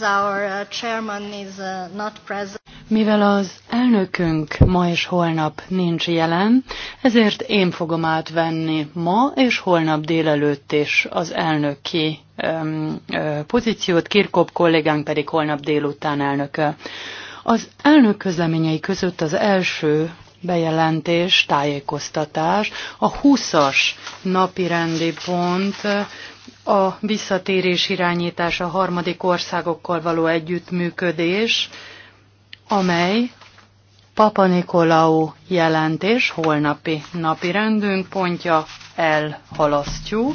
Uh, uh, Mivel az elnökünk ma és holnap nincs jelen, ezért én fogom átvenni ma és holnap délelőtt is az elnöki um, pozíciót, Kirkop kollégánk pedig holnap délután elnöke. Az elnök közleményei között az első bejelentés, tájékoztatás, a 20-as napi rendi pont a visszatérés irányítás, a harmadik országokkal való együttműködés, amely Papa Nikolaou jelentés holnapi napi rendünk pontja elhalasztjuk.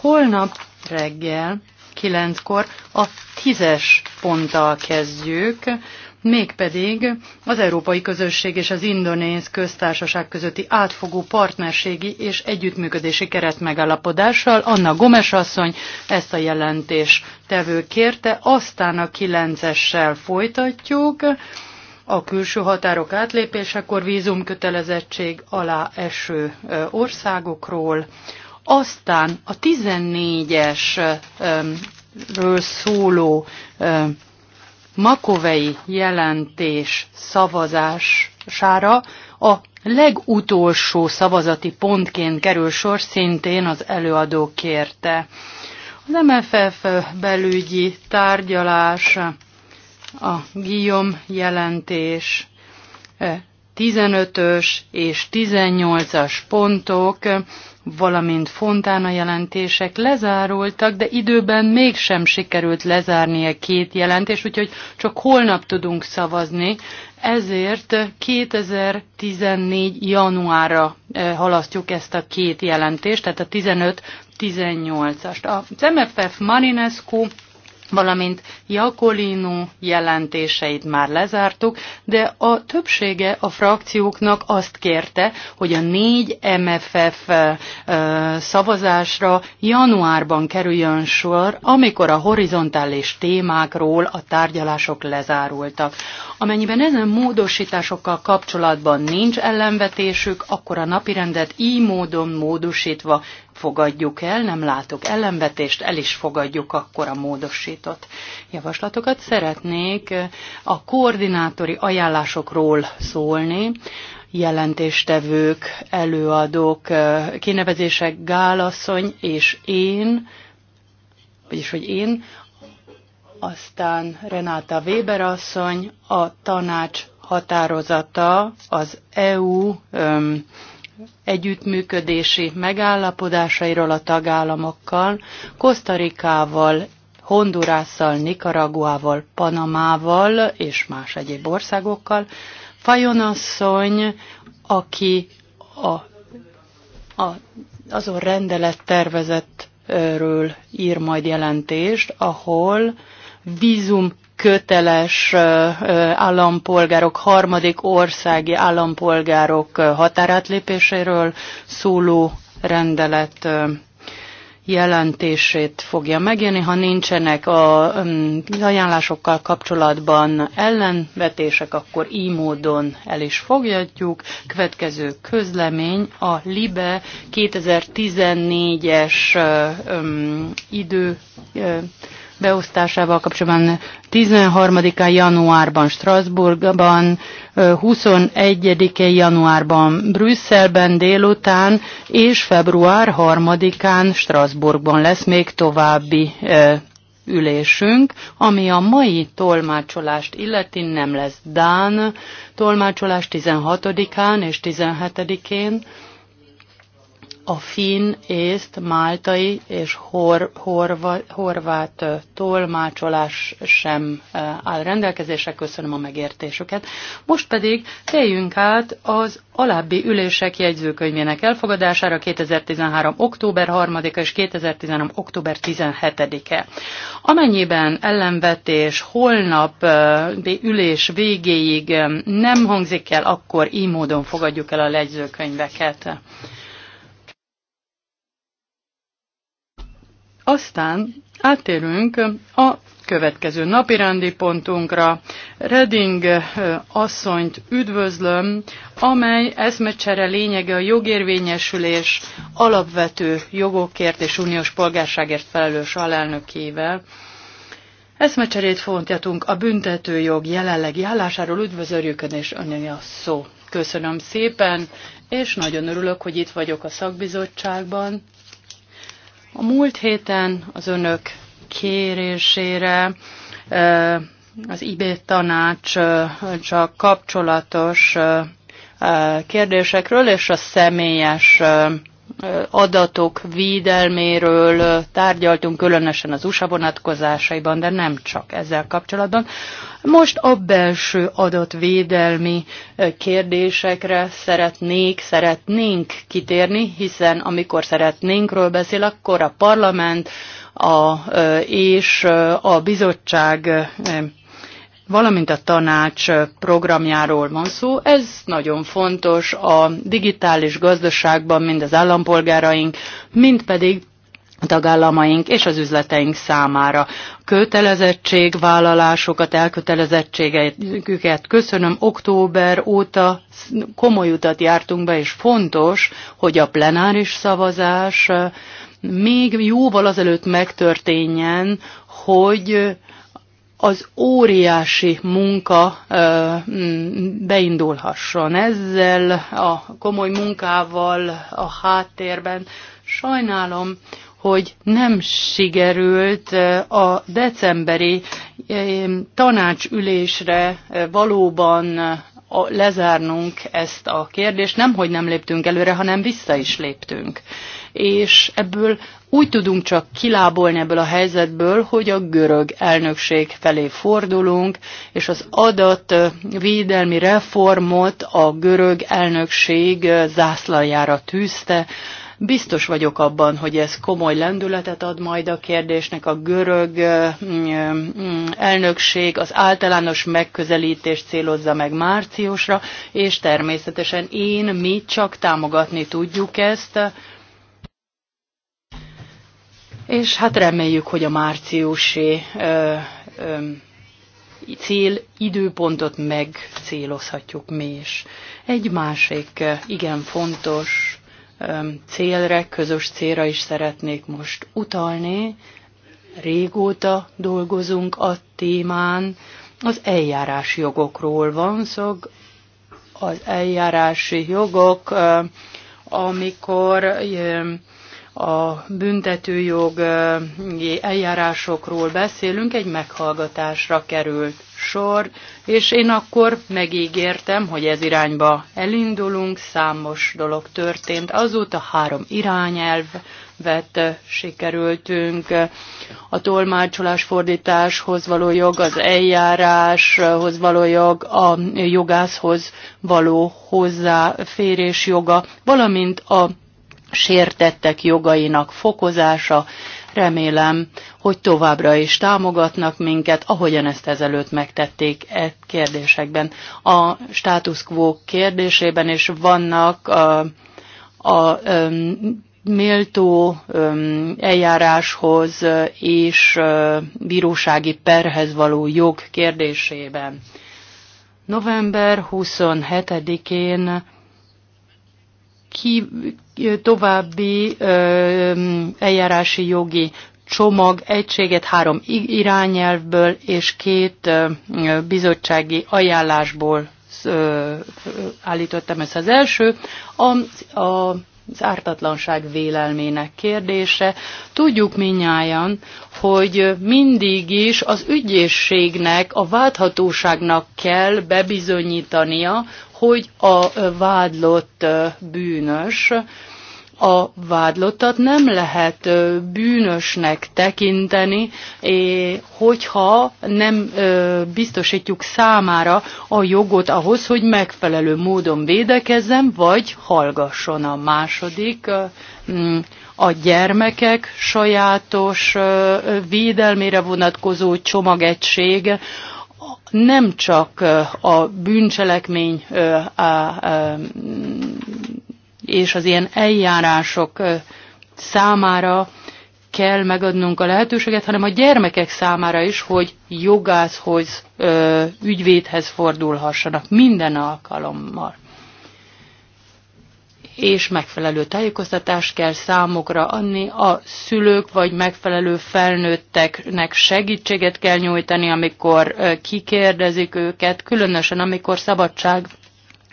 Holnap reggel kilenckor a tízes ponttal kezdjük mégpedig az Európai Közösség és az Indonéz Köztársaság közötti átfogó partnerségi és együttműködési keret megállapodással Anna Gomes asszony ezt a jelentés tevő kérte, aztán a kilencessel folytatjuk. A külső határok átlépésekor vízumkötelezettség alá eső országokról, aztán a 14-esről szóló Makovei jelentés szavazására a legutolsó szavazati pontként kerül sor, szintén az előadó kérte. Az MFF belügyi tárgyalás, a Guillaume jelentés, 15-ös eh, és 18-as pontok valamint Fontána jelentések lezárultak, de időben mégsem sikerült lezárnie két jelentést, úgyhogy csak holnap tudunk szavazni. Ezért 2014. januárra eh, halasztjuk ezt a két jelentést, tehát a 15-18-ast. A MFF Marinescu valamint Jakolino jelentéseit már lezártuk, de a többsége a frakcióknak azt kérte, hogy a 4 MFF szavazásra januárban kerüljön sor, amikor a horizontális témákról a tárgyalások lezárultak. Amennyiben ezen módosításokkal kapcsolatban nincs ellenvetésük, akkor a napirendet így módon módosítva fogadjuk el, nem látok ellenvetést, el is fogadjuk akkor a módosított javaslatokat. Szeretnék a koordinátori ajánlásokról szólni jelentéstevők, előadók, kinevezések Gálasszony és én, vagyis hogy én, aztán Renáta Weber asszony, a tanács határozata az EU um, együttműködési megállapodásairól a tagállamokkal, Kosztarikával, Hondurásszal, Nikaraguával, Panamával és más egyéb országokkal. Fajonasszony, aki a, a, azon rendelettervezetről ír majd jelentést, ahol vízum köteles állampolgárok, harmadik országi állampolgárok határátlépéséről szóló rendelet jelentését fogja megjönni. Ha nincsenek a ajánlásokkal kapcsolatban ellenvetések, akkor így módon el is fogjatjuk. Következő közlemény a LIBE 2014-es idő beosztásával kapcsolatban 13 januárban Strasbourgban, 21 januárban Brüsszelben délután, és február 3-án Strasbourgban lesz még további ülésünk, ami a mai tolmácsolást illeti nem lesz Dán tolmácsolás 16-án és 17-én, a finn, észt, máltai és hor, horva, horvát tolmácsolás sem áll rendelkezésre. Köszönöm a megértésüket. Most pedig teljünk át az alábbi ülések jegyzőkönyvének elfogadására 2013. október 3-a és 2013. október 17-e. Amennyiben ellenvetés holnap ülés végéig nem hangzik el, akkor így módon fogadjuk el a jegyzőkönyveket. Aztán áttérünk a következő napirendi pontunkra. Reding eh, asszonyt üdvözlöm, amely eszmecsere lényege a jogérvényesülés alapvető jogokért és uniós polgárságért felelős alelnökével. Eszmecserét fontjatunk a büntetőjog jelenlegi állásáról üdvözöljük és önnyi a szó. Köszönöm szépen, és nagyon örülök, hogy itt vagyok a szakbizottságban, a múlt héten az önök kérésére az IB tanács csak kapcsolatos kérdésekről és a személyes adatok védelméről tárgyaltunk, különösen az USA vonatkozásaiban, de nem csak ezzel kapcsolatban. Most a belső adatvédelmi kérdésekre szeretnék, szeretnénk kitérni, hiszen amikor szeretnénkről beszél, akkor a parlament a, és a bizottság valamint a tanács programjáról van szó. Ez nagyon fontos a digitális gazdaságban, mind az állampolgáraink, mind pedig a tagállamaink és az üzleteink számára. Kötelezettségvállalásokat, elkötelezettségeket köszönöm. Október óta komoly utat jártunk be, és fontos, hogy a plenáris szavazás még jóval azelőtt megtörténjen, hogy az óriási munka beindulhasson. Ezzel a komoly munkával a háttérben sajnálom, hogy nem sikerült a decemberi tanácsülésre valóban lezárnunk ezt a kérdést. Nem, hogy nem léptünk előre, hanem vissza is léptünk. És ebből úgy tudunk csak kilábolni ebből a helyzetből, hogy a görög elnökség felé fordulunk, és az adatvédelmi reformot a görög elnökség zászlajára tűzte, Biztos vagyok abban, hogy ez komoly lendületet ad majd a kérdésnek. A görög mm, mm, elnökség az általános megközelítést célozza meg márciusra, és természetesen én, mi csak támogatni tudjuk ezt. És hát reméljük, hogy a márciusi ö, ö, cél időpontot megcélozhatjuk mi is. Egy másik igen fontos célre, közös célra is szeretnék most utalni. Régóta dolgozunk a témán, az eljárás jogokról van szó, az eljárási jogok, amikor a büntetőjog eljárásokról beszélünk, egy meghallgatásra került sor, és én akkor megígértem, hogy ez irányba elindulunk, számos dolog történt. Azóta három irányelvet sikerültünk, a tolmácsolás fordításhoz való jog, az eljáráshoz való jog, a jogászhoz való hozzáférés joga, valamint a sértettek jogainak fokozása. Remélem, hogy továbbra is támogatnak minket, ahogyan ezt ezelőtt megtették e kérdésekben. A status quo kérdésében is vannak a, a méltó eljáráshoz és bírósági perhez való jog kérdésében. November 27-én ki, további eljárási jogi csomag egységet három irányelvből és két bizottsági ajánlásból állítottam össze. Az első a, a az ártatlanság vélelmének kérdése. Tudjuk minnyáján, hogy mindig is az ügyészségnek, a válthatóságnak kell bebizonyítania, hogy a vádlott bűnös, a vádlottat nem lehet bűnösnek tekinteni, hogyha nem biztosítjuk számára a jogot ahhoz, hogy megfelelő módon védekezzen, vagy hallgasson a második mm, a gyermekek sajátos védelmére vonatkozó csomagegység, nem csak a bűncselekmény és az ilyen eljárások számára kell megadnunk a lehetőséget, hanem a gyermekek számára is, hogy jogászhoz, ügyvédhez fordulhassanak minden alkalommal és megfelelő tájékoztatást kell számokra adni, a szülők vagy megfelelő felnőtteknek segítséget kell nyújtani, amikor kikérdezik őket, különösen amikor szabadság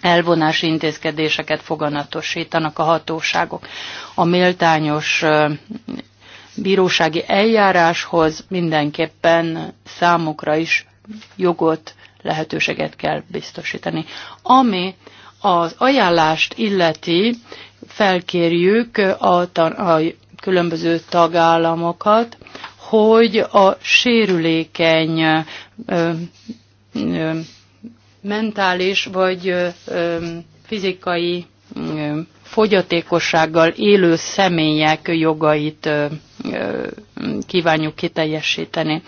elvonási intézkedéseket foganatosítanak a hatóságok. A méltányos bírósági eljáráshoz mindenképpen számukra is jogot, lehetőséget kell biztosítani. Ami az ajánlást illeti, felkérjük a, a különböző tagállamokat, hogy a sérülékeny ö, ö, mentális vagy ö, fizikai fogyatékossággal élő személyek jogait kívánjuk kiteljesíteni.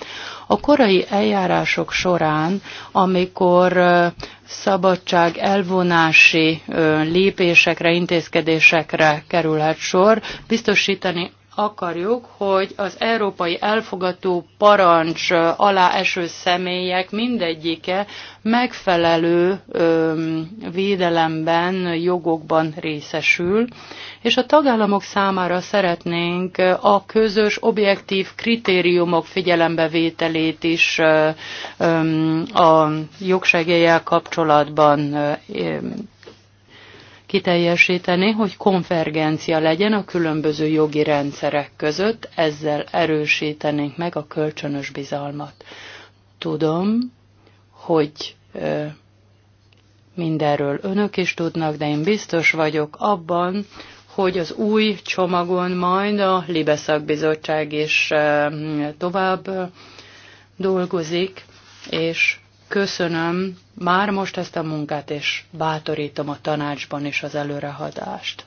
A korai eljárások során, amikor szabadság elvonási lépésekre, intézkedésekre kerülhet sor, biztosítani akarjuk, hogy az európai elfogató parancs alá eső személyek mindegyike megfelelő védelemben, jogokban részesül, és a tagállamok számára szeretnénk a közös objektív kritériumok figyelembevételét is a jogsegélyel kapcsolatban kiteljesíteni, hogy konvergencia legyen a különböző jogi rendszerek között, ezzel erősítenénk meg a kölcsönös bizalmat. Tudom, hogy mindenről önök is tudnak, de én biztos vagyok abban, hogy az új csomagon majd a Libeszak Bizottság is tovább dolgozik, és köszönöm már most ezt a munkát, és bátorítom a tanácsban is az előrehadást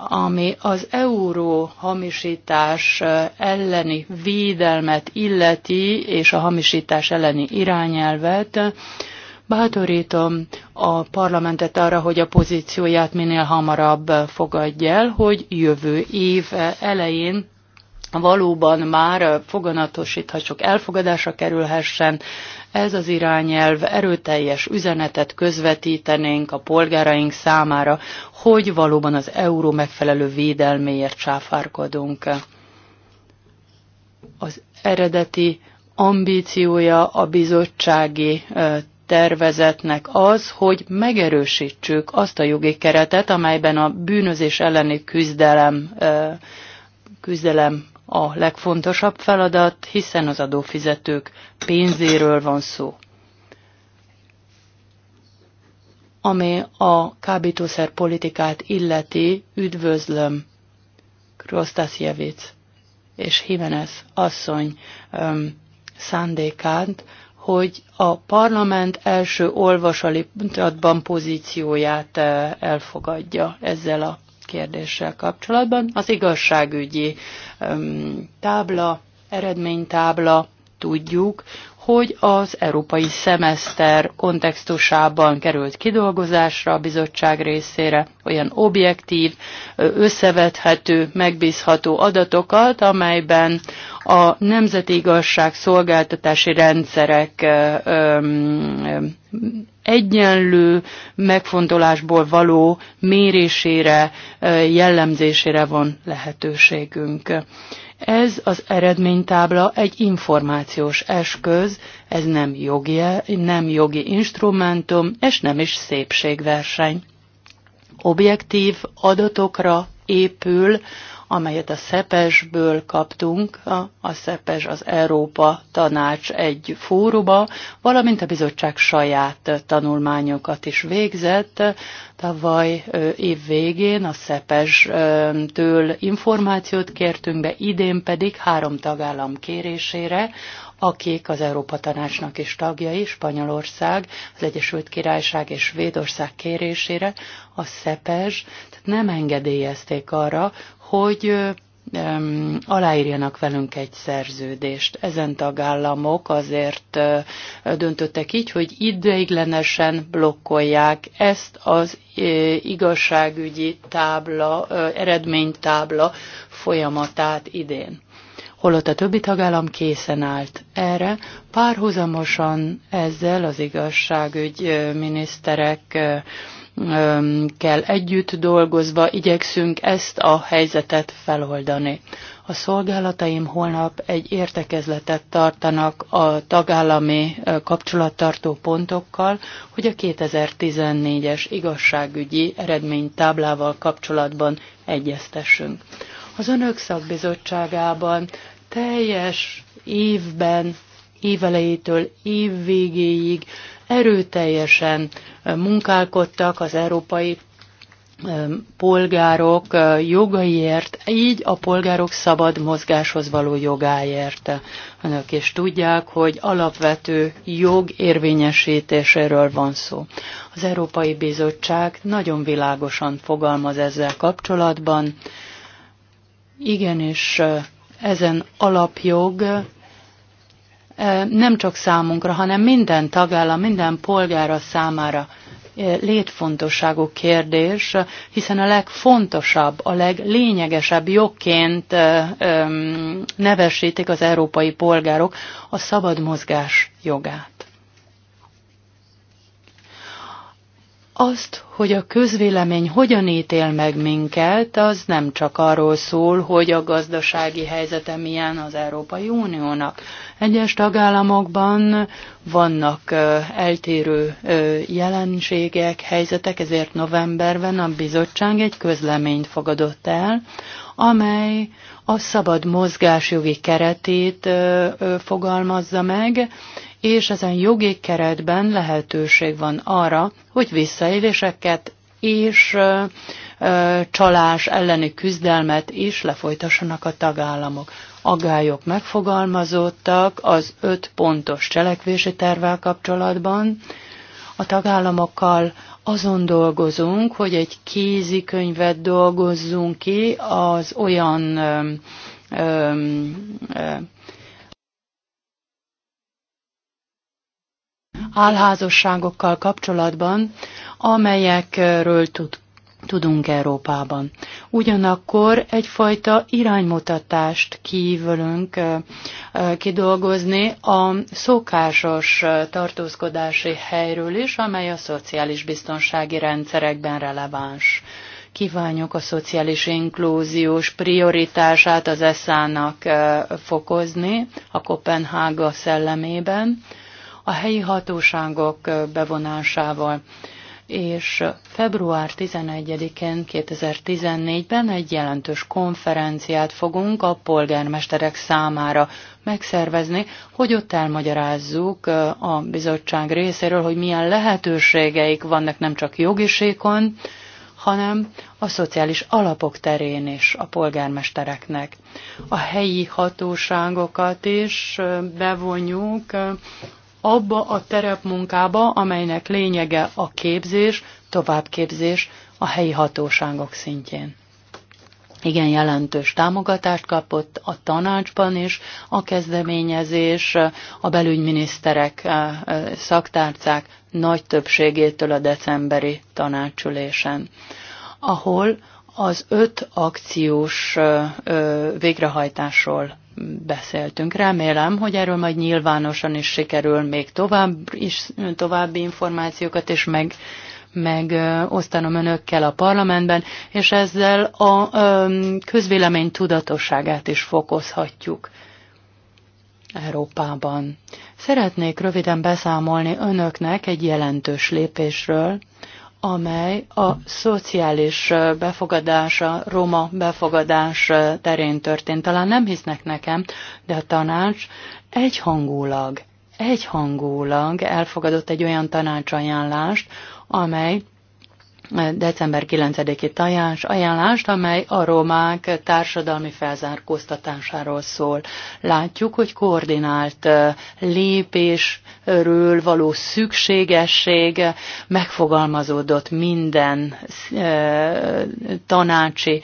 ami az euró hamisítás elleni védelmet illeti, és a hamisítás elleni irányelvet, bátorítom a parlamentet arra, hogy a pozícióját minél hamarabb fogadja el, hogy jövő év elején valóban már foganatosít, ha csak elfogadásra kerülhessen. Ez az irányelv erőteljes üzenetet közvetítenénk a polgáraink számára, hogy valóban az euró megfelelő védelméért csáfárkodunk. Az eredeti ambíciója a bizottsági tervezetnek az, hogy megerősítsük azt a jogi keretet, amelyben a bűnözés elleni küzdelem küzdelem a legfontosabb feladat, hiszen az adófizetők pénzéről van szó. Ami a kábítószer politikát illeti, üdvözlöm Krosztászjevic és Jimenez asszony öm, szándékát, hogy a parlament első olvasatban pozícióját elfogadja ezzel a kérdéssel kapcsolatban. Az igazságügyi tábla, eredménytábla, tudjuk, hogy az európai szemeszter kontextusában került kidolgozásra a bizottság részére olyan objektív, összevethető, megbízható adatokat, amelyben a nemzeti igazságszolgáltatási rendszerek egyenlő megfontolásból való mérésére, jellemzésére van lehetőségünk. Ez az eredménytábla egy információs eszköz, ez nem jogi, nem jogi instrumentum, és nem is szépségverseny. Objektív adatokra épül amelyet a Szepesből kaptunk, a Szepes az Európa Tanács egy fóruma, valamint a bizottság saját tanulmányokat is végzett. Tavaly év végén a Szepes-től információt kértünk be, idén pedig három tagállam kérésére, akik az Európa Tanácsnak is tagjai, Spanyolország, az Egyesült Királyság és Védország kérésére a SZEPES nem engedélyezték arra, hogy um, aláírjanak velünk egy szerződést. Ezen tagállamok azért döntöttek így, hogy ideiglenesen blokkolják ezt az igazságügyi tábla, eredménytábla folyamatát idén holott a többi tagállam készen állt erre. Párhuzamosan ezzel az igazságügy miniszterek kell együtt dolgozva igyekszünk ezt a helyzetet feloldani. A szolgálataim holnap egy értekezletet tartanak a tagállami kapcsolattartó pontokkal, hogy a 2014-es igazságügyi eredménytáblával kapcsolatban egyeztessünk. Az önök szakbizottságában teljes évben, évelejétől évvégéig erőteljesen munkálkodtak az európai polgárok jogaiért, így a polgárok szabad mozgáshoz való jogáért. Önök is tudják, hogy alapvető jog érvényesítéséről van szó. Az Európai Bizottság nagyon világosan fogalmaz ezzel kapcsolatban. Igenis, ezen alapjog nem csak számunkra, hanem minden tagállam, minden polgára számára létfontosságú kérdés, hiszen a legfontosabb, a leglényegesebb jogként nevesítik az európai polgárok a szabad mozgás jogát. azt, hogy a közvélemény hogyan ítél meg minket, az nem csak arról szól, hogy a gazdasági helyzete milyen az Európai Uniónak. Egyes tagállamokban vannak eltérő jelenségek, helyzetek, ezért novemberben a bizottság egy közleményt fogadott el, amely a szabad mozgásjogi keretét fogalmazza meg, és ezen jogi keretben lehetőség van arra, hogy visszaéléseket és ö, ö, csalás elleni küzdelmet is lefolytassanak a tagállamok. Agályok megfogalmazottak az öt pontos cselekvési tervvel kapcsolatban. A tagállamokkal azon dolgozunk, hogy egy kézikönyvet dolgozzunk ki az olyan ö, ö, ö, álházasságokkal kapcsolatban, amelyekről tud, tudunk Európában. Ugyanakkor egyfajta iránymutatást kívülünk kidolgozni a szokásos tartózkodási helyről is, amely a szociális biztonsági rendszerekben releváns kívánjuk a szociális inklúziós prioritását az eszának fokozni a Kopenhága szellemében, a helyi hatóságok bevonásával és február 11-én 2014-ben egy jelentős konferenciát fogunk a polgármesterek számára megszervezni, hogy ott elmagyarázzuk a bizottság részéről, hogy milyen lehetőségeik vannak nem csak jogisékon, hanem a szociális alapok terén is a polgármestereknek. A helyi hatóságokat is bevonjuk abba a terepmunkába, amelynek lényege a képzés, továbbképzés a helyi hatóságok szintjén. Igen jelentős támogatást kapott a tanácsban is a kezdeményezés, a belügyminiszterek eh, eh, szaktárcák nagy többségétől a decemberi tanácsülésen, ahol az öt akciós eh, végrehajtásról beszéltünk. Remélem, hogy erről majd nyilvánosan is sikerül még tovább is, további információkat is meg megosztanom önökkel a parlamentben, és ezzel a közvélemény tudatosságát is fokozhatjuk Európában. Szeretnék röviden beszámolni önöknek egy jelentős lépésről, amely a szociális befogadása, roma befogadás terén történt. Talán nem hisznek nekem, de a tanács egyhangulag, egyhangulag elfogadott egy olyan tanácsajánlást, amely december 9-i tajás ajánlást, amely a romák társadalmi felzárkóztatásáról szól. Látjuk, hogy koordinált lépésről való szükségesség megfogalmazódott minden tanácsi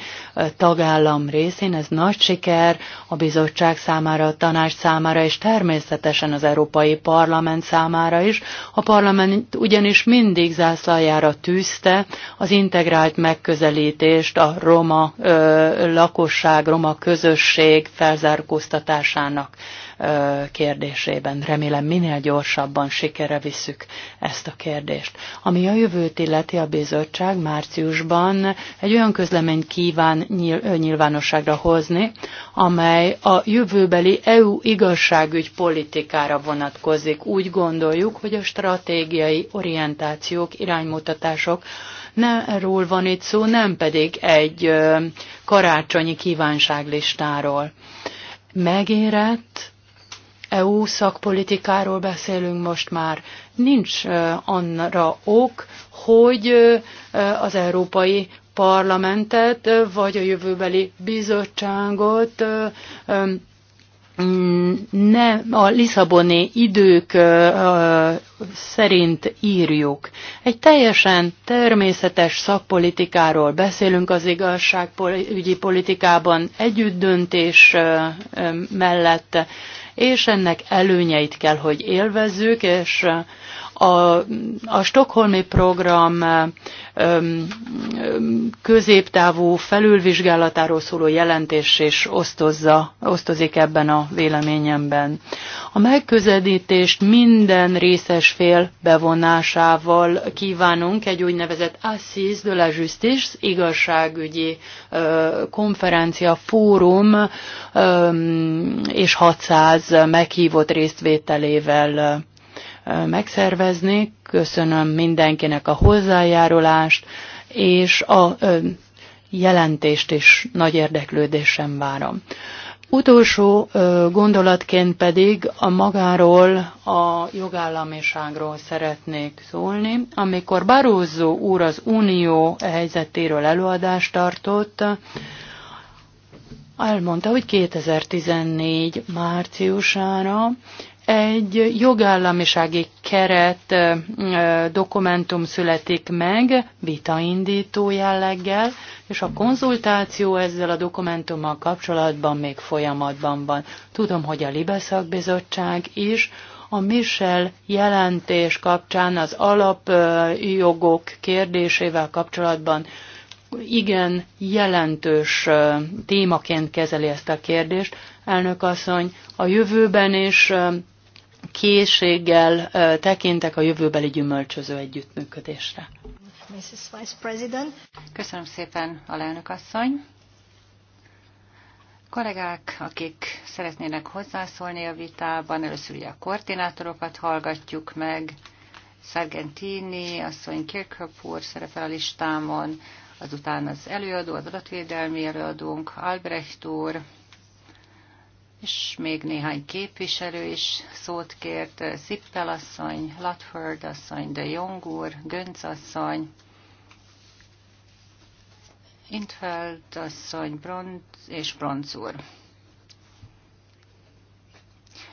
tagállam részén. Ez nagy siker a bizottság számára, a tanács számára, és természetesen az Európai Parlament számára is. A parlament ugyanis mindig zászlajára tűzte, az integrált megközelítést a roma ö, lakosság, roma közösség felzárkóztatásának ö, kérdésében. Remélem minél gyorsabban sikere visszük ezt a kérdést. Ami a jövőt illeti a bizottság márciusban egy olyan közleményt kíván nyil, nyilvánosságra hozni, amely a jövőbeli EU igazságügy politikára vonatkozik. Úgy gondoljuk, hogy a stratégiai orientációk, iránymutatások, nem erről van itt szó, nem pedig egy karácsonyi kívánságlistáról. Megérett EU szakpolitikáról beszélünk most már. Nincs anra ok, hogy az Európai Parlamentet vagy a jövőbeli bizottságot Mm, nem a Lisszaboni idők szerint írjuk. Egy teljesen természetes szakpolitikáról beszélünk az igazságügyi politikában együttdöntés mellett, és ennek előnyeit kell, hogy élvezzük, és a, a Stockholmi program középtávú felülvizsgálatáról szóló jelentés is osztozza, osztozik ebben a véleményemben. A megközelítést minden részes fél bevonásával kívánunk egy úgynevezett Assis de la Justice igazságügyi konferencia fórum és 600 meghívott résztvételével megszervezni. Köszönöm mindenkinek a hozzájárulást, és a jelentést is nagy érdeklődésem várom. Utolsó gondolatként pedig a magáról, a jogállamiságról szeretnék szólni. Amikor Barózó úr az unió helyzetéről előadást tartott, elmondta, hogy 2014 márciusára egy jogállamisági keret dokumentum születik meg, vitaindító jelleggel, és a konzultáció ezzel a dokumentummal kapcsolatban még folyamatban van. Tudom, hogy a Libeszak Bizottság is a Michel jelentés kapcsán az alapjogok kérdésével kapcsolatban igen jelentős témaként kezeli ezt a kérdést. Elnök asszony, a jövőben is készséggel tekintek a jövőbeli gyümölcsöző együttműködésre. Mrs. Vice President. Köszönöm szépen, alelnök asszony. Kollégák, akik szeretnének hozzászólni a vitában, először ugye a koordinátorokat hallgatjuk meg. Sargentini, asszony Kirkhope úr szerepel a listámon, azután az előadó, az adatvédelmi előadónk, Albrecht úr, és még néhány képviselő is szót kért, Sziptel asszony, Latford asszony, de Jong úr, Gönc asszony, Intfeld asszony, Bronz és Bronz úr.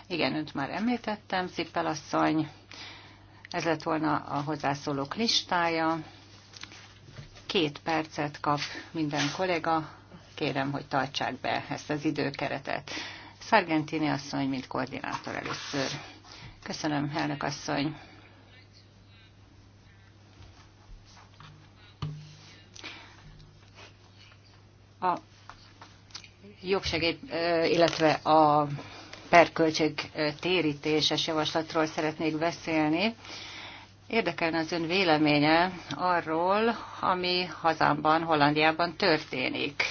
Igen, önt már említettem, Sziptel asszony, ez lett volna a hozzászólók listája. Két percet kap minden kollega, kérem, hogy tartsák be ezt az időkeretet. Sargentini asszony, mint koordinátor először. Köszönöm, elnök asszony. A jogsegély, illetve a perköltség térítéses javaslatról szeretnék beszélni. Érdekelne az ön véleménye arról, ami hazámban, Hollandiában történik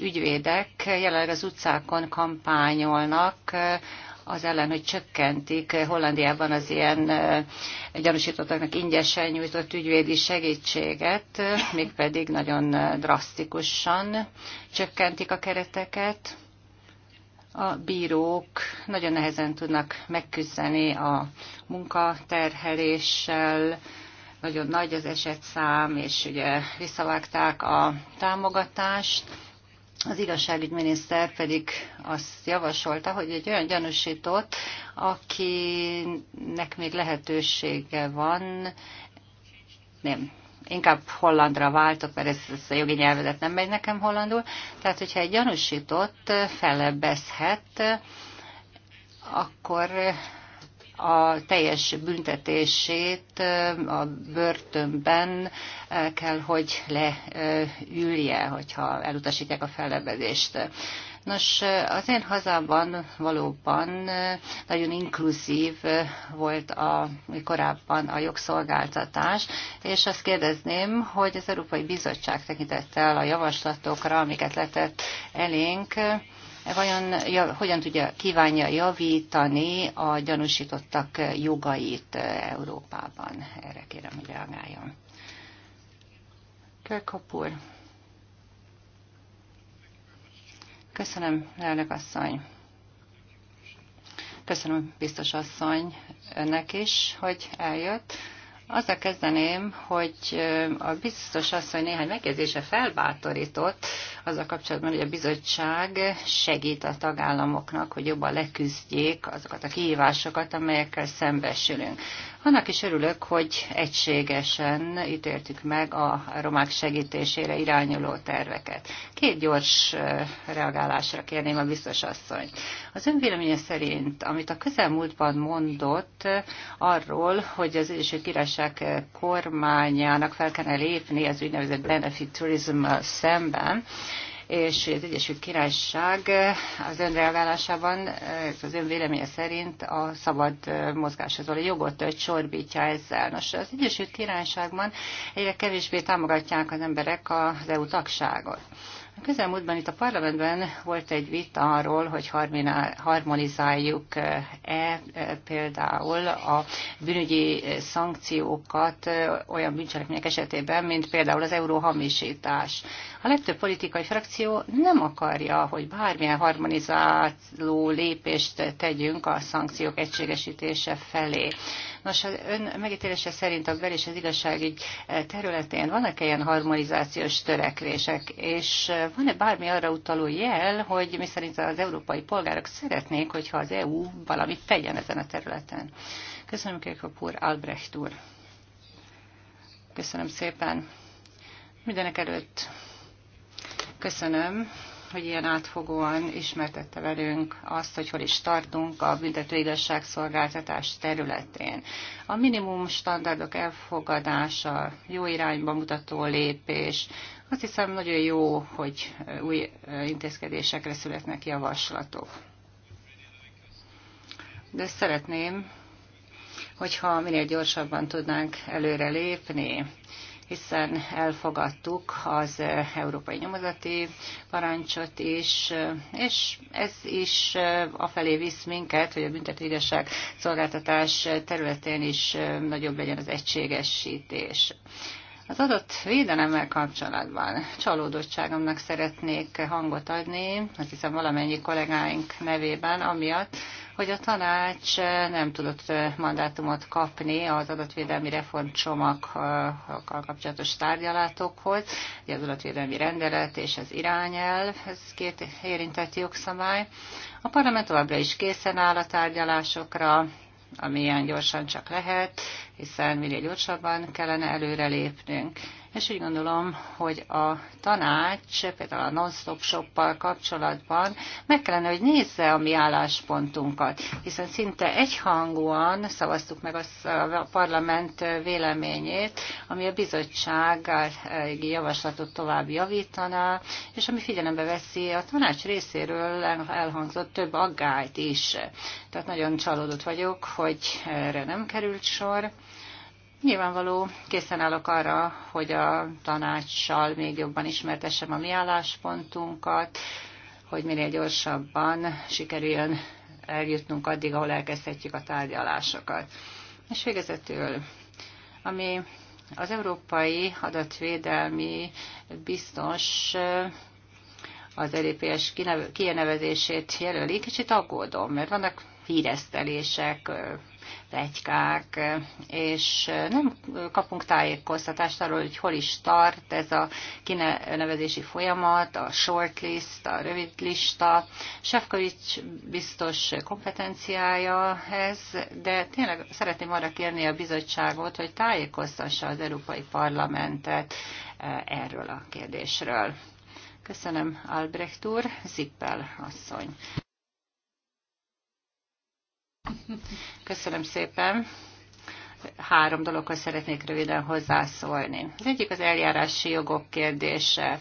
ügyvédek jelenleg az utcákon kampányolnak, az ellen, hogy csökkentik Hollandiában az ilyen gyanúsítottaknak ingyesen nyújtott ügyvédi segítséget, mégpedig nagyon drasztikusan csökkentik a kereteket. A bírók nagyon nehezen tudnak megküzdeni a munkaterheléssel, nagyon nagy az esetszám, és ugye visszavágták a támogatást az igazságügyminiszter pedig azt javasolta, hogy egy olyan gyanúsított, akinek még lehetősége van, nem, inkább hollandra váltok, mert ez, ez a jogi nyelvezet nem megy nekem hollandul, tehát hogyha egy gyanúsított fellebbezhet, akkor a teljes büntetését a börtönben kell, hogy leülje, hogyha elutasítják a fellebezést. Nos, az én hazában valóban nagyon inkluzív volt a, korábban a jogszolgáltatás, és azt kérdezném, hogy az Európai Bizottság tekintettel a javaslatokra, amiket letett elénk, vajon ja, hogyan tudja, kívánja javítani a gyanúsítottak jogait Európában. Erre kérem, hogy reagáljon. Körkopúr. Köszönöm, elnök asszony. Köszönöm, biztos asszony, önnek is, hogy eljött. Azzal kezdeném, hogy a biztos asszony néhány megjegyzése felbátorított azzal kapcsolatban, hogy a bizottság segít a tagállamoknak, hogy jobban leküzdjék azokat a kihívásokat, amelyekkel szembesülünk. Annak is örülök, hogy egységesen ítéltük meg a romák segítésére irányuló terveket. Két gyors reagálásra kérném a biztos asszonyt. Az önvéleménye szerint, amit a közelmúltban mondott arról, hogy az Egyesült Királyság kormányának fel kellene lépni az úgynevezett benefit Tourism szemben, és az Egyesült Királyság az ez az ön véleménye szerint a szabad mozgáshoz való jogot csorbítja ezzel. Nos, az Egyesült Királyságban egyre kevésbé támogatják az emberek az EU tagságot. A közelmúltban itt a parlamentben volt egy vita arról, hogy harmonizáljuk-e például a bűnügyi szankciókat olyan bűncselekmények esetében, mint például az euróhamisítás. A legtöbb politikai frakció nem akarja, hogy bármilyen harmonizáló lépést tegyünk a szankciók egységesítése felé. Nos, az ön megítélése szerint a bel és az igazságügy területén vannak -e ilyen harmonizációs törekvések, és van-e bármi arra utaló jel, hogy mi szerint az európai polgárok szeretnék, hogyha az EU valamit tegyen ezen a területen? Köszönöm, Kirkhope úr, Albrecht úr. Köszönöm szépen. Mindenek előtt Köszönöm, hogy ilyen átfogóan ismertette velünk azt, hogy hol is tartunk a büntető igazságszolgáltatás területén. A minimum standardok elfogadása, jó irányba mutató lépés, azt hiszem nagyon jó, hogy új intézkedésekre születnek javaslatok. De szeretném, hogyha minél gyorsabban tudnánk előre lépni hiszen elfogadtuk az európai nyomozati parancsot is, és ez is afelé visz minket, hogy a büntetőigazság szolgáltatás területén is nagyobb legyen az egységesítés. Az adott védelemmel kapcsolatban csalódottságomnak szeretnék hangot adni, azt hiszem valamennyi kollégáink nevében, amiatt, hogy a tanács nem tudott mandátumot kapni az adatvédelmi reformcsomagokkal kapcsolatos tárgyalatokhoz, az adatvédelmi rendelet és az irányelv, ez két érintett jogszabály. A parlament továbbra is készen áll a tárgyalásokra, amilyen gyorsan csak lehet, hiszen minél gyorsabban kellene előrelépnünk és úgy gondolom, hogy a tanács, például a non-stop shoppal kapcsolatban meg kellene, hogy nézze a mi álláspontunkat, hiszen szinte egyhangúan szavaztuk meg a parlament véleményét, ami a egy javaslatot tovább javítaná, és ami figyelembe veszi a tanács részéről elhangzott több aggályt is. Tehát nagyon csalódott vagyok, hogy erre nem került sor. Nyilvánvaló, készen állok arra, hogy a tanácssal még jobban ismertessem a mi álláspontunkat, hogy minél gyorsabban sikerüljön eljutnunk addig, ahol elkezdhetjük a tárgyalásokat. És végezetül, ami az európai adatvédelmi biztos az EDPS kinevezését jelöli, kicsit aggódom, mert vannak híresztelések, plegykák, és nem kapunk tájékoztatást arról, hogy hol is tart ez a kinevezési folyamat, a shortlist, a rövid lista. Sefkovics biztos kompetenciája ez, de tényleg szeretném arra kérni a bizottságot, hogy tájékoztassa az Európai Parlamentet eh, erről a kérdésről. Köszönöm, Albrecht úr, Zippel asszony. Köszönöm szépen. Három dologhoz szeretnék röviden hozzászólni. Az egyik az eljárási jogok kérdése.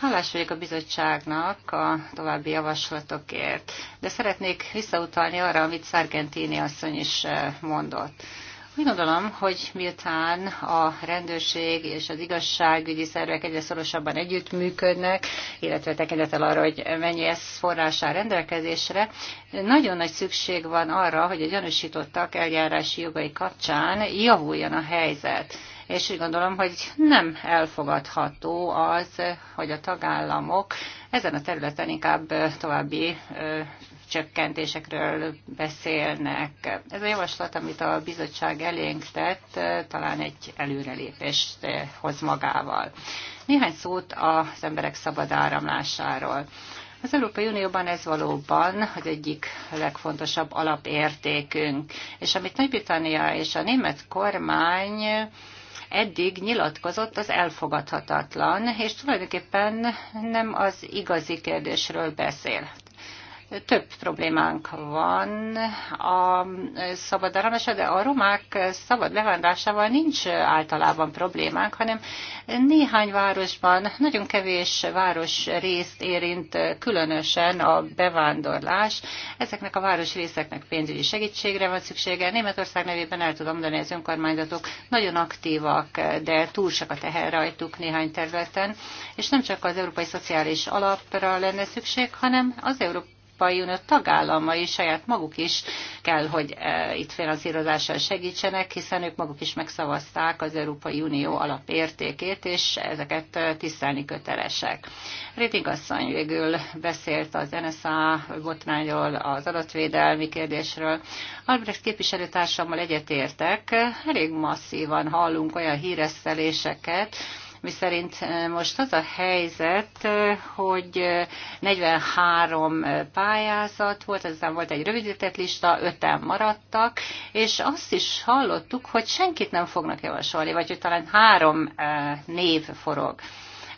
Hálás vagyok a bizottságnak a további javaslatokért, de szeretnék visszautalni arra, amit Sargentini asszony is eh, mondott. Úgy gondolom, hogy miután a rendőrség és az igazságügyi szervek egyre szorosabban együttműködnek, illetve tekintettel arra, hogy mennyi ez forrásá rendelkezésre, nagyon nagy szükség van arra, hogy a gyanúsítottak eljárási jogai kapcsán javuljon a helyzet és úgy gondolom, hogy nem elfogadható az, hogy a tagállamok ezen a területen inkább további csökkentésekről beszélnek. Ez a javaslat, amit a bizottság elénk tett, talán egy előrelépést hoz magával. Néhány szót az emberek szabad áramlásáról. Az Európai Unióban ez valóban az egyik legfontosabb alapértékünk, és amit Nagy-Britannia és a német kormány eddig nyilatkozott, az elfogadhatatlan, és tulajdonképpen nem az igazi kérdésről beszél. Több problémánk van a szabad áramlással, de a romák szabad bevándásával nincs általában problémánk, hanem néhány városban, nagyon kevés város részt érint különösen a bevándorlás. Ezeknek a városrészeknek pénzügyi segítségre van szüksége. Németország nevében el tudom mondani, az önkormányzatok nagyon aktívak, de túl sok a teher rajtuk néhány területen, és nem csak az Európai Szociális Alapra lenne szükség, hanem az Európai Európai Unió tagállamai saját maguk is kell, hogy e, itt finanszírozással segítsenek, hiszen ők maguk is megszavazták az Európai Unió alapértékét, és ezeket e, tisztelni kötelesek. Réting asszony végül beszélt az NSA botrányról, az adatvédelmi kérdésről. Albrecht képviselőtársammal egyetértek, elég masszívan hallunk olyan híreszteléseket, miszerint most az a helyzet, hogy 43 pályázat volt, aztán volt egy rövidített lista, öten maradtak, és azt is hallottuk, hogy senkit nem fognak javasolni, vagy hogy talán három név forog.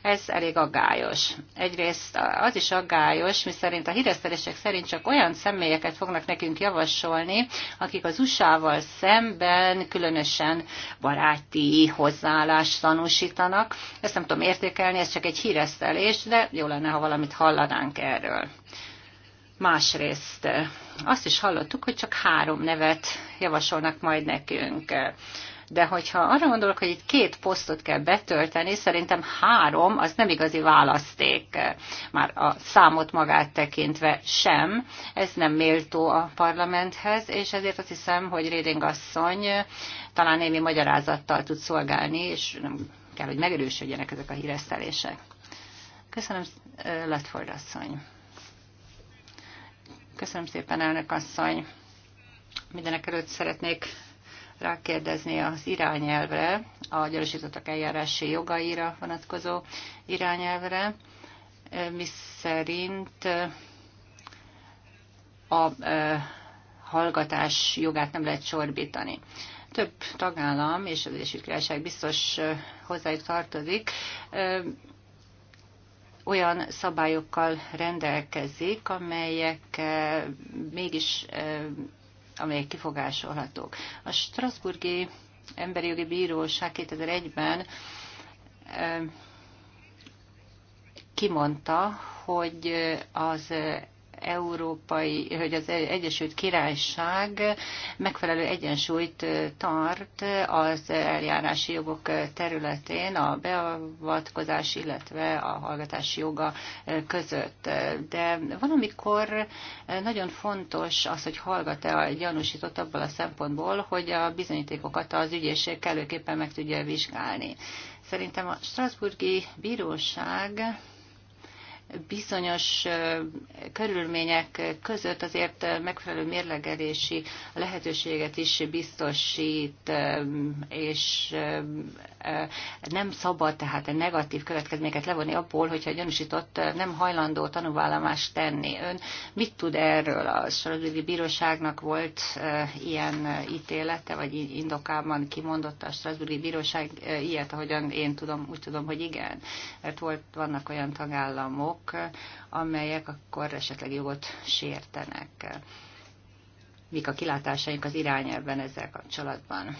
Ez elég aggályos. Egyrészt az is aggályos, miszerint a híresztelések szerint csak olyan személyeket fognak nekünk javasolni, akik az USA-val szemben különösen baráti hozzáállást tanúsítanak. Ezt nem tudom értékelni, ez csak egy híresztelés, de jó lenne, ha valamit hallanánk erről. Másrészt azt is hallottuk, hogy csak három nevet javasolnak majd nekünk. De hogyha arra gondolok, hogy itt két posztot kell betölteni, szerintem három az nem igazi választék, már a számot magát tekintve sem. Ez nem méltó a parlamenthez, és ezért azt hiszem, hogy Réding asszony talán némi magyarázattal tud szolgálni, és nem kell, hogy megerősödjenek ezek a híresztelések. Köszönöm, Ledford asszony. Köszönöm szépen, elnök asszony. Mindenek előtt szeretnék rákérdezni az irányelvre, a gyanúsítottak eljárási jogaira vonatkozó irányelvre, mi szerint a hallgatás jogát nem lehet sorbítani. Több tagállam, és az Egyesült Királyság biztos hozzájuk tartozik, olyan szabályokkal rendelkezik, amelyek mégis amelyek kifogásolhatók. A Strasburgi Emberi Jogi Bíróság 2001-ben kimondta, hogy az európai, hogy az Egyesült Királyság megfelelő egyensúlyt tart az eljárási jogok területén a beavatkozás, illetve a hallgatási joga között. De valamikor nagyon fontos az, hogy hallgat-e a gyanúsított abból a szempontból, hogy a bizonyítékokat az ügyészség kellőképpen meg tudja vizsgálni. Szerintem a Strasburgi Bíróság bizonyos körülmények között azért megfelelő mérlegelési lehetőséget is biztosít, és nem szabad tehát a negatív következményeket levonni abból, hogyha egy gyanúsított nem hajlandó tanúvállomást tenni. Ön mit tud erről? A Strasbourgi Bíróságnak volt ilyen ítélete, vagy indokában kimondotta a Strasbourgi Bíróság ilyet, ahogyan én tudom, úgy tudom, hogy igen. Mert volt, vannak olyan tagállamok, amelyek akkor esetleg jogot sértenek mik a kilátásaink az irányelvben ezzel kapcsolatban.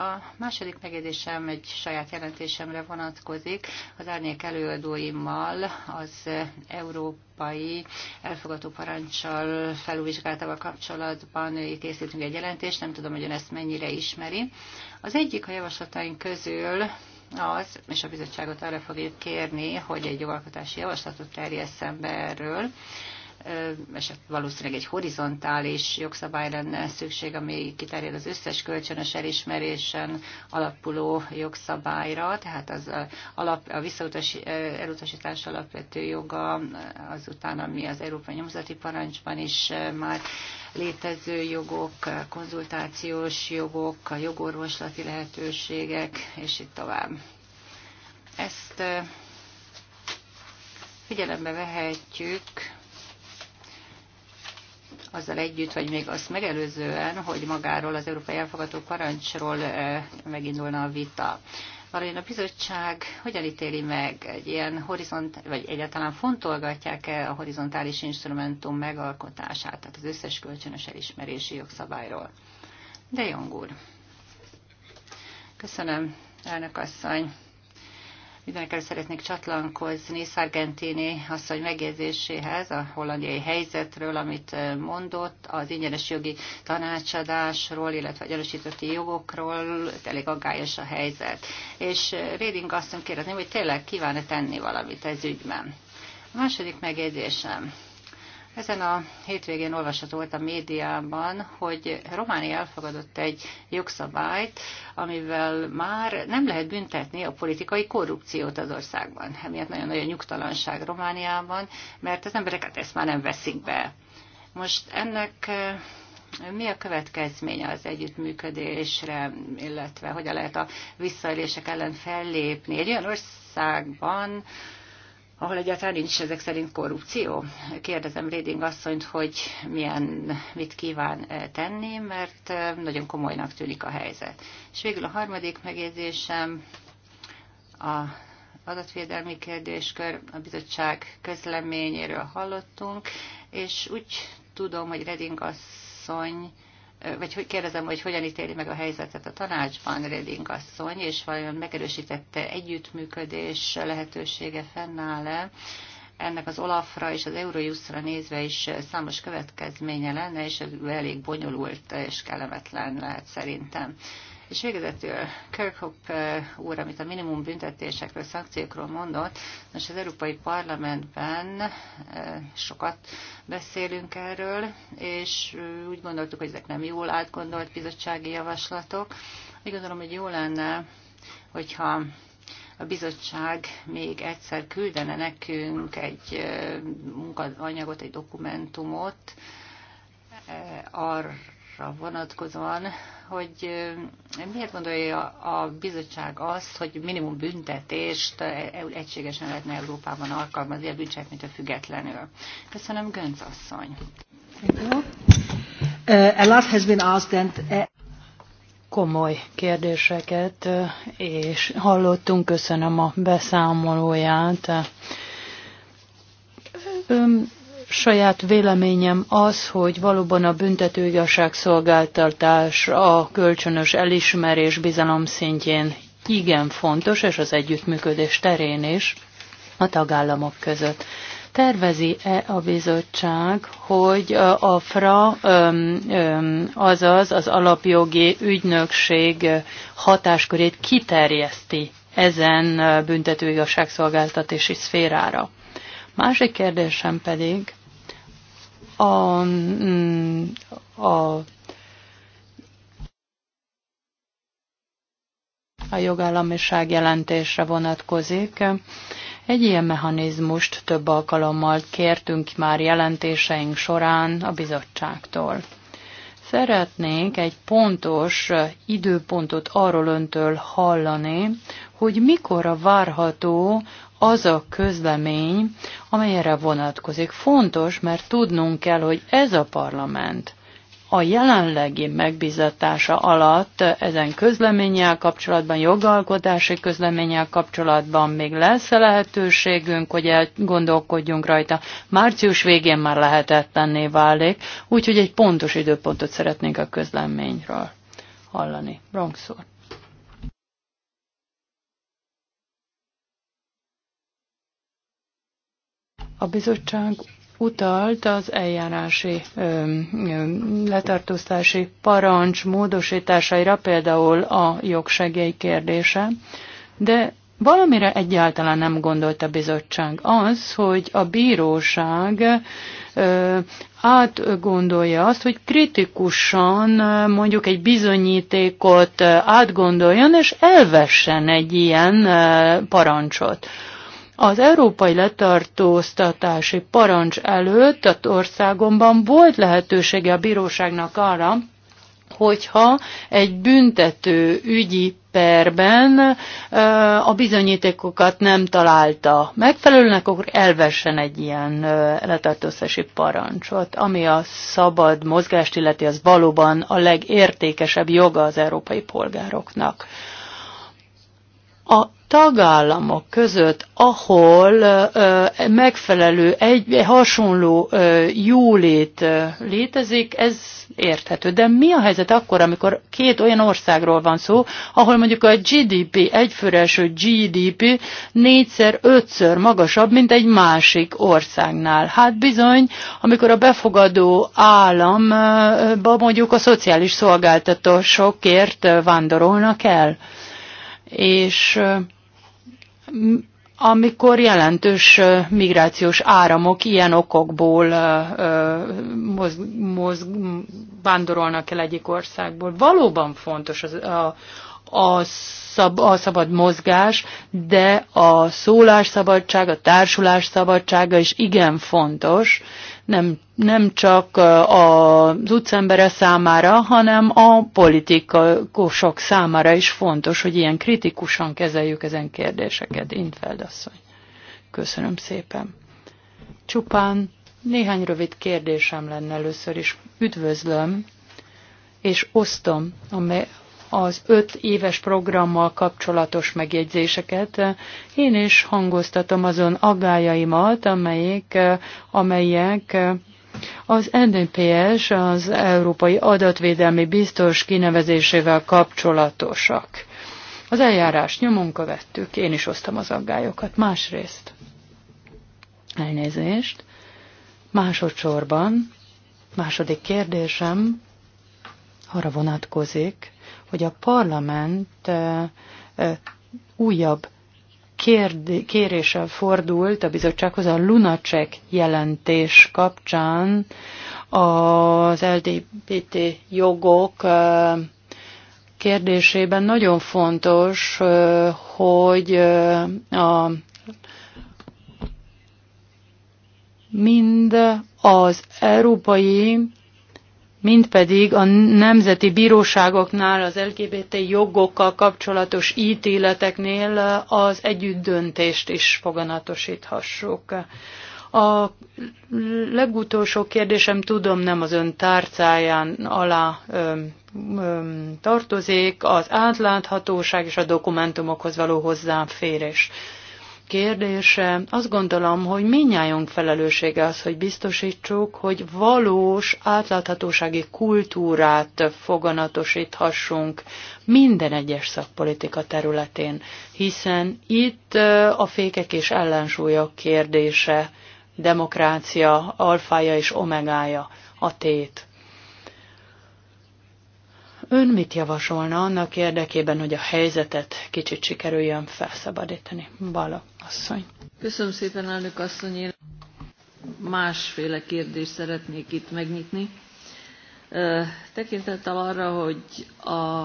A második megjegyzésem egy saját jelentésemre vonatkozik. Az árnyék előadóimmal az európai elfogadó parancsal felülvizsgálatával kapcsolatban készítünk egy jelentést, nem tudom, hogy ön ezt mennyire ismeri. Az egyik a javaslataink közül az, és a bizottságot arra fogjuk kérni, hogy egy jogalkotási javaslatot terjesszen be erről, és hát valószínűleg egy horizontális jogszabály lenne szükség, ami kiterjed az összes kölcsönös elismerésen alapuló jogszabályra, tehát az alap, a visszautas, elutasítás alapvető joga, azután ami az Európai Nyomozati Parancsban is már létező jogok, konzultációs jogok, a jogorvoslati lehetőségek, és itt tovább. Ezt figyelembe vehetjük azzal együtt, vagy még azt megelőzően, hogy magáról az Európai Elfogató Parancsról megindulna a vita. Valójában a bizottság hogyan ítéli meg egy ilyen horizont, vagy egyáltalán fontolgatják-e a horizontális instrumentum megalkotását, tehát az összes kölcsönös elismerési jogszabályról? De Jong úr. Köszönöm, elnök asszony. Mindenek előtt szeretnék csatlankozni Szargentini asszony megjegyzéséhez a hollandiai helyzetről, amit mondott, az ingyenes jogi tanácsadásról, illetve a gyanúsítotti jogokról, elég aggályos a helyzet. És Réding asszony kérdezni, hogy tényleg kíván-e tenni valamit ez ügyben. A második megjegyzésem ezen a hétvégén olvasható volt a médiában, hogy Románia elfogadott egy jogszabályt, amivel már nem lehet büntetni a politikai korrupciót az országban. Emiatt nagyon-nagyon nyugtalanság Romániában, mert az embereket ezt már nem veszik be. Most ennek eh, mi a következménye az együttműködésre, illetve hogyan lehet a visszaélések ellen fellépni? Egy olyan országban, ahol egyáltalán nincs ezek szerint korrupció. Kérdezem Réding asszonyt, hogy milyen, mit kíván eh, tenni, mert eh, nagyon komolynak tűnik a helyzet. És végül a harmadik megjegyzésem a adatvédelmi kérdéskör, a bizottság közleményéről hallottunk, és úgy tudom, hogy Reding asszony vagy hogy kérdezem, hogy hogyan ítéli meg a helyzetet a tanácsban Reding asszony, és vajon megerősítette együttműködés lehetősége fennáll-e, ennek az Olafra és az Eurojustra nézve is számos következménye lenne, és ez elég bonyolult és kellemetlen lehet szerintem. És végezetül Kirkhope úr, amit a minimum büntetésekről, szankciókról mondott, most az Európai Parlamentben sokat beszélünk erről, és úgy gondoltuk, hogy ezek nem jól átgondolt bizottsági javaslatok. Úgy gondolom, hogy jó lenne, hogyha a bizottság még egyszer küldene nekünk egy munkaanyagot, egy dokumentumot, arra, arra vonatkozóan, hogy eh, miért gondolja a bizottság azt, hogy minimum büntetést eh, egységesen lehetne Európában alkalmazni a bűncselekménytől függetlenül. Köszönöm, Gönc asszony. Eh, komoly kérdéseket, és hallottunk, köszönöm a beszámolóját saját véleményem az, hogy valóban a büntető szolgáltatás, a kölcsönös elismerés bizalom szintjén igen fontos, és az együttműködés terén is a tagállamok között. Tervezi-e a bizottság, hogy a FRA, azaz az alapjogi ügynökség hatáskörét kiterjeszti ezen büntetőigazságszolgáltatási szférára? Másik kérdésem pedig a, a a jogállamiság jelentésre vonatkozik. Egy ilyen mechanizmust több alkalommal kértünk már jelentéseink során a bizottságtól. Szeretnénk egy pontos időpontot arról öntől hallani, hogy mikor a várható az a közlemény, amelyre vonatkozik. Fontos, mert tudnunk kell, hogy ez a parlament a jelenlegi megbizatása alatt ezen közleménnyel kapcsolatban, jogalkotási közleménnyel kapcsolatban még lesz -e lehetőségünk, hogy elgondolkodjunk rajta. Március végén már lehetetlenné válik, úgyhogy egy pontos időpontot szeretnénk a közleményről hallani. Bronxort. A bizottság utalt az eljárási letartóztási parancs módosításaira, például a jogsegély kérdése, de valamire egyáltalán nem gondolt a bizottság. Az, hogy a bíróság ö, átgondolja azt, hogy kritikusan mondjuk egy bizonyítékot átgondoljon, és elvessen egy ilyen parancsot. Az európai letartóztatási parancs előtt az országomban volt lehetősége a bíróságnak arra, hogyha egy büntető ügyi perben a bizonyítékokat nem találta megfelelőnek, akkor elvessen egy ilyen letartóztatási parancsot. Ami a szabad mozgást illeti, az valóban a legértékesebb joga az európai polgároknak. A tagállamok között, ahol megfelelő, egy hasonló jólét létezik, ez érthető. De mi a helyzet akkor, amikor két olyan országról van szó, ahol mondjuk a GDP, egyfőreső GDP négyszer, ötször magasabb, mint egy másik országnál? Hát bizony, amikor a befogadó államba mondjuk a szociális szolgáltatásokért vándorolnak el. És amikor jelentős migrációs áramok ilyen okokból mozg, mozg, vándorolnak el egyik országból. Valóban fontos az, a, a, szab, a szabad mozgás, de a szólásszabadság, a társulásszabadsága is igen fontos, nem, nem csak az utcembere számára, hanem a politikusok számára is fontos, hogy ilyen kritikusan kezeljük ezen kérdéseket. Intfeld asszony. Köszönöm szépen. Csupán néhány rövid kérdésem lenne először is. Üdvözlöm, és osztom az öt éves programmal kapcsolatos megjegyzéseket. Én is hangoztatom azon aggájaimat, amelyek, amelyek az NDPS az Európai Adatvédelmi Biztos kinevezésével kapcsolatosak. Az eljárás nyomon követtük, én is osztam az aggályokat. Másrészt, elnézést, másodszorban, második kérdésem arra vonatkozik, hogy a parlament újabb kérdé, fordult a bizottsághoz a Lunacek jelentés kapcsán az LDPT jogok kérdésében nagyon fontos, hogy a mind az európai mint pedig a nemzeti bíróságoknál az LGBT jogokkal kapcsolatos ítéleteknél az együttdöntést is foganatosíthassuk. A legutolsó kérdésem, tudom, nem az ön tárcáján alá öm, öm, tartozik, az átláthatóság és a dokumentumokhoz való hozzáférés kérdése. Azt gondolom, hogy minnyájunk felelőssége az, hogy biztosítsuk, hogy valós átláthatósági kultúrát foganatosíthassunk minden egyes szakpolitika területén, hiszen itt a fékek és ellensúlyok kérdése, demokrácia alfája és omegája a tét. Ön mit javasolna annak érdekében, hogy a helyzetet kicsit sikerüljön felszabadítani? Bala asszony. Köszönöm szépen, elnök asszony. Én másféle kérdést szeretnék itt megnyitni. Tekintettel arra, hogy a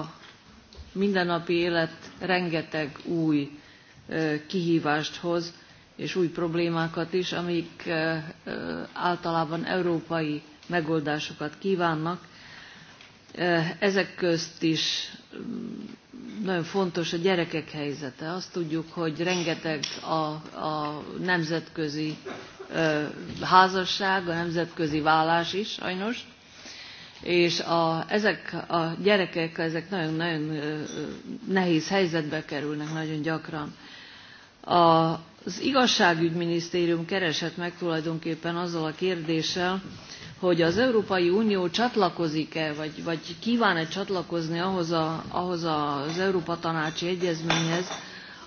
mindennapi élet rengeteg új kihívást hoz, és új problémákat is, amik általában európai megoldásokat kívánnak, ezek közt is mm, nagyon fontos a gyerekek helyzete. Azt tudjuk, hogy rengeteg a, a nemzetközi házasság, a nemzetközi vállás is sajnos, és a, ezek a gyerekek ezek nagyon-nagyon nehéz helyzetbe kerülnek nagyon gyakran. A, az igazságügyminisztérium keresett meg tulajdonképpen azzal a kérdéssel, hogy az Európai Unió csatlakozik-e, vagy, vagy kíván-e csatlakozni ahhoz, a, ahhoz az Európa Tanácsi Egyezményhez,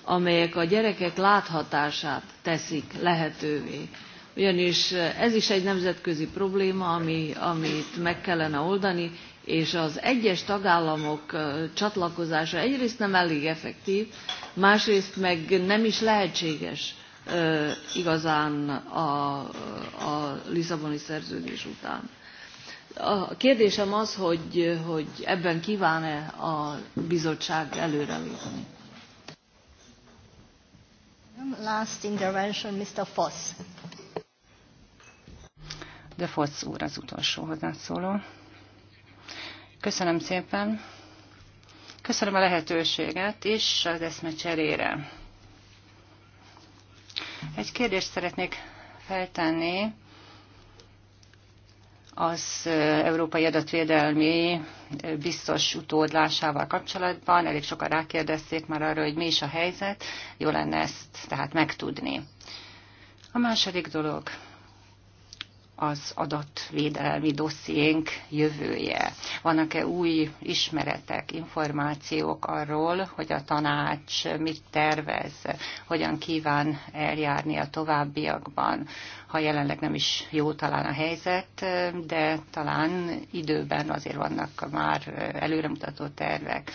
amelyek a gyerekek láthatását teszik lehetővé. Ugyanis ez is egy nemzetközi probléma, ami, amit meg kellene oldani, és az egyes tagállamok csatlakozása egyrészt nem elég effektív, másrészt meg nem is lehetséges igazán a, a Lisszaboni szerződés után. A kérdésem az, hogy, hogy ebben kíván-e a bizottság előrelépni. Last intervention, Mr. Foss. De Foss úr az utolsó hozzászóló. Köszönöm szépen. Köszönöm a lehetőséget is az eszme cserére. Egy kérdést szeretnék feltenni az Európai Adatvédelmi biztos utódlásával kapcsolatban. Elég sokan rákérdezték már arra, hogy mi is a helyzet. Jó lenne ezt tehát megtudni. A második dolog az adatvédelmi dossziénk jövője? Vannak-e új ismeretek, információk arról, hogy a tanács mit tervez, hogyan kíván eljárni a továbbiakban, ha jelenleg nem is jó talán a helyzet, de talán időben azért vannak már előremutató tervek.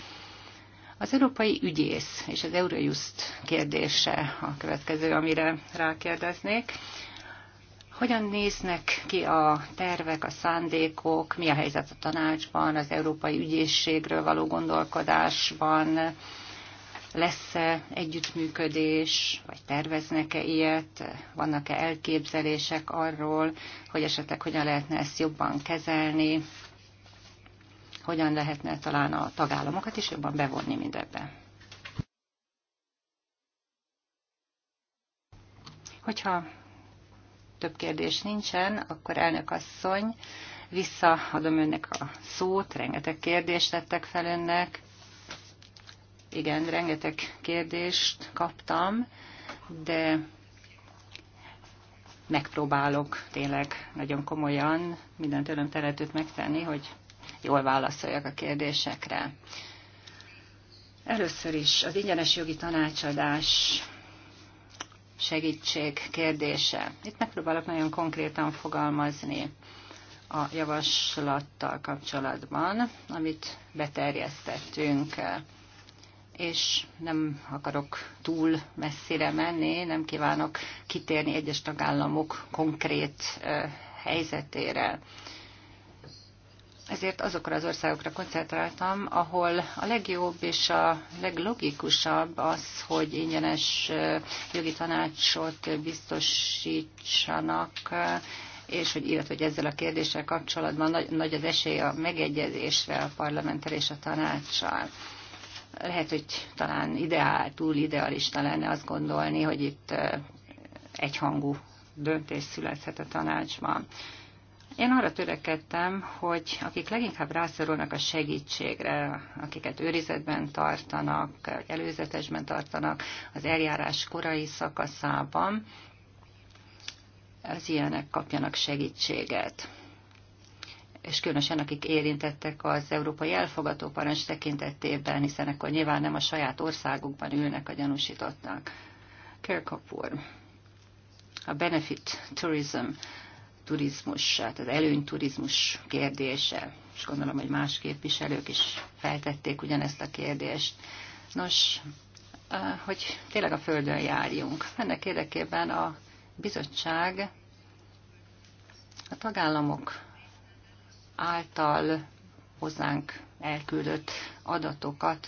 Az európai ügyész és az Eurojust kérdése a következő, amire rákérdeznék. Hogyan néznek ki a tervek, a szándékok, mi a helyzet a tanácsban, az európai ügyészségről való gondolkodásban, lesz-e együttműködés, vagy terveznek-e ilyet, vannak-e elképzelések arról, hogy esetleg hogyan lehetne ezt jobban kezelni, hogyan lehetne talán a tagállamokat is jobban bevonni mindebbe. Hogyha több kérdés nincsen, akkor elnök asszony, visszaadom önnek a szót, rengeteg kérdést tettek fel önnek. Igen, rengeteg kérdést kaptam, de megpróbálok tényleg nagyon komolyan mindent tőlem teretőt megtenni, hogy jól válaszoljak a kérdésekre. Először is az ingyenes jogi tanácsadás segítség kérdése. Itt megpróbálok nagyon konkrétan fogalmazni a javaslattal kapcsolatban, amit beterjesztettünk, és nem akarok túl messzire menni, nem kívánok kitérni egyes tagállamok konkrét helyzetére ezért azokra az országokra koncentráltam, ahol a legjobb és a leglogikusabb az, hogy ingyenes jogi tanácsot biztosítsanak, és hogy illetve hogy ezzel a kérdéssel kapcsolatban nagy, nagy az esély a megegyezésre a parlamenttel és a tanácssal lehet, hogy talán ideál, túl idealista lenne azt gondolni, hogy itt egyhangú döntés születhet a tanácsban. Én arra törekedtem, hogy akik leginkább rászorulnak a segítségre, akiket őrizetben tartanak, előzetesben tartanak, az eljárás korai szakaszában, az ilyenek kapjanak segítséget és különösen akik érintettek az európai elfogató parancs tekintetében, hiszen akkor nyilván nem a saját országukban ülnek a gyanúsítottak. Kirkapur, a Benefit Tourism turizmus, tehát az előnyturizmus kérdése, és gondolom, hogy más képviselők is feltették ugyanezt a kérdést. Nos, hogy tényleg a Földön járjunk. Ennek érdekében a bizottság a tagállamok által hozzánk elküldött adatokat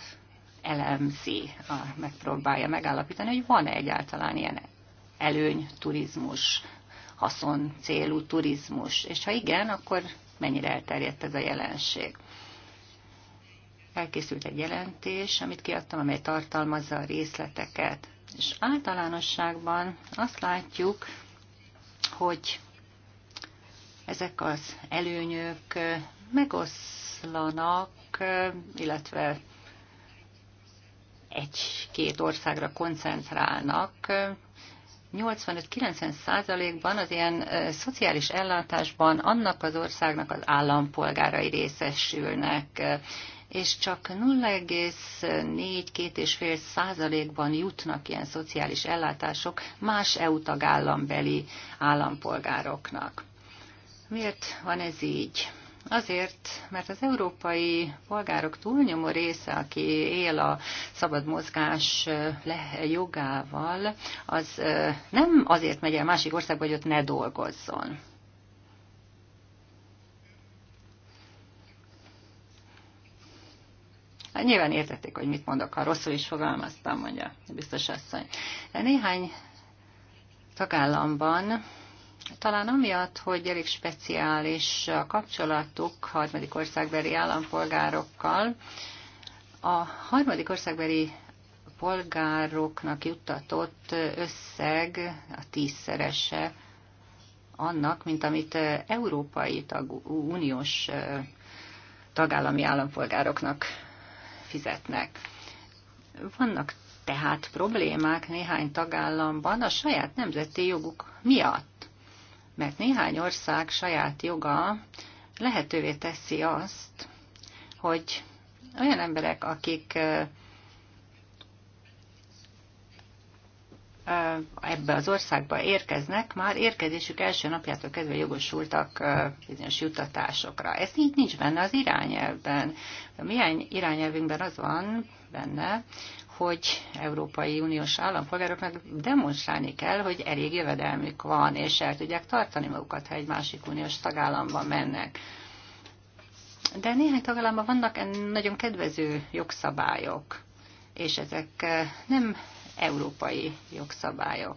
elemzi, megpróbálja megállapítani, hogy van-e egyáltalán ilyen előny turizmus, haszon célú turizmus? És ha igen, akkor mennyire elterjedt ez a jelenség? Elkészült egy jelentés, amit kiadtam, amely tartalmazza a részleteket. És általánosságban azt látjuk, hogy ezek az előnyök megoszlanak, illetve egy-két országra koncentrálnak, 85-90 százalékban az ilyen szociális ellátásban annak az országnak az állampolgárai részesülnek, és csak 0,4-2,5 százalékban jutnak ilyen szociális ellátások más EU tagállambeli állampolgároknak. Miért van ez így? Azért, mert az európai polgárok túlnyomó része, aki él a szabad mozgás jogával, az nem azért megy el másik országba, hogy ott ne dolgozzon. Hát nyilván értették, hogy mit mondok, ha rosszul is fogalmaztam, mondja biztos asszony. Néhány tagállamban talán amiatt, hogy elég speciális a kapcsolatuk harmadik országbeli állampolgárokkal, a harmadik országbeli polgároknak juttatott összeg a tízszerese annak, mint amit európai tagú, uniós tagállami állampolgároknak fizetnek. Vannak tehát problémák néhány tagállamban a saját nemzeti joguk miatt mert néhány ország saját joga lehetővé teszi azt, hogy olyan emberek, akik ebbe az országba érkeznek, már érkezésük első napjától kezdve jogosultak bizonyos jutatásokra. Ez így nincs benne az irányelvben. A mi irányelvünkben az van benne, hogy Európai Uniós állampolgároknak demonstrálni kell, hogy elég jövedelmük van, és el tudják tartani magukat, ha egy másik uniós tagállamba mennek. De néhány tagállamban vannak nagyon kedvező jogszabályok, és ezek eh, nem európai jogszabályok.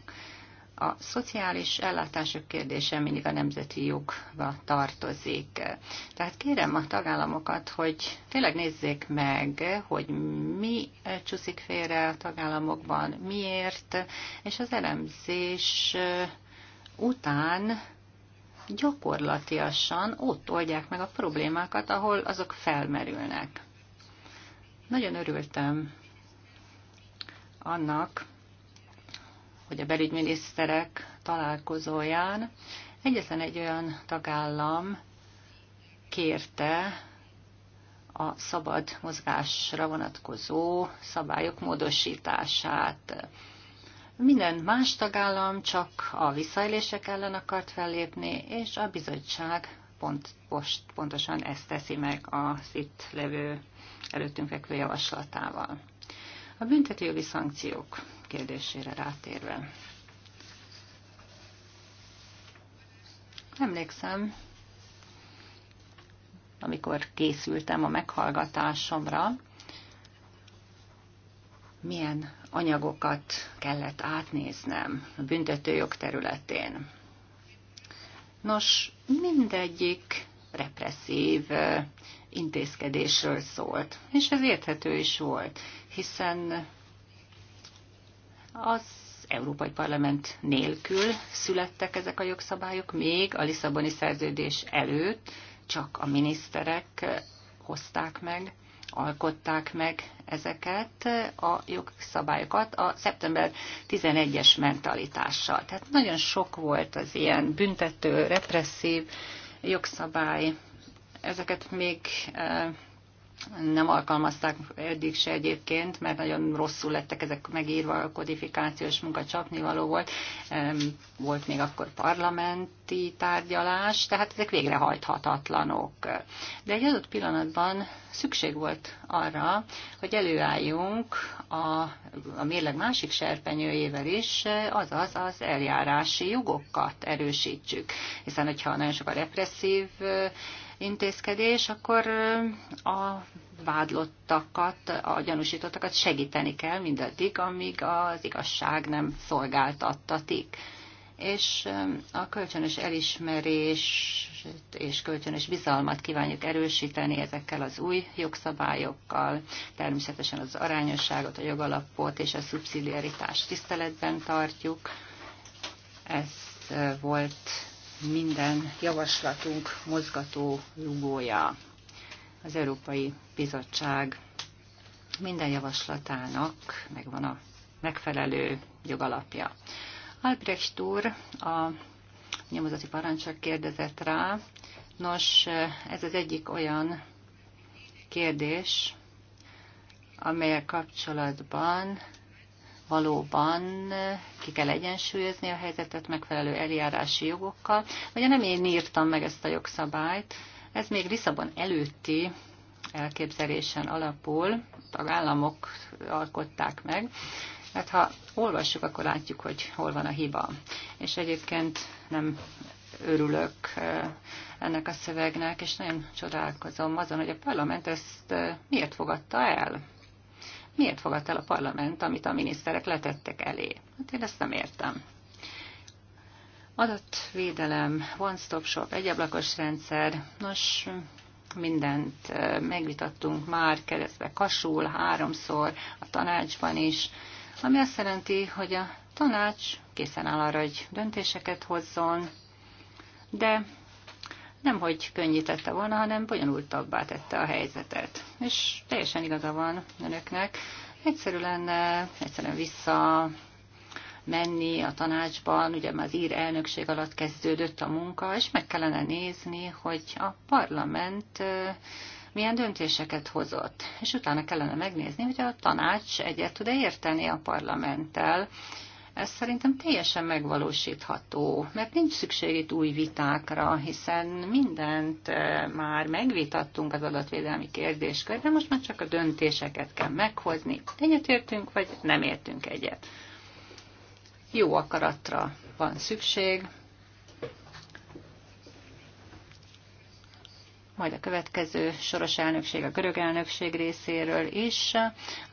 A szociális ellátások kérdése mindig a nemzeti jogba tartozik. Tehát kérem a tagállamokat, hogy tényleg nézzék meg, hogy mi csúszik félre a tagállamokban, miért, és az elemzés után gyakorlatiasan ott oldják meg a problémákat, ahol azok felmerülnek. Nagyon örültem annak, hogy a belügyminiszterek találkozóján egyetlen egy olyan tagállam kérte a szabad mozgásra vonatkozó szabályok módosítását. Minden más tagállam csak a visszaélések ellen akart fellépni, és a bizottság pont, post, pontosan ezt teszi meg az itt levő előttünk fekvő javaslatával. A büntetőjogi szankciók kérdésére rátérve. Emlékszem, amikor készültem a meghallgatásomra, milyen anyagokat kellett átnéznem a büntetőjog területén. Nos, mindegyik represszív intézkedésről szólt, és ez érthető is volt, hiszen az Európai Parlament nélkül születtek ezek a jogszabályok, még a Lisszaboni szerződés előtt csak a miniszterek hozták meg, alkották meg ezeket a jogszabályokat a szeptember 11-es mentalitással. Tehát nagyon sok volt az ilyen büntető, represszív jogszabály. Ezeket még eh, nem alkalmazták eddig se egyébként, mert nagyon rosszul lettek ezek megírva, a kodifikációs munka csapnivaló volt, volt még akkor parlamenti tárgyalás, tehát ezek végrehajthatatlanok. De egy adott pillanatban szükség volt arra, hogy előálljunk a, a mérleg másik serpenyőjével is, azaz az eljárási jogokat erősítsük. Hiszen, hogyha nagyon sok a represszív intézkedés, akkor a vádlottakat, a gyanúsítottakat segíteni kell mindaddig, amíg az igazság nem szolgáltattatik. És a kölcsönös elismerés és kölcsönös bizalmat kívánjuk erősíteni ezekkel az új jogszabályokkal, természetesen az arányosságot, a jogalapot és a szubszidiaritást tiszteletben tartjuk. Ez volt minden javaslatunk mozgató rugója. Az Európai Bizottság minden javaslatának megvan a megfelelő jogalapja. Albrecht úr a nyomozati parancsak kérdezett rá. Nos, ez az egyik olyan kérdés, amelyek kapcsolatban valóban ki kell egyensúlyozni a helyzetet megfelelő eljárási jogokkal. Ugye nem én írtam meg ezt a jogszabályt, ez még Lisszabon előtti elképzelésen alapul, a államok alkották meg, mert hát ha olvassuk, akkor látjuk, hogy hol van a hiba. És egyébként nem örülök ennek a szövegnek, és nagyon csodálkozom azon, hogy a parlament ezt miért fogadta el miért fogadta el a parlament, amit a miniszterek letettek elé? Hát én ezt nem értem. Adatvédelem, one-stop shop, egyablakos rendszer, nos, mindent megvitattunk már keresztbe kasul háromszor a tanácsban is, ami azt jelenti, hogy a tanács készen áll arra, hogy döntéseket hozzon, de nem hogy könnyítette volna, hanem bonyolultabbá tette a helyzetet. És teljesen igaza van önöknek. Egyszerű lenne egyszerűen vissza menni a tanácsban, ugye már az ír elnökség alatt kezdődött a munka, és meg kellene nézni, hogy a parlament milyen döntéseket hozott. És utána kellene megnézni, hogy a tanács egyet tud-e érteni a parlamenttel, ez szerintem teljesen megvalósítható, mert nincs szükség itt új vitákra, hiszen mindent eh, már megvitattunk az adatvédelmi kérdéskörben, most már csak a döntéseket kell meghozni. Egyetértünk, vagy nem értünk egyet. Jó akaratra van szükség, majd a következő soros elnökség, a görög elnökség részéről is,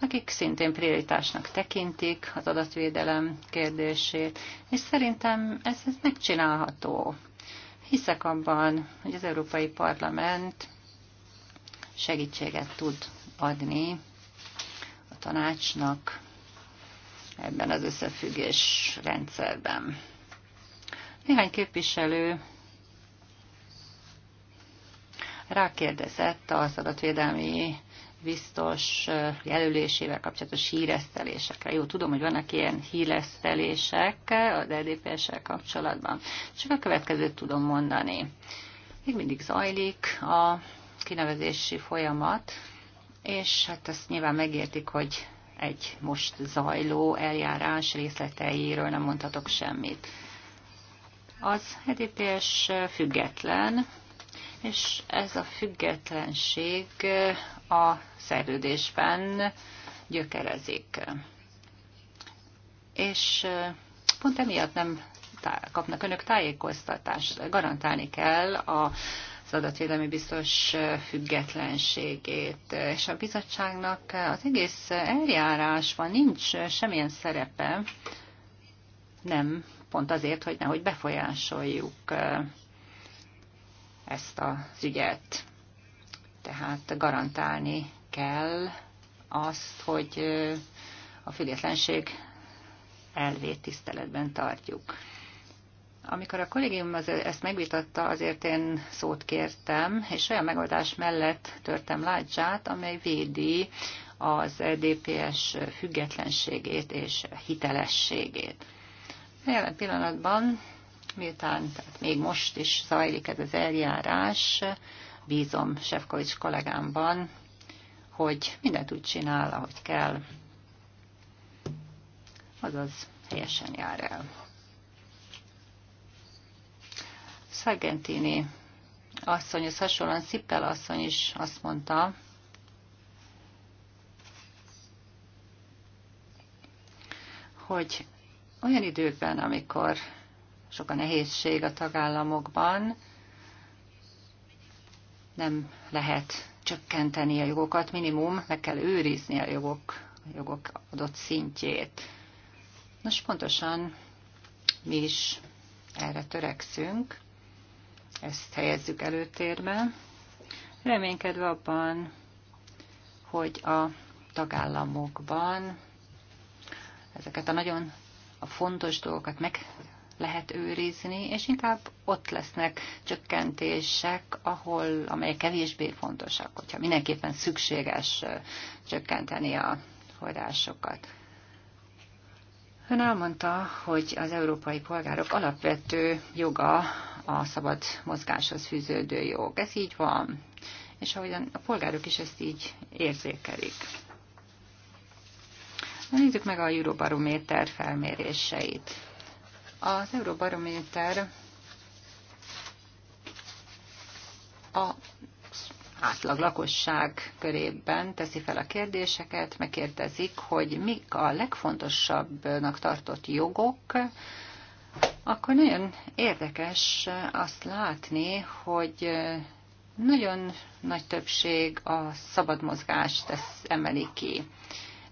akik szintén prioritásnak tekintik az adatvédelem kérdését, és szerintem ez, ez megcsinálható. Hiszek abban, hogy az Európai Parlament segítséget tud adni a tanácsnak ebben az összefüggés rendszerben. Néhány képviselő rákérdezett az adatvédelmi biztos jelölésével kapcsolatos híresztelésekre. Jó, tudom, hogy vannak ilyen híresztelések az EDPS-sel kapcsolatban. Csak a következőt tudom mondani. Még mindig zajlik a kinevezési folyamat, és hát azt nyilván megértik, hogy egy most zajló eljárás részleteiről nem mondhatok semmit. Az EDPS független, és ez a függetlenség a szerződésben gyökerezik. És eh, pont emiatt nem kapnak önök tájékoztatást. Garantálni kell a az adatvédelmi biztos eh, függetlenségét. És a bizottságnak az egész eljárásban nincs semmilyen szerepe, nem pont azért, hogy nehogy befolyásoljuk eh, ezt az ügyet. Tehát garantálni kell azt, hogy a függetlenség elvét tiszteletben tartjuk. Amikor a kollégium az, ezt megvitatta, azért én szót kértem, és olyan megoldás mellett törtem lágyzsát, amely védi az e DPS függetlenségét és hitelességét. Jelen pillanatban miután tehát még most is zajlik ez az eljárás, bízom Sefkovics kollégámban, hogy mindent úgy csinál, ahogy kell, azaz helyesen jár el. Sargentini az hasonlóan Szippel asszony is azt mondta, hogy olyan időkben, amikor sok a nehézség a tagállamokban, nem lehet csökkenteni a jogokat, minimum meg kell őrizni a jogok, a jogok adott szintjét. Nos, pontosan mi is erre törekszünk, ezt helyezzük előtérbe, reménykedve abban, hogy a tagállamokban ezeket a nagyon a fontos dolgokat meg lehet őrizni, és inkább ott lesznek csökkentések, ahol, amelyek kevésbé fontosak, hogyha mindenképpen szükséges csökkenteni a forrásokat. Ön elmondta, hogy az európai polgárok alapvető joga a szabad mozgáshoz fűződő jog. Ez így van, és ahogyan a polgárok is ezt így érzékelik. Nézzük meg a Eurobarométer felméréseit. Az Euróbarométer a átlag lakosság körében teszi fel a kérdéseket, megkérdezik, hogy mik a legfontosabbnak tartott jogok, akkor nagyon érdekes azt látni, hogy nagyon nagy többség a szabad mozgást emeli ki.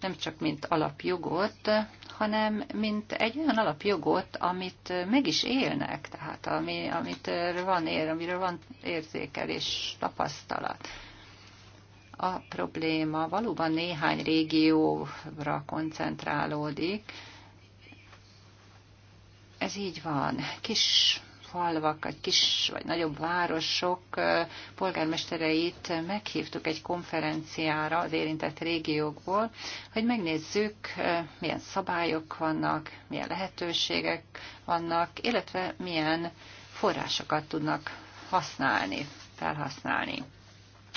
Nem csak mint alapjogot, hanem mint egy olyan alapjogot, amit meg is élnek, tehát ami, amit van ér, amiről van érzékelés, tapasztalat. A probléma valóban néhány régióra koncentrálódik. Ez így van. Kis falvak, vagy kis vagy nagyobb városok polgármestereit meghívtuk egy konferenciára az érintett régiókból, hogy megnézzük, milyen szabályok vannak, milyen lehetőségek vannak, illetve milyen forrásokat tudnak használni, felhasználni.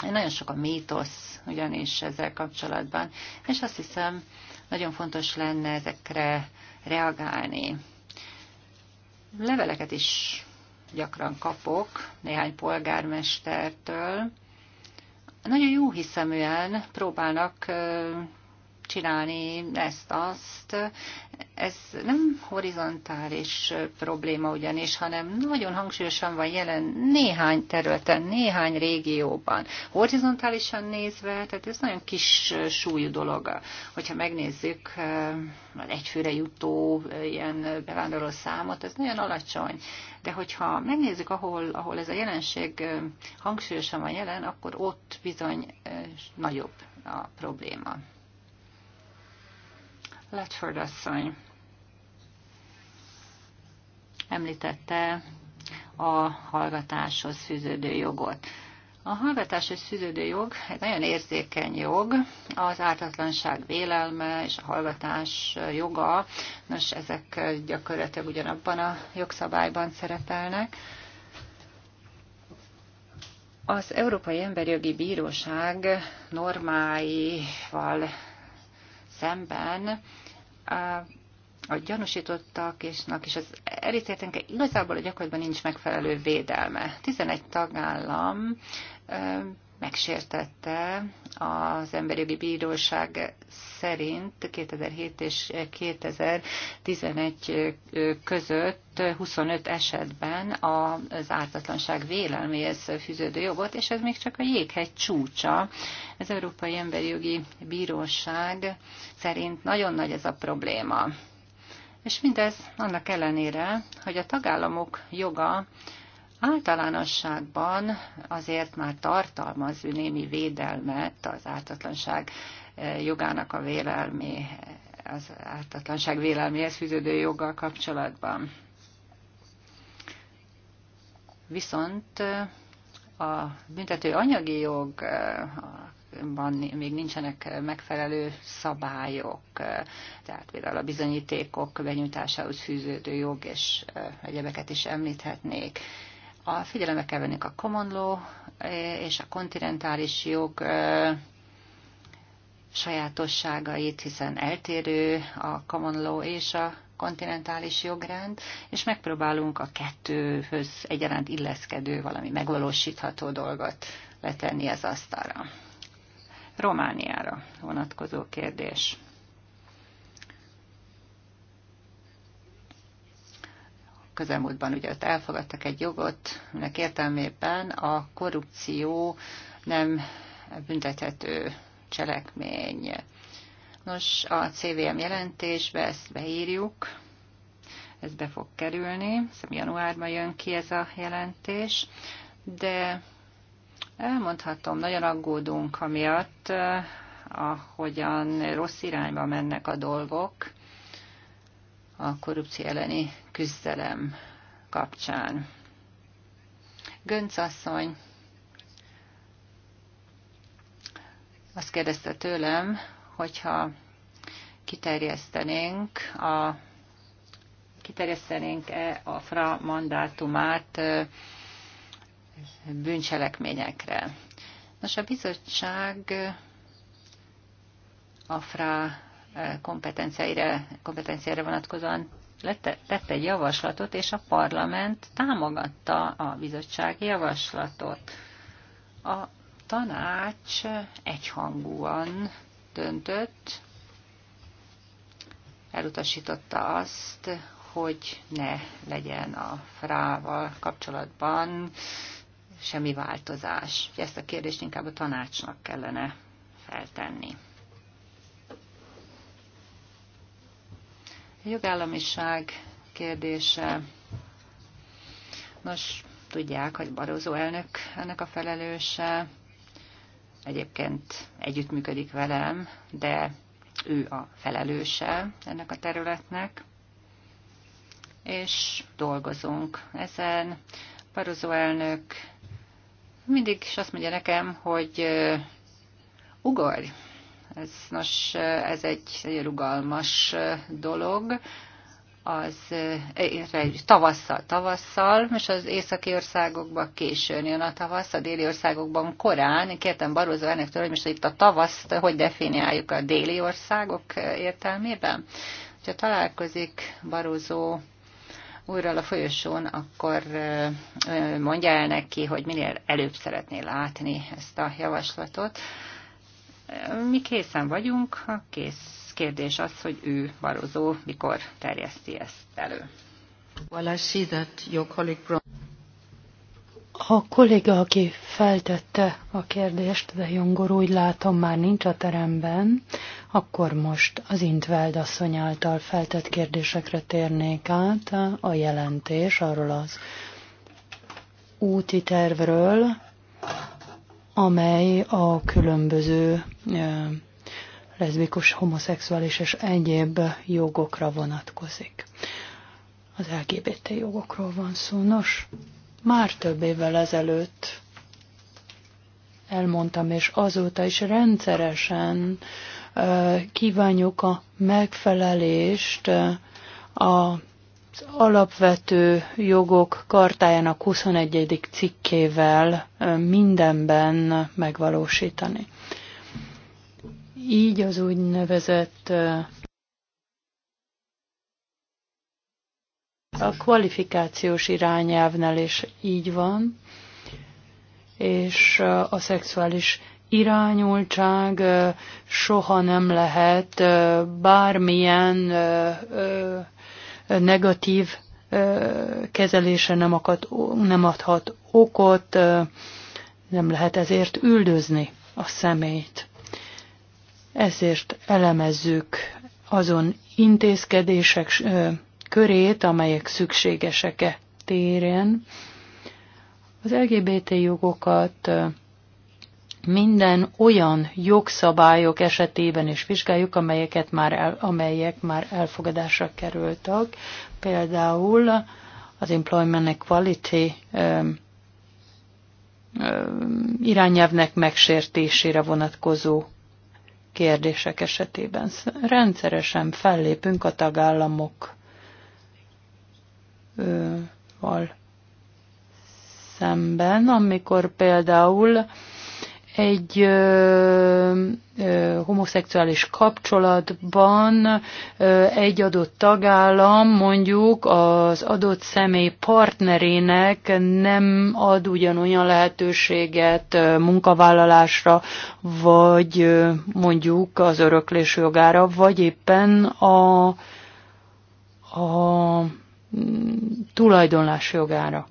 Nagyon sok a mítosz ugyanis ezzel kapcsolatban, és azt hiszem, nagyon fontos lenne ezekre reagálni. Leveleket is gyakran kapok néhány polgármestertől. Nagyon jó hiszeműen próbálnak csinálni ezt, azt. Ez nem horizontális probléma ugyanis, hanem nagyon hangsúlyosan van jelen néhány területen, néhány régióban. Horizontálisan nézve, tehát ez nagyon kis súlyú dolog. Hogyha megnézzük eh, az egyfőre jutó eh, ilyen bevándorló számot, ez nagyon alacsony. De hogyha megnézzük, ahol, ahol ez a jelenség eh, hangsúlyosan van jelen, akkor ott bizony nagyobb a probléma. Letford asszony említette a hallgatáshoz fűződő jogot. A hallgatáshoz fűződő jog egy nagyon érzékeny jog, az ártatlanság vélelme és a hallgatás joga, nos ezek gyakorlatilag ugyanabban a jogszabályban szerepelnek. Az Európai Emberjogi Bíróság normáival szemben a gyanúsítottak ésnak és az elítéltnek igazából a gyakorlatban nincs megfelelő védelme. 11 tagállam megsértette az Emberjogi Bíróság szerint 2007 és 2011 között 25 esetben az ártatlanság vélelméhez fűződő jogot, és ez még csak a jéghegy csúcsa. Az Európai Emberi Jogi Bíróság szerint nagyon nagy ez a probléma. És mindez annak ellenére, hogy a tagállamok joga általánosságban azért már tartalmaz némi védelmet az ártatlanság eh, jogának a vélelmi, az ártatlanság vélelméhez fűződő joggal kapcsolatban. Viszont eh, a büntető anyagi jogban eh, még nincsenek megfelelő szabályok, tehát például a bizonyítékok benyújtásához fűződő jog és egyebeket is említhetnék. A figyelembe kell vennünk a common law eh, és a kontinentális jog eh, sajátosságait, hiszen eltérő a common law és a kontinentális jogrend, és megpróbálunk a kettőhöz egyaránt illeszkedő, valami megvalósítható dolgot letenni az asztalra. Romániára vonatkozó kérdés. közelmúltban ugye ott elfogadtak egy jogot, aminek értelmében a korrupció nem büntethető cselekmény. Nos, a CVM jelentésbe ezt beírjuk, ez be fog kerülni, hiszem januárban jön ki ez a jelentés, de elmondhatom, nagyon aggódunk amiatt, eh, ahogyan rossz irányba mennek a dolgok, a korrupció elleni küzdelem kapcsán. Gönc asszony azt kérdezte tőlem, hogyha kiterjesztenénk a kiterjesztenénk-e a FRA mandátumát bűncselekményekre. Nos, a bizottság a FRA kompetenciáira, kompetenciára vonatkozóan tett egy javaslatot, és a parlament támogatta a bizottság javaslatot. A tanács egyhangúan döntött, elutasította azt, hogy ne legyen a frával kapcsolatban semmi változás. Ezt a kérdést inkább a tanácsnak kellene feltenni. A jogállamiság kérdése. Nos, tudják, hogy Barózó elnök ennek a felelőse. Egyébként együttműködik velem, de ő a felelőse ennek a területnek, és dolgozunk ezen. Barozó elnök mindig is azt mondja nekem, hogy ugorj, ez, nos, ez egy rugalmas dolog az eh, tavasszal, tavasszal, és az északi országokban későn jön a tavasz, a déli országokban korán. Én kértem Barroso elnöktől, hogy most itt a tavaszt hogy definiáljuk a déli országok eh, értelmében. Ha találkozik Barózó újra a folyosón, akkor eh, mondja el neki, hogy minél előbb szeretné látni ezt a javaslatot. Mi készen vagyunk, a kész kérdés az, hogy ő, Barozó, mikor terjeszti ezt elő. Well, I see that your colleague a kolléga, aki feltette a kérdést, de Jongor úgy látom már nincs a teremben, akkor most az Intveld asszony által feltett kérdésekre térnék át a jelentés arról az úti tervről, amely a különböző leszbikus, homoszexuális és egyéb jogokra vonatkozik. Az LGBT jogokról van szó. Nos, már több évvel ezelőtt elmondtam, és azóta is rendszeresen kívánjuk a megfelelést a alapvető jogok kartájának 21. cikkével mindenben megvalósítani. Így az úgynevezett a kvalifikációs irányelvnel is így van, és a szexuális irányultság soha nem lehet bármilyen negatív kezelése nem, akad, nem adhat okot, nem lehet ezért üldözni a személyt. Ezért elemezzük azon intézkedések körét, amelyek szükségesek-e téren. Az LGBT jogokat minden olyan jogszabályok esetében is vizsgáljuk, amelyeket már el, amelyek már elfogadásra kerültek. Például az Employment Equality um, um irányelvnek megsértésére vonatkozó kérdések esetében. Rendszeresen fellépünk a tagállamokkal uh, szemben, amikor például egy ö, ö, homoszexuális kapcsolatban ö, egy adott tagállam mondjuk az adott személy partnerének nem ad ugyanolyan lehetőséget ö, munkavállalásra, vagy ö, mondjuk az öröklés jogára, vagy éppen a, a mm, tulajdonlás jogára.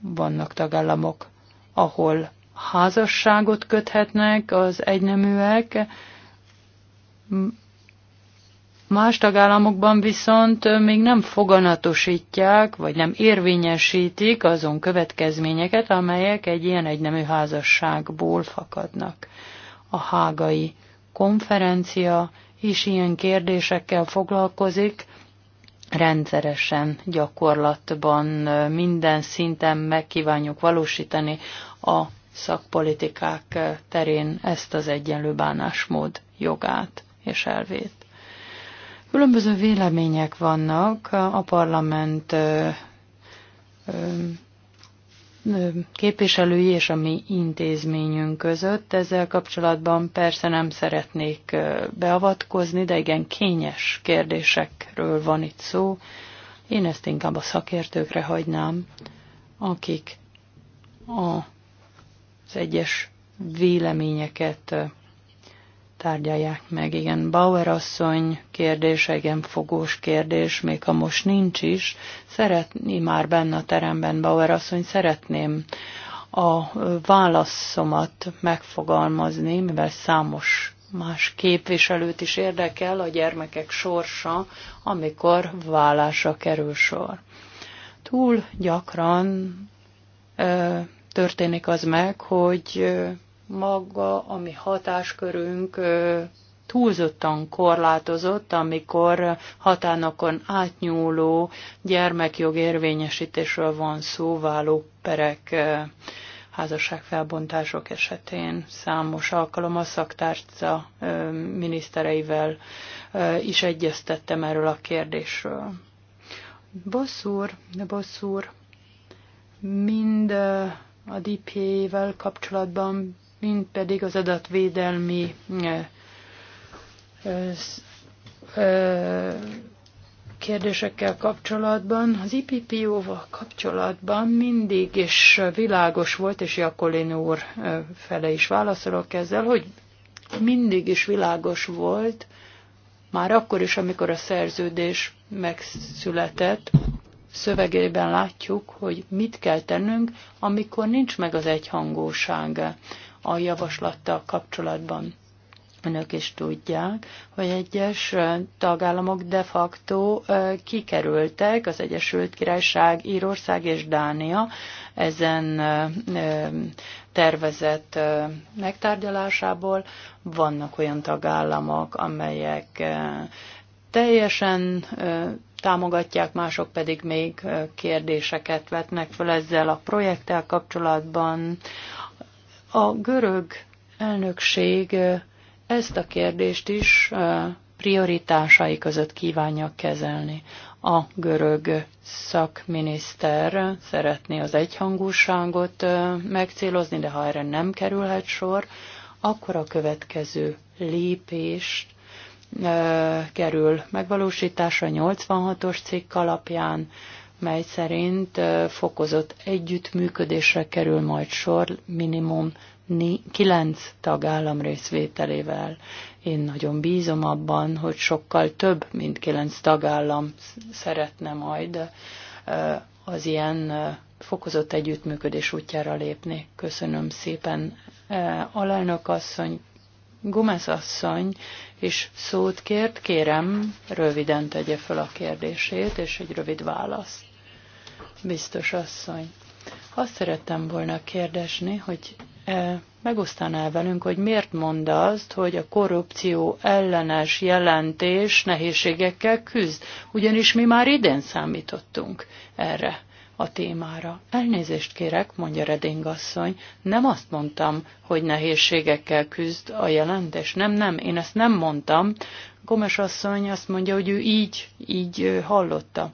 Vannak tagállamok, ahol házasságot köthetnek az egyneműek, más tagállamokban viszont még nem foganatosítják, vagy nem érvényesítik azon következményeket, amelyek egy ilyen egynemű házasságból fakadnak. A hágai konferencia is ilyen kérdésekkel foglalkozik, rendszeresen gyakorlatban minden szinten megkívánjuk valósítani a szakpolitikák terén ezt az egyenlő bánásmód jogát és elvét. Különböző vélemények vannak a parlament képviselői és a mi intézményünk között. Ezzel kapcsolatban persze nem szeretnék beavatkozni, de igen kényes kérdésekről van itt szó. Én ezt inkább a szakértőkre hagynám, akik a, az egyes véleményeket tárgyalják meg. Igen, Bauer asszony kérdése, igen, fogós kérdés, még ha most nincs is, szeretni már benne a teremben, Bauer asszony, szeretném a válaszomat megfogalmazni, mivel számos más képviselőt is érdekel a gyermekek sorsa, amikor vállásra kerül sor. Túl gyakran ö, történik az meg, hogy maga, ami hatáskörünk túlzottan korlátozott, amikor határnokon átnyúló gyermekjogérvényesítésről van szó perek, házasságfelbontások esetén számos alkalom a szaktárca minisztereivel is egyeztettem erről a kérdésről. Bosszúr, bosszúr, mind a DPA-vel kapcsolatban mint pedig az adatvédelmi eh, eh, eh, kérdésekkel kapcsolatban, az IPPO-val kapcsolatban mindig is világos volt, és Jakolin úr fele is válaszolok ezzel, hogy mindig is világos volt, már akkor is, amikor a szerződés megszületett, szövegében látjuk, hogy mit kell tennünk, amikor nincs meg az egyhangósága a javaslattal kapcsolatban. Önök is tudják, hogy egyes tagállamok de facto kikerültek, az Egyesült Királyság, Írország és Dánia ezen tervezett megtárgyalásából. Vannak olyan tagállamok, amelyek teljesen támogatják, mások pedig még kérdéseket vetnek fel ezzel a projekttel kapcsolatban. A görög elnökség ezt a kérdést is prioritásai között kívánja kezelni. A görög szakminiszter szeretné az egyhangúságot megcélozni, de ha erre nem kerülhet sor, akkor a következő lépést kerül megvalósításra 86-os cikk alapján mely szerint fokozott együttműködésre kerül majd sor minimum kilenc tagállam részvételével. Én nagyon bízom abban, hogy sokkal több, mint kilenc tagállam szeretne majd az ilyen fokozott együttműködés útjára lépni. Köszönöm szépen. Alelnök asszony, Gomez asszony és szót kért, kérem, röviden tegye fel a kérdését, és egy rövid választ biztos asszony. Azt szerettem volna kérdezni, hogy e, megosztaná velünk, hogy miért mond azt, hogy a korrupció ellenes jelentés nehézségekkel küzd, ugyanis mi már idén számítottunk erre a témára. Elnézést kérek, mondja Reding asszony, nem azt mondtam, hogy nehézségekkel küzd a jelentés. Nem, nem, én ezt nem mondtam. Gomes asszony azt mondja, hogy ő így, így hallotta.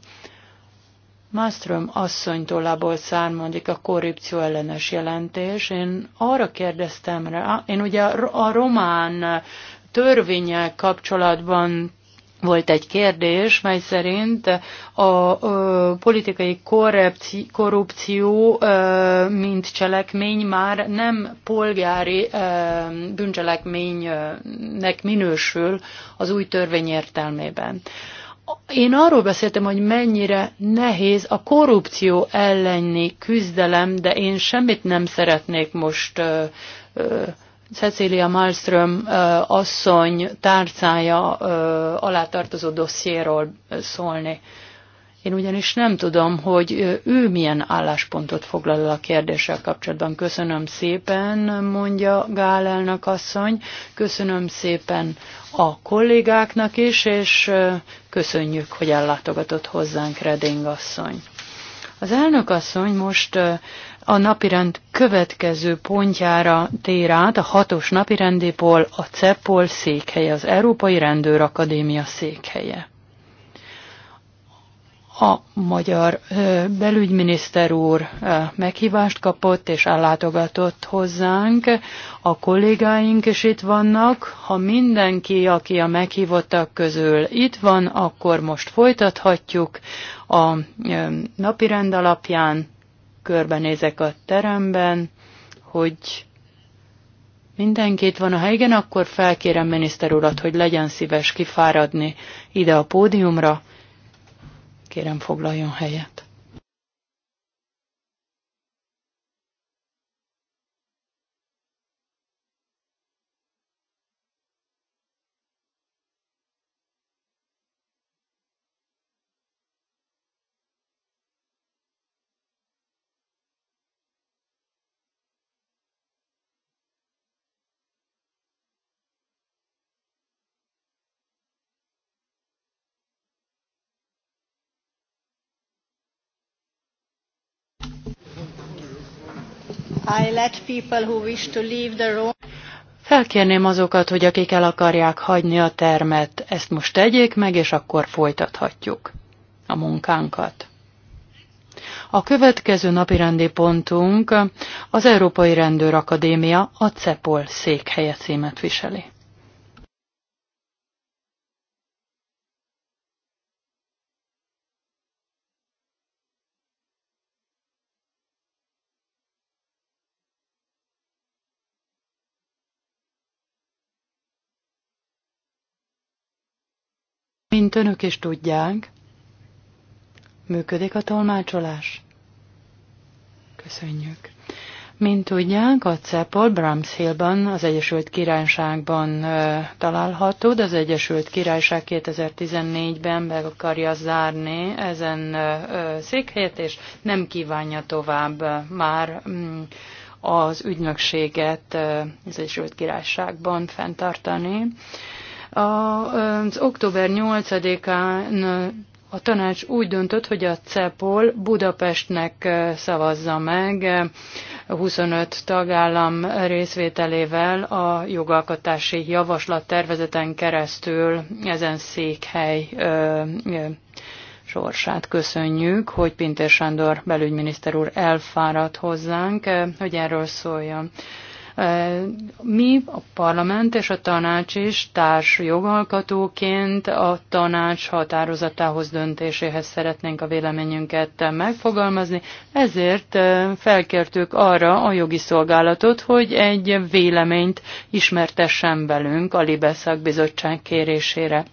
Malmström asszonytól tollából származik a korrupció ellenes jelentés. Én arra kérdeztem rá, én ugye a román törvények kapcsolatban volt egy kérdés, mely szerint a ö, politikai korrupció, korrupció ö, mint cselekmény már nem polgári ö, bűncselekménynek minősül az új törvény értelmében. Ö, én arról beszéltem, hogy mennyire nehéz a korrupció elleni küzdelem, de én semmit nem szeretnék most uh, uh, Cecilia Malmström asszony tárcája alá tartozó dossziéról szólni. Én ugyanis nem tudom, hogy ő milyen álláspontot foglal el a kérdéssel kapcsolatban. Köszönöm szépen, mondja Gál elnök asszony. Köszönöm szépen a kollégáknak is, és köszönjük, hogy ellátogatott hozzánk Reding asszony. Az elnök asszony most a napirend következő pontjára tér át, a hatos napirendépól a CEPOL székhelye, az Európai Rendőr Akadémia székhelye a magyar belügyminiszter úr meghívást kapott és ellátogatott hozzánk. A kollégáink is itt vannak. Ha mindenki, aki a meghívottak közül itt van, akkor most folytathatjuk a napi rend alapján. Körbenézek a teremben, hogy mindenki itt van. a helyen, akkor felkérem miniszter urat, hogy legyen szíves kifáradni ide a pódiumra Kérem foglaljon helyet. Felkérném azokat, hogy akik el akarják hagyni a termet, ezt most tegyék meg, és akkor folytathatjuk a munkánkat. A következő napirendi pontunk az Európai Rendőrakadémia a CEPOL székhelye címet viseli. Mint önök is tudják, működik a tolmácsolás. Köszönjük. Mint tudják, a CEPOL Hillban, az Egyesült Királyságban ö, található, de az Egyesült Királyság 2014-ben be akarja zárni ezen ö, székhelyet, és nem kívánja tovább ö, már m, mm, az ügynökséget ö, az Egyesült Királyságban fenntartani. Ö, az október 8-án a tanács úgy döntött, hogy a CEPOL Budapestnek szavazza meg 25 tagállam részvételével a jogalkotási javaslat tervezeten keresztül ezen székhely ö, ö, sorsát köszönjük, hogy Pintér Sándor belügyminiszter úr elfáradt hozzánk, hogy erről szóljon. Mi, a parlament és a tanács is társ jogalkatóként a tanács határozatához döntéséhez szeretnénk a véleményünket megfogalmazni, ezért felkértük arra a jogi szolgálatot, hogy egy véleményt ismertessen velünk a Libeszak bizottság kérésére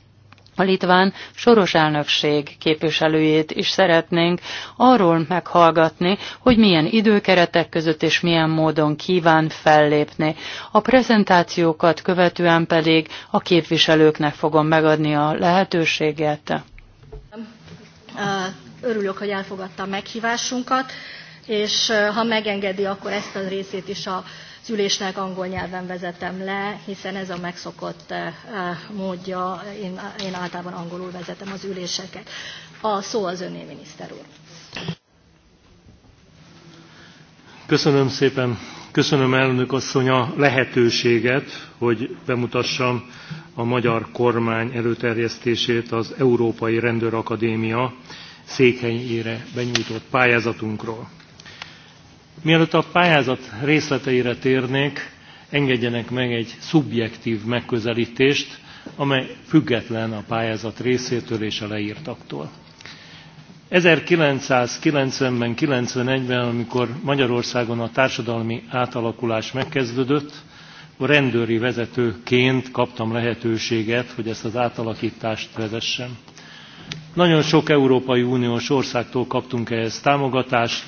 a litván soros elnökség képviselőjét is szeretnénk arról meghallgatni, hogy milyen időkeretek között és milyen módon kíván fellépni. A prezentációkat követően pedig a képviselőknek fogom megadni a lehetőséget. Uh, örülök, hogy elfogadta a meghívásunkat, és uh, ha megengedi, akkor ezt a részét is a az ülésnek angol nyelven vezetem le, hiszen ez a megszokott eh, eh, módja, én, én általában angolul vezetem az üléseket. A szó az öné, miniszter úr. Köszönöm szépen. Köszönöm elnök asszony a lehetőséget, hogy bemutassam a magyar kormány előterjesztését az Európai Rendőrakadémia székhelyére benyújtott pályázatunkról. Mielőtt a pályázat részleteire térnék, engedjenek meg egy szubjektív megközelítést, amely független a pályázat részétől és a leírtaktól. 1990-ben, 91-ben, amikor Magyarországon a társadalmi átalakulás megkezdődött, a rendőri vezetőként kaptam lehetőséget, hogy ezt az átalakítást vezessem. Nagyon sok Európai Uniós országtól kaptunk ehhez támogatást,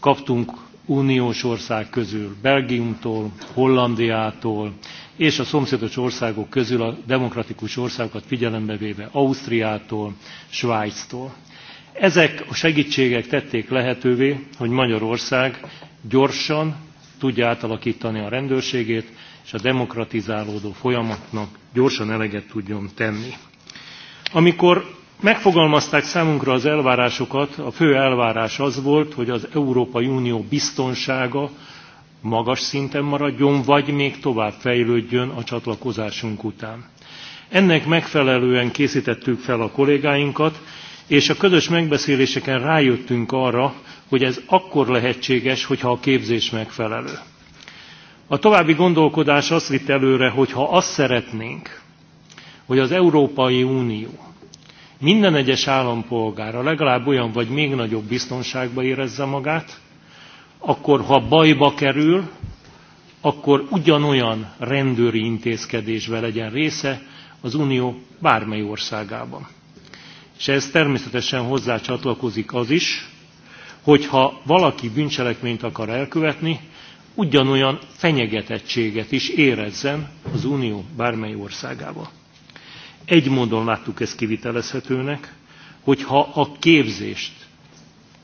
kaptunk uniós ország közül, Belgiumtól, Hollandiától, és a szomszédos országok közül a demokratikus országokat figyelembe véve Ausztriától, Svájctól. Ezek a segítségek tették lehetővé, hogy Magyarország gyorsan tudja átalakítani a rendőrségét, és a demokratizálódó folyamatnak gyorsan eleget tudjon tenni. Amikor Megfogalmazták számunkra az elvárásokat, a fő elvárás az volt, hogy az Európai Unió biztonsága magas szinten maradjon, vagy még tovább fejlődjön a csatlakozásunk után. Ennek megfelelően készítettük fel a kollégáinkat, és a közös megbeszéléseken rájöttünk arra, hogy ez akkor lehetséges, hogyha a képzés megfelelő. A további gondolkodás azt vitt előre, hogy ha azt szeretnénk, hogy az Európai Unió minden egyes állampolgára legalább olyan vagy még nagyobb biztonságba érezze magát, akkor ha bajba kerül, akkor ugyanolyan rendőri intézkedésbe legyen része az Unió bármely országában. És ez természetesen hozzá csatlakozik az is, hogyha valaki bűncselekményt akar elkövetni, ugyanolyan fenyegetettséget is érezzen az Unió bármely országában egy módon láttuk ezt kivitelezhetőnek, hogyha a képzést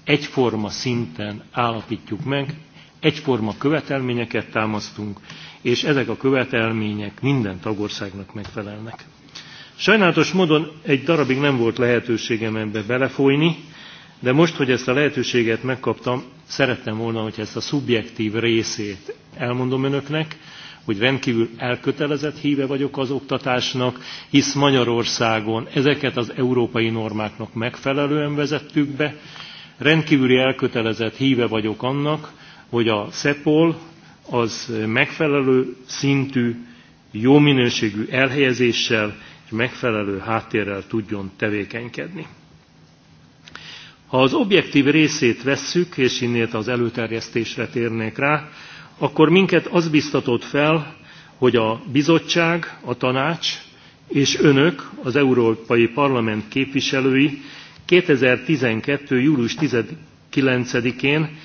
egyforma szinten állapítjuk meg, egyforma követelményeket támasztunk, és ezek a követelmények minden tagországnak megfelelnek. Sajnálatos módon egy darabig nem volt lehetőségem ebbe belefolyni, de most, hogy ezt a lehetőséget megkaptam, szerettem volna, hogy ezt a szubjektív részét elmondom önöknek, hogy rendkívül elkötelezett híve vagyok az oktatásnak, hisz Magyarországon ezeket az európai normáknak megfelelően vezettük be. Rendkívüli elkötelezett híve vagyok annak, hogy a SEPOL az megfelelő szintű, jó minőségű elhelyezéssel és megfelelő háttérrel tudjon tevékenykedni. Ha az objektív részét vesszük, és innét az előterjesztésre térnék rá, akkor minket az biztatott fel, hogy a bizottság, a tanács és önök, az Európai Parlament képviselői 2012. július 19-én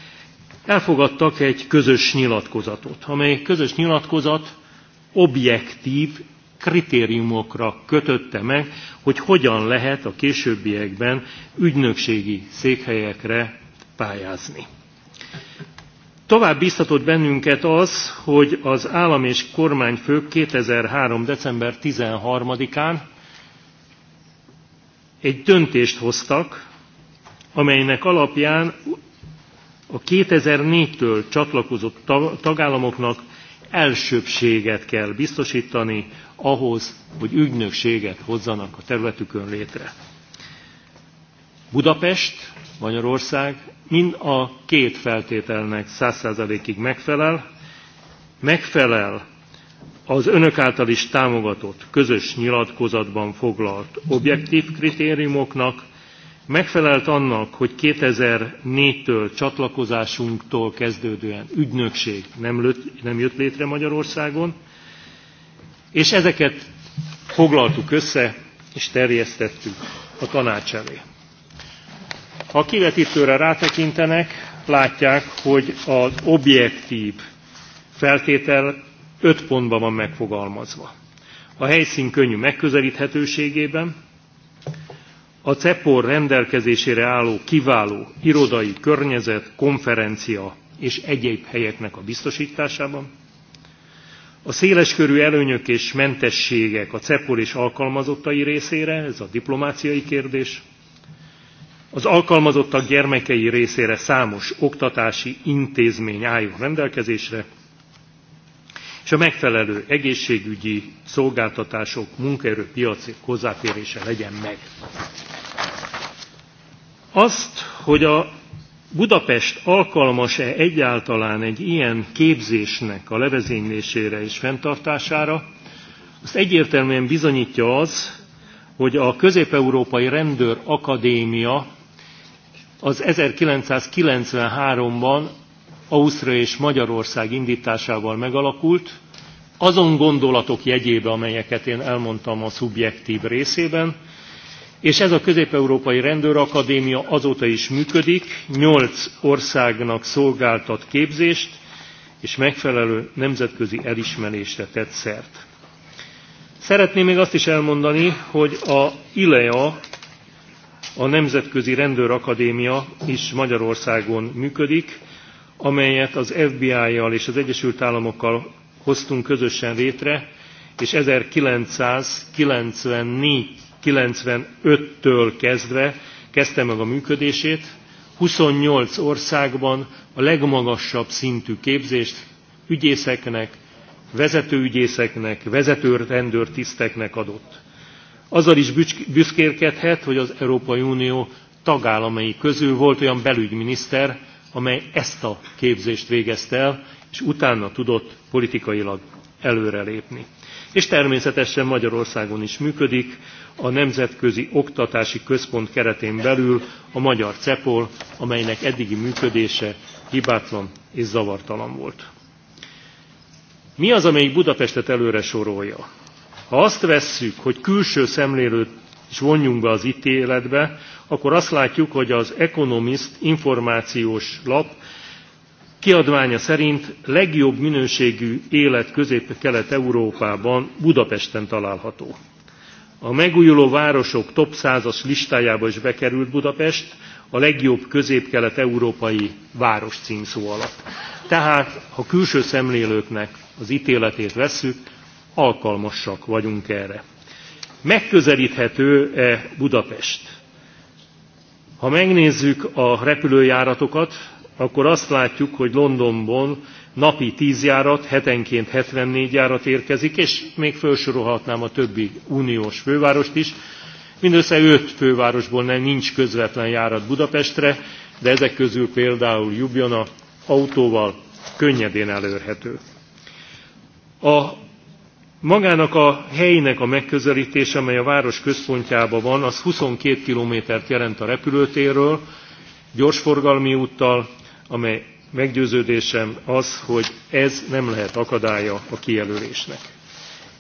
elfogadtak egy közös nyilatkozatot, amely közös nyilatkozat objektív kritériumokra kötötte meg, hogy hogyan lehet a későbbiekben ügynökségi székhelyekre pályázni. Tovább biztatott bennünket az, hogy az állam és kormányfők 2003. december 13-án egy döntést hoztak, amelynek alapján a 2004-től csatlakozott tagállamoknak elsőbséget kell biztosítani ahhoz, hogy ügynökséget hozzanak a területükön létre. Budapest, Magyarország mind a két feltételnek száz százalékig megfelel. Megfelel az önök által is támogatott közös nyilatkozatban foglalt objektív kritériumoknak, megfelelt annak, hogy 2004-től csatlakozásunktól kezdődően ügynökség nem, lőtt, nem jött létre Magyarországon, és ezeket foglaltuk össze és terjesztettük a tanács elé. Ha a kivetítőre rátekintenek, látják, hogy az objektív feltétel öt pontban van megfogalmazva. A helyszín könnyű megközelíthetőségében, a CEPOR rendelkezésére álló kiváló irodai környezet, konferencia és egyéb helyeknek a biztosításában, a széleskörű előnyök és mentességek a CEPOR és alkalmazottai részére, ez a diplomáciai kérdés, az alkalmazottak gyermekei részére számos oktatási intézmény álljon rendelkezésre, és a megfelelő egészségügyi szolgáltatások munkaerőpiaci hozzáférése legyen meg. Azt, hogy a Budapest alkalmas-e egyáltalán egy ilyen képzésnek a levezénylésére és fenntartására, azt egyértelműen bizonyítja az, hogy a Közép-Európai Rendőr Akadémia az 1993-ban Ausztria és Magyarország indításával megalakult, azon gondolatok jegyébe, amelyeket én elmondtam a szubjektív részében, és ez a Közép-Európai Rendőrakadémia azóta is működik, nyolc országnak szolgáltat képzést, és megfelelő nemzetközi elismerésre tett szert. Szeretném még azt is elmondani, hogy a ILEA a Nemzetközi Rendőrakadémia is Magyarországon működik, amelyet az FBI-jal és az Egyesült Államokkal hoztunk közösen létre, és 1994-95-től kezdve kezdte meg a működését. 28 országban a legmagasabb szintű képzést ügyészeknek, vezetőügyészeknek, vezető rendőrtiszteknek adott. Azzal is büszkérkedhet, hogy az Európai Unió tagállamai közül volt olyan belügyminiszter, amely ezt a képzést végezte el, és utána tudott politikailag előrelépni. És természetesen Magyarországon is működik a Nemzetközi Oktatási Központ keretén belül a magyar CEPOL, amelynek eddigi működése hibátlan és zavartalan volt. Mi az, amelyik Budapestet előre sorolja? Ha azt vesszük, hogy külső szemlélőt is vonjunk be az ítéletbe, akkor azt látjuk, hogy az Economist információs lap kiadványa szerint legjobb minőségű élet Közép-Kelet-Európában Budapesten található. A megújuló városok top 100-as listájába is bekerült Budapest, a legjobb közép-kelet-európai város címszó alatt. Tehát, ha külső szemlélőknek az ítéletét vesszük, alkalmasak vagyunk erre. Megközelíthető-e Budapest? Ha megnézzük a repülőjáratokat, akkor azt látjuk, hogy Londonból napi 10 járat, hetenként 74 járat érkezik, és még felsorolhatnám a többi uniós fővárost is. Mindössze 5 fővárosból nem nincs közvetlen járat Budapestre, de ezek közül például Jubjana autóval könnyedén elérhető. A Magának a helynek a megközelítése, amely a város központjában van, az 22 kilométert jelent a repülőtérről, gyorsforgalmi úttal, amely meggyőződésem az, hogy ez nem lehet akadálya a kijelölésnek.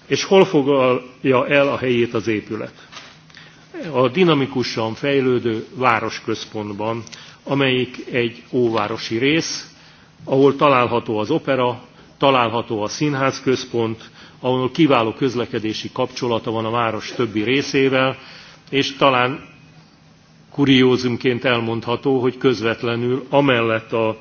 És hol foglalja el a helyét az épület? A dinamikusan fejlődő városközpontban, amelyik egy óvárosi rész, ahol található az opera, található a színházközpont, ahol kiváló közlekedési kapcsolata van a város többi részével, és talán kuriózumként elmondható, hogy közvetlenül amellett a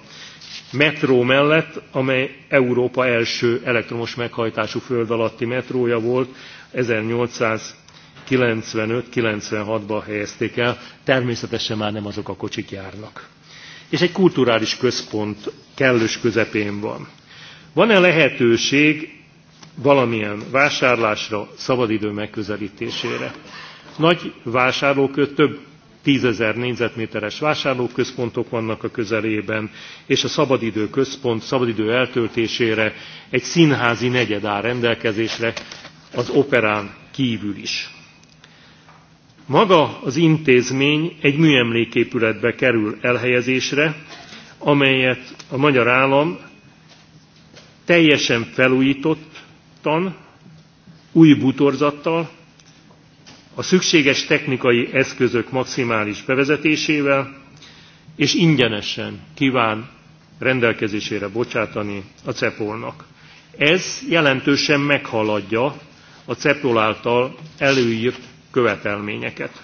metró mellett, amely Európa első elektromos meghajtású föld alatti metrója volt, 1895-96-ban helyezték el, természetesen már nem azok a kocsik járnak. És egy kulturális központ kellős közepén van. Van-e lehetőség valamilyen vásárlásra, szabadidő megközelítésére. Nagy vásárlókör több tízezer négyzetméteres vásárlóközpontok vannak a közelében, és a szabadidő központ szabadidő eltöltésére egy színházi negyed áll rendelkezésre az operán kívül is. Maga az intézmény egy műemléképületbe kerül elhelyezésre, amelyet a magyar állam teljesen felújított fokozottan, új bútorzattal, a szükséges technikai eszközök maximális bevezetésével, és ingyenesen kíván rendelkezésére bocsátani a cepolnak. Ez jelentősen meghaladja a CEPOL által előírt követelményeket.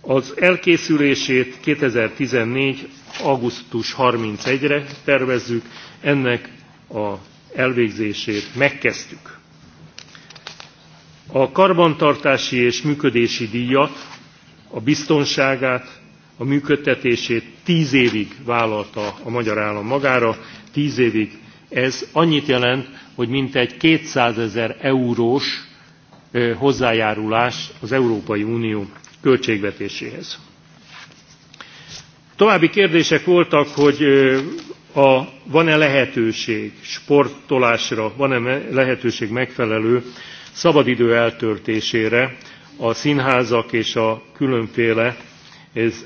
Az elkészülését 2014. augusztus 31-re tervezzük, ennek a elvégzését megkezdtük. A karbantartási és működési díjat, a biztonságát, a működtetését tíz évig vállalta a magyar állam magára, tíz évig. Ez annyit jelent, hogy mintegy 200 ezer eurós hozzájárulás az Európai Unió költségvetéséhez. További kérdések voltak, hogy a van-e lehetőség sportolásra, van-e lehetőség megfelelő szabadidő eltörtésére a színházak és a különféle ez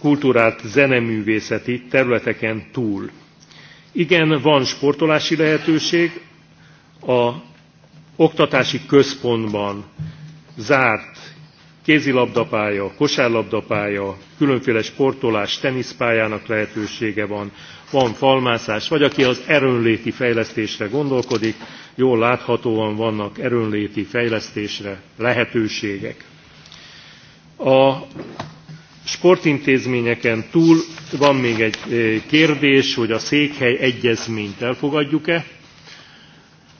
kultúrát zeneművészeti területeken túl. Igen, van sportolási lehetőség, a oktatási központban zárt kézilabdapálya, kosárlabdapálya, különféle sportolás, teniszpályának lehetősége van, van falmászás, vagy aki az erőnléti fejlesztésre gondolkodik, jól láthatóan vannak erőnléti fejlesztésre lehetőségek. A sportintézményeken túl van még egy eh, kérdés, hogy a székhely egyezményt elfogadjuk-e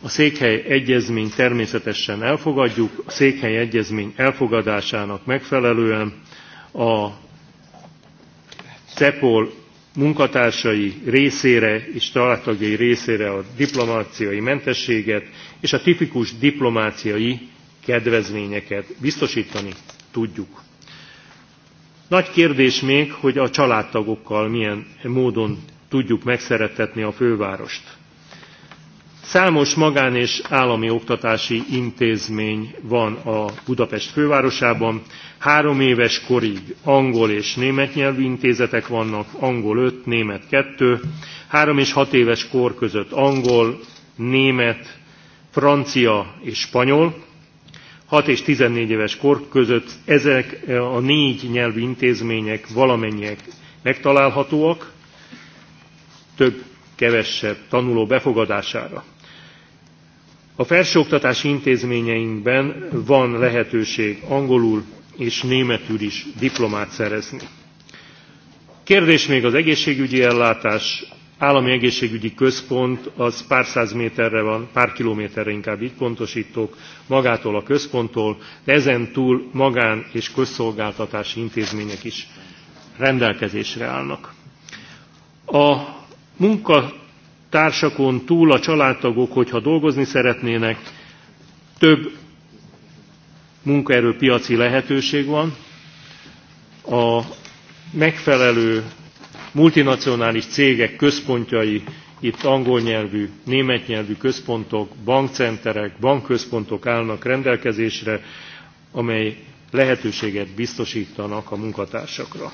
a székhely egyezmény természetesen elfogadjuk, a székhely egyezmény elfogadásának megfelelően a CEPOL munkatársai részére és családtagjai részére a diplomáciai mentességet és a tipikus diplomáciai kedvezményeket biztosítani tudjuk. Nagy kérdés még, hogy a családtagokkal milyen módon tudjuk megszeretetni a fővárost. Számos magán és állami oktatási intézmény van a Budapest fővárosában. Három éves korig angol és német nyelvű intézetek vannak, angol 5, német 2. Három és hat éves kor között angol, német, francia és spanyol. 6 és 14 éves kor között ezek eh, a négy nyelvű intézmények valamennyiek megtalálhatóak, több kevesebb tanuló befogadására a felsőoktatási intézményeinkben van lehetőség angolul és németül is diplomát szerezni. Kérdés még az egészségügyi ellátás, állami egészségügyi központ, az pár száz méterre van, pár kilométerre inkább így pontosítok, magától a központtól, de ezen túl magán és közszolgáltatási intézmények is rendelkezésre állnak. A munka társakon túl a családtagok, hogyha dolgozni szeretnének, több munkaerőpiaci lehetőség van, a megfelelő multinacionális cégek központjai, itt angol nyelvű, német nyelvű központok, bankcenterek, bankközpontok állnak rendelkezésre, amely lehetőséget biztosítanak a munkatársakra.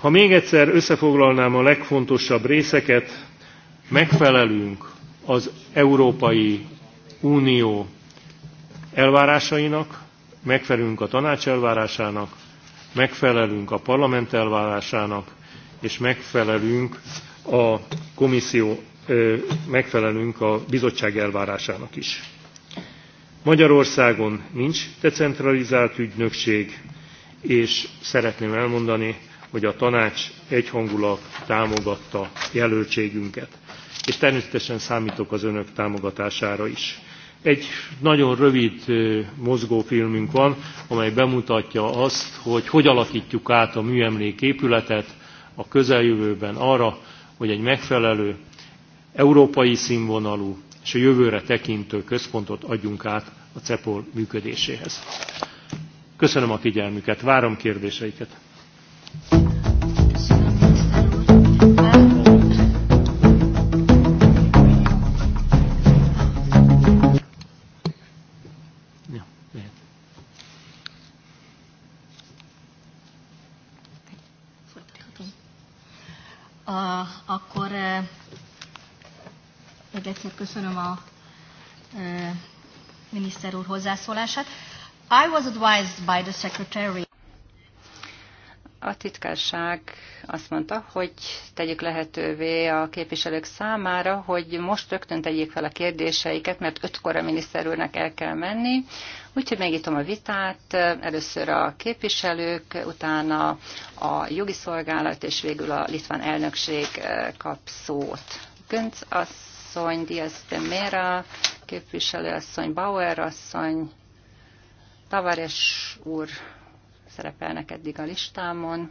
Ha még egyszer összefoglalnám a legfontosabb részeket, megfelelünk az Európai Unió elvárásainak, megfelelünk a tanács elvárásának, megfelelünk a parlament elvárásának, és megfelelünk a komisszió, megfelelünk a bizottság elvárásának is. Magyarországon nincs decentralizált ügynökség, és szeretném elmondani, hogy a tanács egyhangulag támogatta jelöltségünket. És természetesen számítok az önök támogatására is. Egy nagyon rövid mozgófilmünk van, amely bemutatja azt, hogy hogy alakítjuk át a műemlék épületet a közeljövőben arra, hogy egy megfelelő, európai színvonalú és a jövőre tekintő központot adjunk át a CEPOL működéséhez. Köszönöm a figyelmüket, várom kérdéseiket akkor még egyszer köszönöm a miniszter úr hozzászólását. I was advised by the Secretary a titkárság azt mondta, hogy tegyük lehetővé a képviselők számára, hogy most rögtön tegyék fel a kérdéseiket, mert ötkor a miniszter úrnak el kell menni. Úgyhogy megítom a vitát, először a képviselők, utána a jogi szolgálat, és végül a litván elnökség eh, kap szót. Gönc asszony, Diaz de Mera, képviselő asszony, Bauer asszony, Tavares úr szerepelnek eddig a listámon.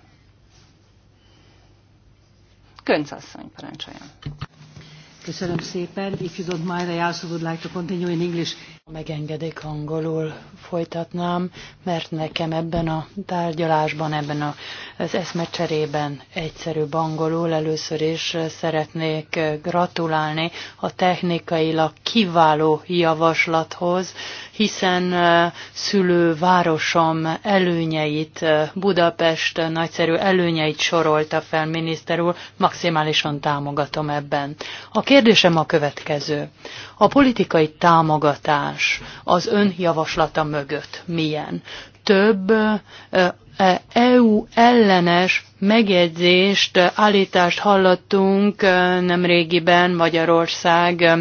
Könc asszony, parancsoljon. Köszönöm szépen. If you don't mind, I also would like to continue in English. Megengedik angolul folytatnám, mert nekem ebben a tárgyalásban, ebben a, az eszmecserében egyszerűbb angolul. Először is szeretnék gratulálni a technikailag kiváló javaslathoz, hiszen szülővárosom előnyeit, Budapest nagyszerű előnyeit sorolta fel miniszter úr, maximálisan támogatom ebben. A kérdésem a következő. A politikai támogatás állás az ön javaslata mögött milyen? Több EU ellenes megjegyzést, állítást hallottunk nemrégiben Magyarország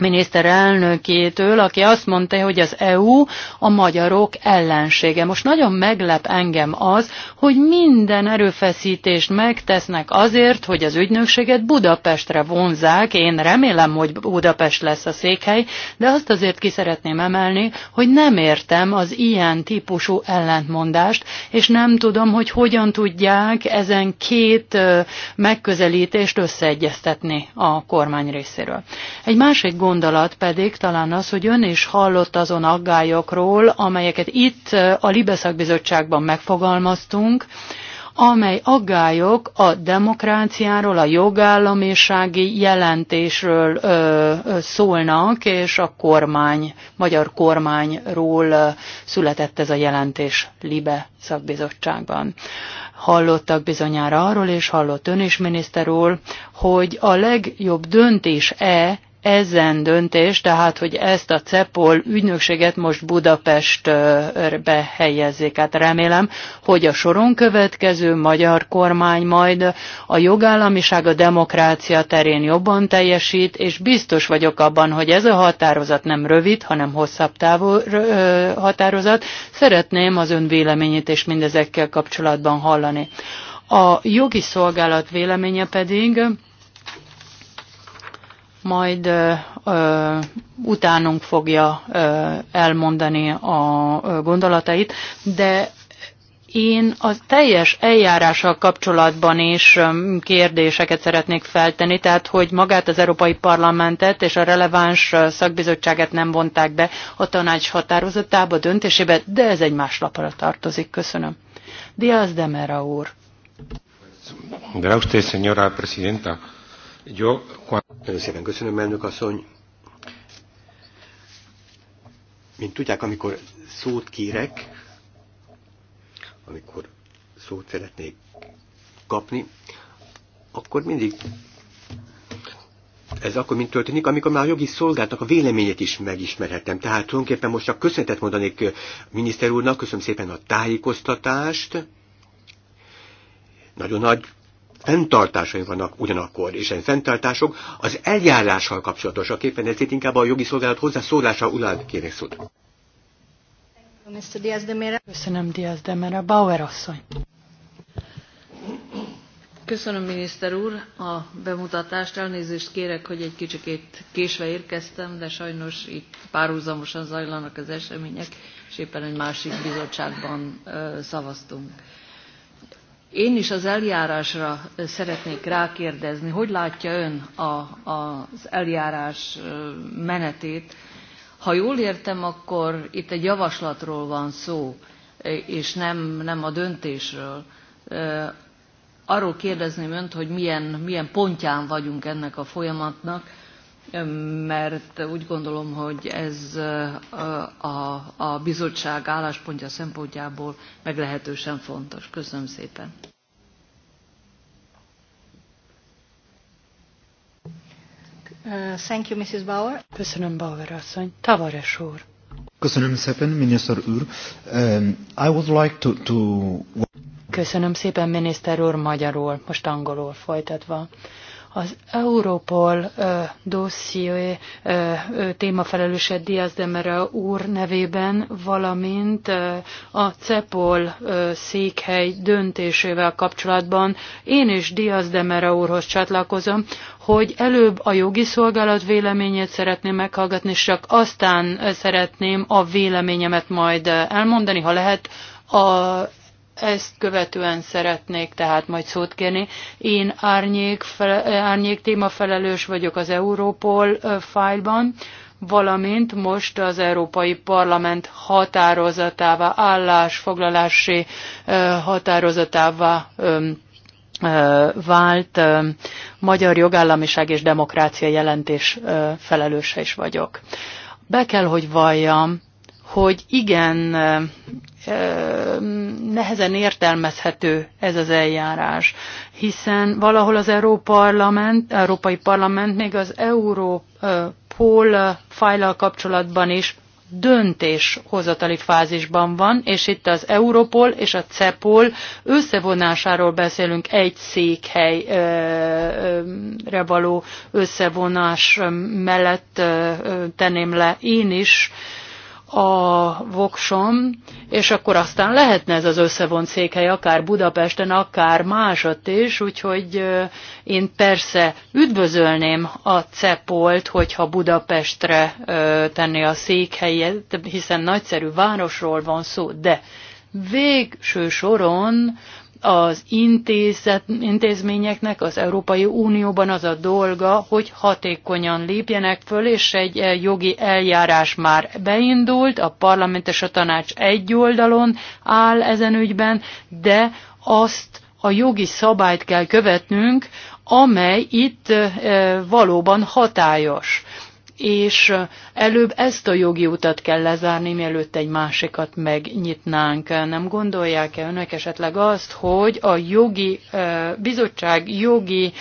miniszterelnökétől, aki azt mondta, hogy az EU a magyarok ellensége. Most nagyon meglep engem az, hogy minden erőfeszítést megtesznek azért, hogy az ügynökséget Budapestre vonzák. Én remélem, hogy Budapest lesz a székhely, de azt azért ki szeretném emelni, hogy nem értem az ilyen típusú ellentmondást, és nem tudom, hogy hogyan tudják ezen két megközelítést összeegyeztetni a kormány részéről. Egy másik gondolat pedig talán az, hogy ön is hallott azon aggályokról, amelyeket itt a Libeszak Bizottságban megfogalmaztunk, amely aggályok a demokráciáról, a jogállamisági jelentésről ö, ö, szólnak, és a kormány, magyar kormányról ö, született ez a jelentés Libe szakbizottságban. Hallottak bizonyára arról, és hallott ön is, miniszter úr, hogy a legjobb döntés-e ezen döntés, tehát hogy ezt a CEPOL ügynökséget most Budapestbe helyezzék. Hát remélem, hogy a soron következő magyar kormány majd a jogállamiság a demokrácia terén jobban teljesít, és biztos vagyok abban, hogy ez a határozat nem rövid, hanem hosszabb távú határozat. Szeretném az ön véleményét és mindezekkel kapcsolatban hallani. A jogi szolgálat véleménye pedig majd ö, ö, utánunk fogja ö, elmondani a ö, gondolatait, de én a teljes eljárással kapcsolatban is kérdéseket szeretnék feltenni, tehát hogy magát az Európai Parlamentet és a releváns szakbizottságet nem vonták be a tanács határozatába, döntésébe, de ez egy más lapra tartozik. Köszönöm. Diaz Demera úr. Gracias, señora presidenta. Jó, Nagyon szépen köszönöm, elnök asszony. Mint tudják, amikor szót kérek, amikor szót szeretnék kapni, akkor mindig ez akkor mint történik, amikor már a jogi szolgáltak a véleményét is megismerhetem. Tehát tulajdonképpen most csak köszönetet mondanék eh, miniszter úrnak, köszönöm szépen a tájékoztatást. Nagyon nagy fenntartásai vannak ugyanakkor, és ezen fenntartások az eljárással kapcsolatosak, éppen ezért inkább a jogi szolgálat hozzászólása ulád kérek szót. de Köszönöm, Diaz de Mera. Bauer asszony. Köszönöm, miniszter úr, a bemutatást. Elnézést kérek, hogy egy kicsikét késve érkeztem, de sajnos itt párhuzamosan zajlanak az események, és éppen egy másik bizottságban szavaztunk. Én is az eljárásra szeretnék rákérdezni, hogy látja ön a, az eljárás menetét. Ha jól értem, akkor itt egy javaslatról van szó, és nem, nem a döntésről. Arról kérdezném önt, hogy milyen, milyen pontján vagyunk ennek a folyamatnak, mert úgy gondolom, hogy ez a, a bizottság álláspontja szempontjából meglehetősen fontos. Köszönöm szépen. Uh, thank you, Mrs. Bauer. Köszönöm, Bauer asszony. Tavares úr. Köszönöm szépen, miniszter úr. Um, I would like to, to... Köszönöm szépen, miniszter úr, magyarul, most angolul folytatva. Uh, az Europol ö, dosszió ö, témafelelőse Diaz Demera úr nevében, valamint ö, a CEPOL ö, székhely döntésével kapcsolatban én is Diaz Demera úrhoz csatlakozom, hogy előbb a jogi szolgálat véleményét szeretném meghallgatni, és csak aztán szeretném a véleményemet majd elmondani, ha lehet, a ezt követően szeretnék tehát majd szót kérni. Én árnyék, fele, árnyék témafelelős vagyok az Europol fájlban, valamint most az Európai Parlament határozatává, állásfoglalási határozatává vált magyar jogállamiság és demokrácia jelentés felelőse is vagyok. Be kell, hogy valljam, hogy igen nehezen értelmezhető ez az eljárás, hiszen valahol az Parlament, Európai Parlament még az Európol fájlal kapcsolatban is döntéshozatali fázisban van, és itt az Europol és a CEPOL összevonásáról beszélünk egy székhelyre való összevonás mellett tenném le én is, a voksom, és akkor aztán lehetne ez az összevont székhely akár Budapesten, akár másat is, úgyhogy én persze üdvözölném a Cepolt, hogyha Budapestre tenni a székhelyet, hiszen nagyszerű városról van szó, de végső soron az intézet, intézményeknek az Európai Unióban az a dolga, hogy hatékonyan lépjenek föl, és egy eh, jogi eljárás már beindult, a parlament és a tanács egy oldalon áll ezen ügyben, de azt a jogi szabályt kell követnünk, amely itt eh, valóban hatályos és előbb ezt a jogi utat kell lezárni, mielőtt egy másikat megnyitnánk. Nem gondolják-e önök esetleg azt, hogy a jogi bizottság jogi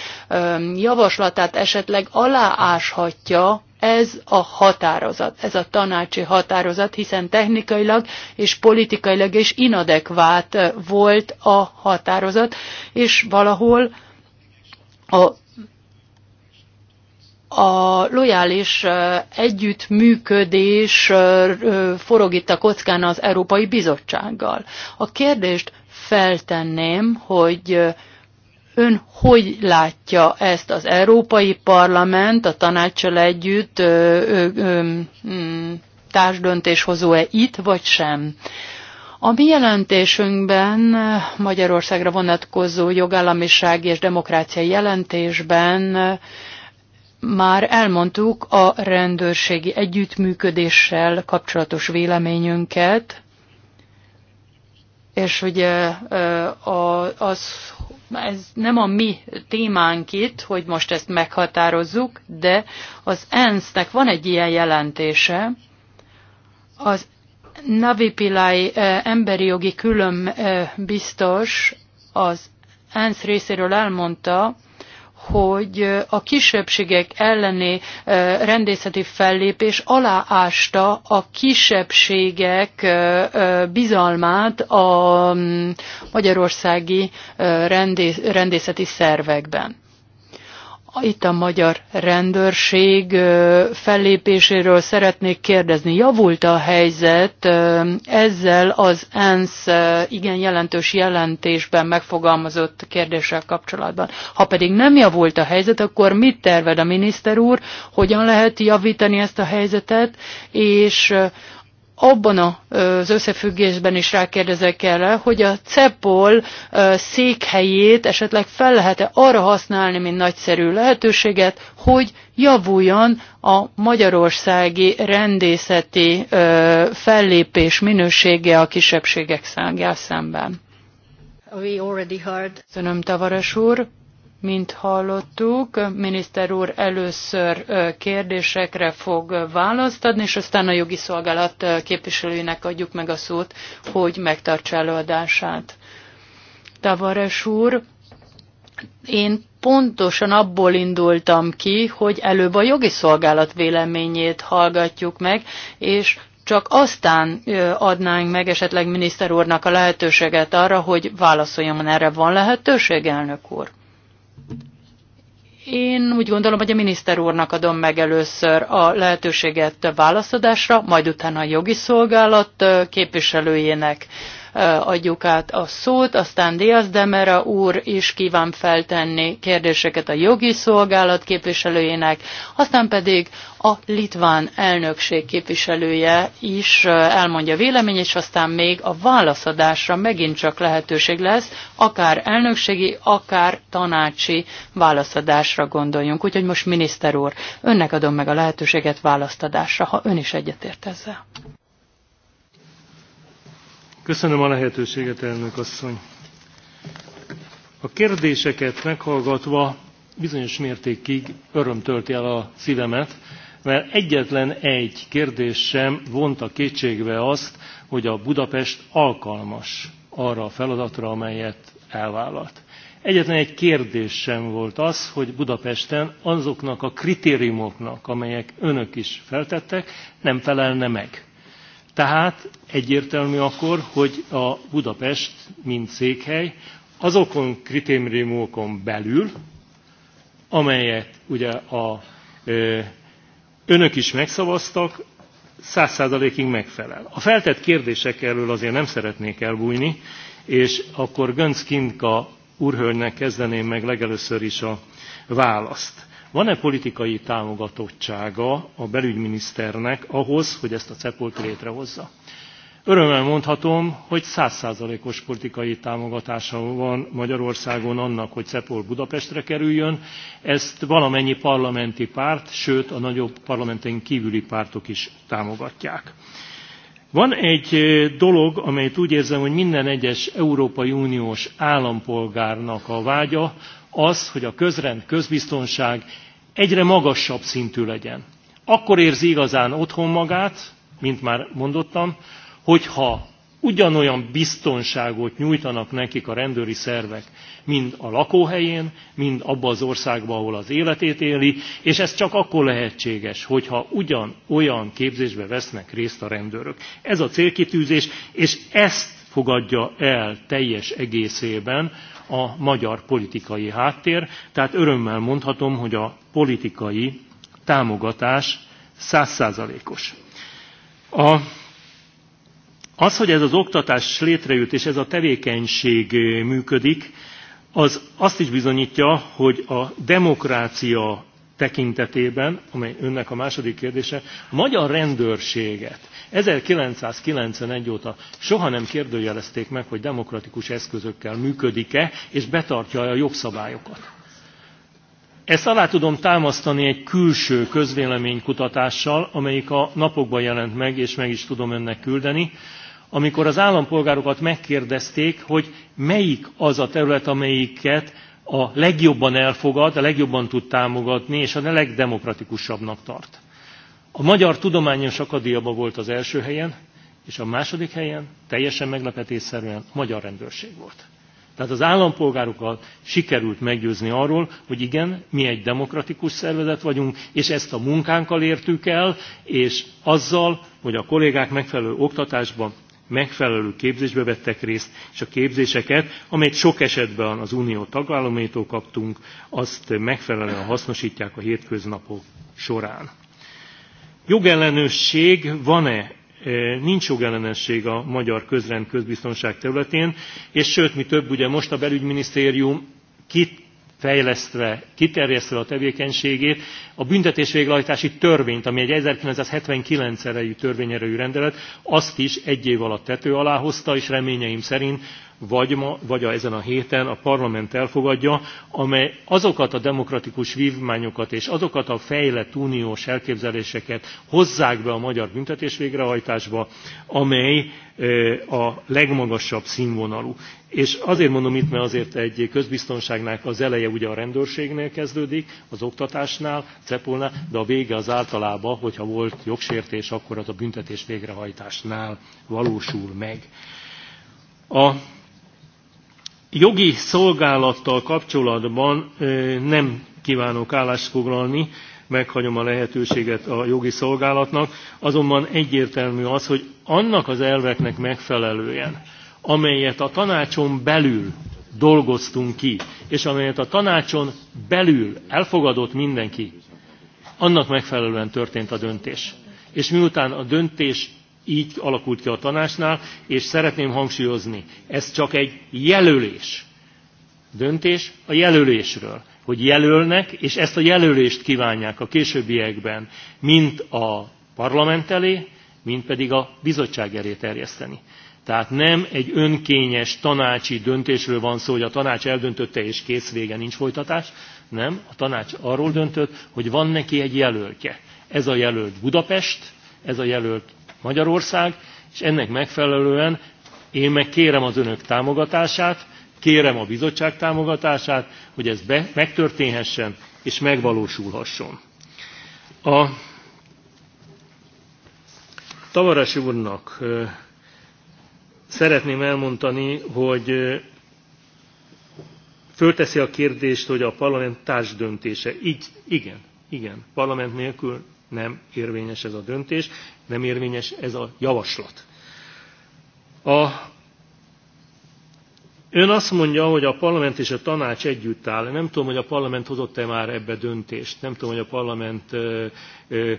javaslatát esetleg alááshatja ez a határozat, ez a tanácsi határozat, hiszen technikailag és politikailag is inadekvát volt a határozat, és valahol a a lojális együttműködés forog itt a kockán az Európai Bizottsággal. A kérdést feltenném, hogy ön hogy látja ezt az Európai Parlament a tanácssal együtt mm, társdöntéshozó-e itt, vagy sem? A mi jelentésünkben, Magyarországra vonatkozó jogállamisági és demokrácia jelentésben már elmondtuk a rendőrségi együttműködéssel kapcsolatos véleményünket, és ugye az, ez nem a mi témánk itt, hogy most ezt meghatározzuk, de az ENSZ-nek van egy ilyen jelentése, az Navi Pillai emberi jogi külön biztos az ENSZ részéről elmondta, hogy a kisebbségek elleni rendészeti fellépés aláásta a kisebbségek bizalmát a mm, magyarországi rendészeti szervekben itt a magyar rendőrség fellépéséről szeretnék kérdezni. Javult a helyzet ezzel az ENSZ igen jelentős jelentésben megfogalmazott kérdéssel kapcsolatban. Ha pedig nem javult a helyzet, akkor mit terved a miniszter úr, hogyan lehet javítani ezt a helyzetet, és abban az összefüggésben is rákérdezek erre, hogy a CEPOL székhelyét esetleg fel lehet-e arra használni, mint nagyszerű lehetőséget, hogy javuljon a magyarországi rendészeti fellépés minősége a kisebbségek számára szemben. Köszönöm, Tavares úr. Mint hallottuk, miniszter úr először kérdésekre fog választ adni, és aztán a jogi szolgálat képviselőinek adjuk meg a szót, hogy megtartsa előadását. Tavares úr, én pontosan abból indultam ki, hogy előbb a jogi szolgálat véleményét hallgatjuk meg, és csak aztán adnánk meg esetleg miniszter úrnak a lehetőséget arra, hogy válaszoljon, erre van lehetőség, elnök úr? Én úgy gondolom, hogy a miniszter úrnak adom meg először a lehetőséget válaszadásra, majd utána a jogi szolgálat képviselőjének adjuk át a szót, aztán Diaz Demera úr is kíván feltenni kérdéseket a jogi szolgálat képviselőjének, aztán pedig a litván elnökség képviselője is elmondja véleményét, és aztán még a válaszadásra megint csak lehetőség lesz, akár elnökségi, akár tanácsi válaszadásra gondoljunk. Úgyhogy most miniszter úr, önnek adom meg a lehetőséget választadásra, ha ön is egyetért ezzel. Köszönöm a lehetőséget, elnök asszony. A kérdéseket meghallgatva bizonyos mértékig öröm tölti el a szívemet, mert egyetlen egy kérdés sem vonta kétségbe azt, hogy a Budapest alkalmas arra a feladatra, amelyet elvállalt. Egyetlen egy kérdés sem volt az, hogy Budapesten azoknak a kritériumoknak, amelyek önök is feltettek, nem felelne meg. Tehát egyértelmű akkor, hogy a Budapest, mint székhely, azokon kritériumokon belül, amelyet ugye a, ö, önök is megszavaztak, száz százalékig megfelel. A feltett kérdések elől azért nem szeretnék elbújni, és akkor Gönc Kinka úrhölgynek kezdeném meg legelőször is a választ. Van-e politikai támogatottsága a belügyminiszternek ahhoz, hogy ezt a cepolt létrehozza? Örömmel mondhatom, hogy százszázalékos politikai támogatása van Magyarországon annak, hogy CEPOL Budapestre kerüljön. Ezt valamennyi parlamenti párt, sőt a nagyobb parlamenten kívüli pártok is támogatják. Van egy dolog, amelyet úgy érzem, hogy minden egyes Európai Uniós állampolgárnak a vágya, az, hogy a közrend, közbiztonság egyre magasabb szintű legyen. Akkor érzi igazán otthon magát, mint már mondottam, hogyha ugyanolyan biztonságot nyújtanak nekik a rendőri szervek, mind a lakóhelyén, mind abban az országban, ahol az életét éli, és ez csak akkor lehetséges, hogyha ugyan olyan képzésbe vesznek részt a rendőrök. Ez a célkitűzés, és ezt fogadja el teljes egészében a magyar politikai háttér, tehát örömmel mondhatom, hogy a politikai támogatás százszázalékos. A, az, hogy ez az oktatás létrejött és ez a tevékenység működik, az azt is bizonyítja, hogy a demokrácia tekintetében, amely önnek a második kérdése, a magyar rendőrséget 1991 óta soha nem kérdőjelezték meg, hogy demokratikus eszközökkel működik-e, és betartja -e a jogszabályokat. Ezt alá tudom támasztani egy külső közvéleménykutatással, amelyik a napokban jelent meg, és meg is tudom önnek küldeni, amikor az állampolgárokat megkérdezték, hogy melyik az a terület, amelyiket a legjobban elfogad, a legjobban tud támogatni, és a legdemokratikusabbnak tart. A Magyar Tudományos Akadéjában volt az első helyen, és a második helyen teljesen meglepetésszerűen a magyar rendőrség volt. Tehát az állampolgárokat sikerült meggyőzni arról, hogy igen, mi egy demokratikus szervezet vagyunk, és ezt a munkánkkal értük el, és azzal, hogy a kollégák megfelelő oktatásban, megfelelő képzésbe vettek részt, és a képzéseket, amelyet sok esetben az unió tagállamétól kaptunk, azt megfelelően hasznosítják a hétköznapok során. Jogellenőség van-e? Nincs jogellenesség a magyar közrend közbiztonság területén, és sőt, mi több, ugye most a belügyminisztérium kit fejlesztve, kiterjesztve a tevékenységét, a büntetés végrehajtási törvényt, ami egy 1979 erejű törvényerejű rendelet, azt is egy év alatt tető alá hozta, és reményeim szerint vagy, ma, vagy a, ezen a héten a parlament elfogadja, amely azokat a demokratikus vívmányokat és azokat a fejlett uniós elképzeléseket hozzák be a magyar büntetés végrehajtásba, amely a legmagasabb színvonalú. És azért mondom itt, mert azért egy közbiztonságnak az eleje ugye a rendőrségnél kezdődik, az oktatásnál, cepolnál, de a vége az általában, hogyha volt jogsértés, akkor az a büntetés végrehajtásnál valósul meg. A jogi szolgálattal kapcsolatban nem kívánok állást foglalni, meghagyom a lehetőséget a jogi szolgálatnak, azonban egyértelmű az, hogy annak az elveknek megfelelően, amelyet a tanácson belül dolgoztunk ki, és amelyet a tanácson belül elfogadott mindenki, annak megfelelően történt a döntés. És miután a döntés így alakult ki a tanácsnál, és szeretném hangsúlyozni, ez csak egy jelölés. Döntés a jelölésről, hogy jelölnek, és ezt a jelölést kívánják a későbbiekben, mint a parlament elé, mint pedig a bizottság elé terjeszteni. Tehát nem egy önkényes tanácsi döntésről van szó, hogy a tanács eldöntötte és kész vége, nincs folytatás. Nem, a tanács arról döntött, hogy van neki egy jelöltje. Ez a jelölt Budapest, ez a jelölt Magyarország, és ennek megfelelően én meg kérem az önök támogatását, kérem a bizottság támogatását, hogy ez be, megtörténhessen és megvalósulhasson. A Tavaras úrnak szeretném elmondani, hogy fölteszi a kérdést, hogy a parlament társdöntése. Így, igen, igen, parlament nélkül nem érvényes ez a döntés, nem érvényes ez a javaslat. A Ön azt mondja, hogy a parlament és a tanács együtt áll. Nem tudom, hogy a parlament hozott-e már ebbe döntést. Nem tudom, hogy a parlament ö, ö,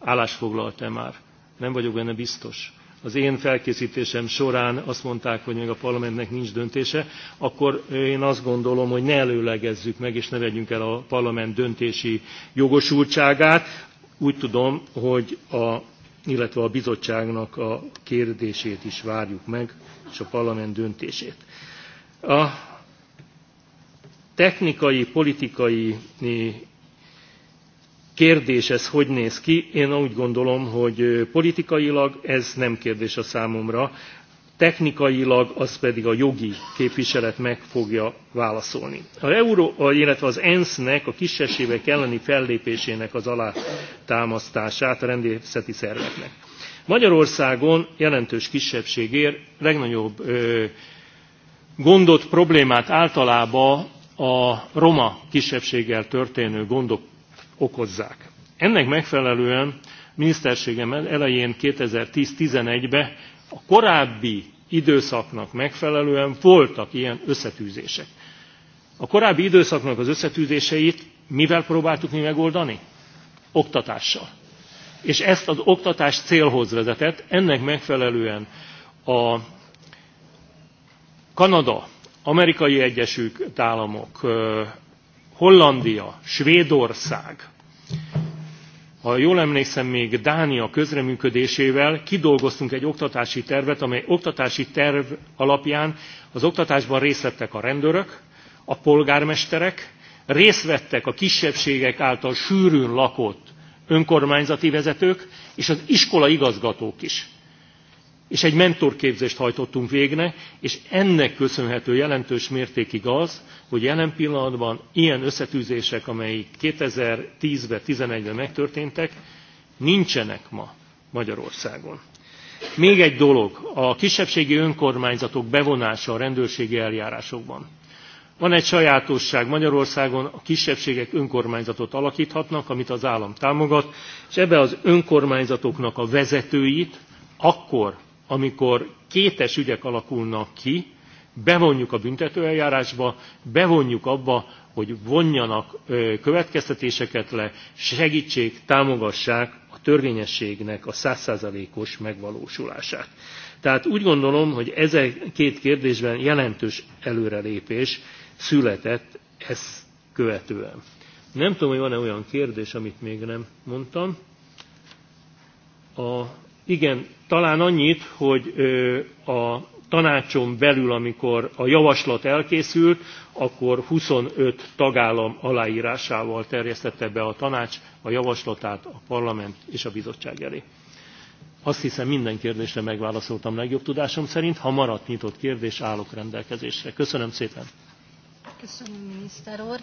állásfoglalt-e már. Nem vagyok benne biztos az én felkészítésem során azt mondták, hogy még a parlamentnek nincs döntése, akkor én azt gondolom, hogy ne előlegezzük meg, és ne vegyünk el a parlament döntési jogosultságát. Úgy tudom, hogy a illetve a bizottságnak a kérdését is várjuk meg, és a parlament döntését. A technikai, politikai kérdés ez hogy néz ki, én úgy gondolom, hogy politikailag ez nem kérdés a számomra, technikailag az pedig a jogi képviselet meg fogja válaszolni. A Euró, illetve az ENSZ-nek a kisebbségek elleni fellépésének az alátámasztását a rendészeti szerveknek. Magyarországon jelentős kisebbségért legnagyobb ö, gondot, problémát általában a roma kisebbséggel történő gondok okozzák. Ennek megfelelően miniszterségem elején 2010-11-ben a korábbi időszaknak megfelelően voltak ilyen összetűzések. A korábbi időszaknak az összetűzéseit mivel próbáltuk mi megoldani? Oktatással. És ezt az oktatás célhoz vezetett, ennek megfelelően a Kanada, Amerikai Egyesült Államok, Hollandia, Svédország, ha jól emlékszem, még Dánia közreműködésével kidolgoztunk egy oktatási tervet, amely oktatási terv alapján az oktatásban részt vettek a rendőrök, a polgármesterek, részt vettek a kisebbségek által sűrűn lakott önkormányzati vezetők és az iskola igazgatók is és egy mentorképzést hajtottunk végre, és ennek köszönhető jelentős mértékig az, hogy jelen pillanatban ilyen összetűzések, amelyik 2010-ben, 2011-ben megtörténtek, nincsenek ma Magyarországon. Még egy dolog, a kisebbségi önkormányzatok bevonása a rendőrségi eljárásokban. Van egy sajátosság Magyarországon, a kisebbségek önkormányzatot alakíthatnak, amit az állam támogat, és ebbe az önkormányzatoknak a vezetőit akkor amikor kétes ügyek alakulnak ki, bevonjuk a büntetőeljárásba, bevonjuk abba, hogy vonjanak következtetéseket le, segítsék, támogassák a törvényességnek a százszázalékos megvalósulását. Tehát úgy gondolom, hogy ezek két kérdésben jelentős előrelépés született ezt követően. Nem tudom, hogy van-e olyan kérdés, amit még nem mondtam. A igen, talán annyit, hogy a tanácson belül, amikor a javaslat elkészült, akkor 25 tagállam aláírásával terjesztette be a tanács a javaslatát a parlament és a bizottság elé. Azt hiszem minden kérdésre megválaszoltam legjobb tudásom szerint. Ha maradt nyitott kérdés, állok rendelkezésre. Köszönöm szépen. Köszönöm, miniszter úr.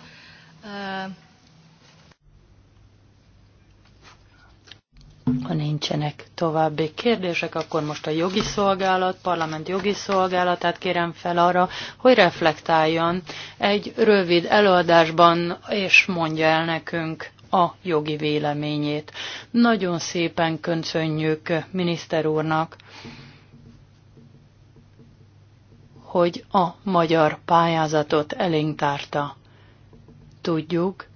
Ha nincsenek további kérdések, akkor most a jogi szolgálat, parlament jogi szolgálatát kérem fel arra, hogy reflektáljon egy rövid előadásban, és mondja el nekünk a jogi véleményét. Nagyon szépen köszönjük miniszter úrnak, hogy a magyar pályázatot elénk tárta. Tudjuk,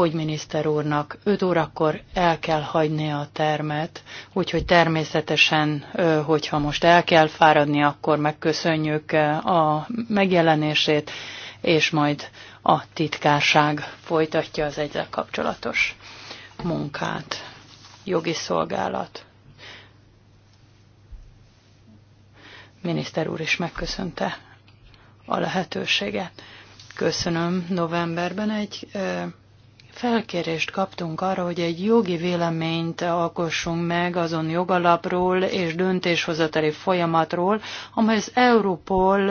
hogy miniszter úrnak 5 órakor el kell hagynia a termet, úgyhogy természetesen, hogyha most el kell fáradni, akkor megköszönjük a megjelenését, és majd a titkárság folytatja az egyre kapcsolatos munkát. Jogi szolgálat. Miniszter úr is megköszönte a lehetőséget. Köszönöm. Novemberben egy Felkérést kaptunk arra, hogy egy jogi véleményt alkossunk meg azon jogalapról és döntéshozatali folyamatról, amely az Európol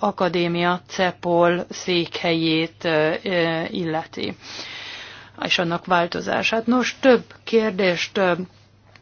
Akadémia CEPOL székhelyét illeti és annak változását. Nos, több kérdést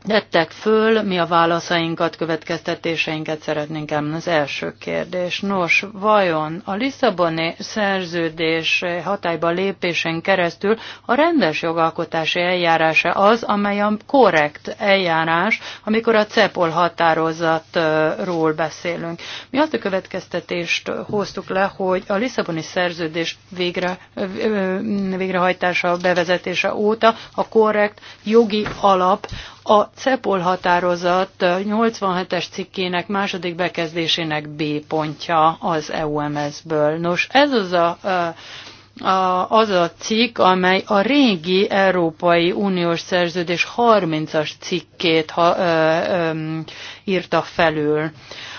tettek föl, mi a válaszainkat, következtetéseinket szeretnénk elmondani. Az első kérdés. Nos, vajon a Lisszaboni szerződés hatályba lépésen keresztül a rendes jogalkotási eljárása az, amely a korrekt eljárás, amikor a CEPOL határozatról beszélünk. Mi azt a következtetést hoztuk le, hogy a Lisszaboni szerződés végre, végrehajtása, bevezetése óta a korrekt jogi alap a CEPOL határozat 87-es cikkének második bekezdésének B pontja az EUMS-ből. Nos, ez az a a, az a cikk, amely a régi Európai Uniós Szerződés 30-as cikkét ha, ö, ö, írta felül.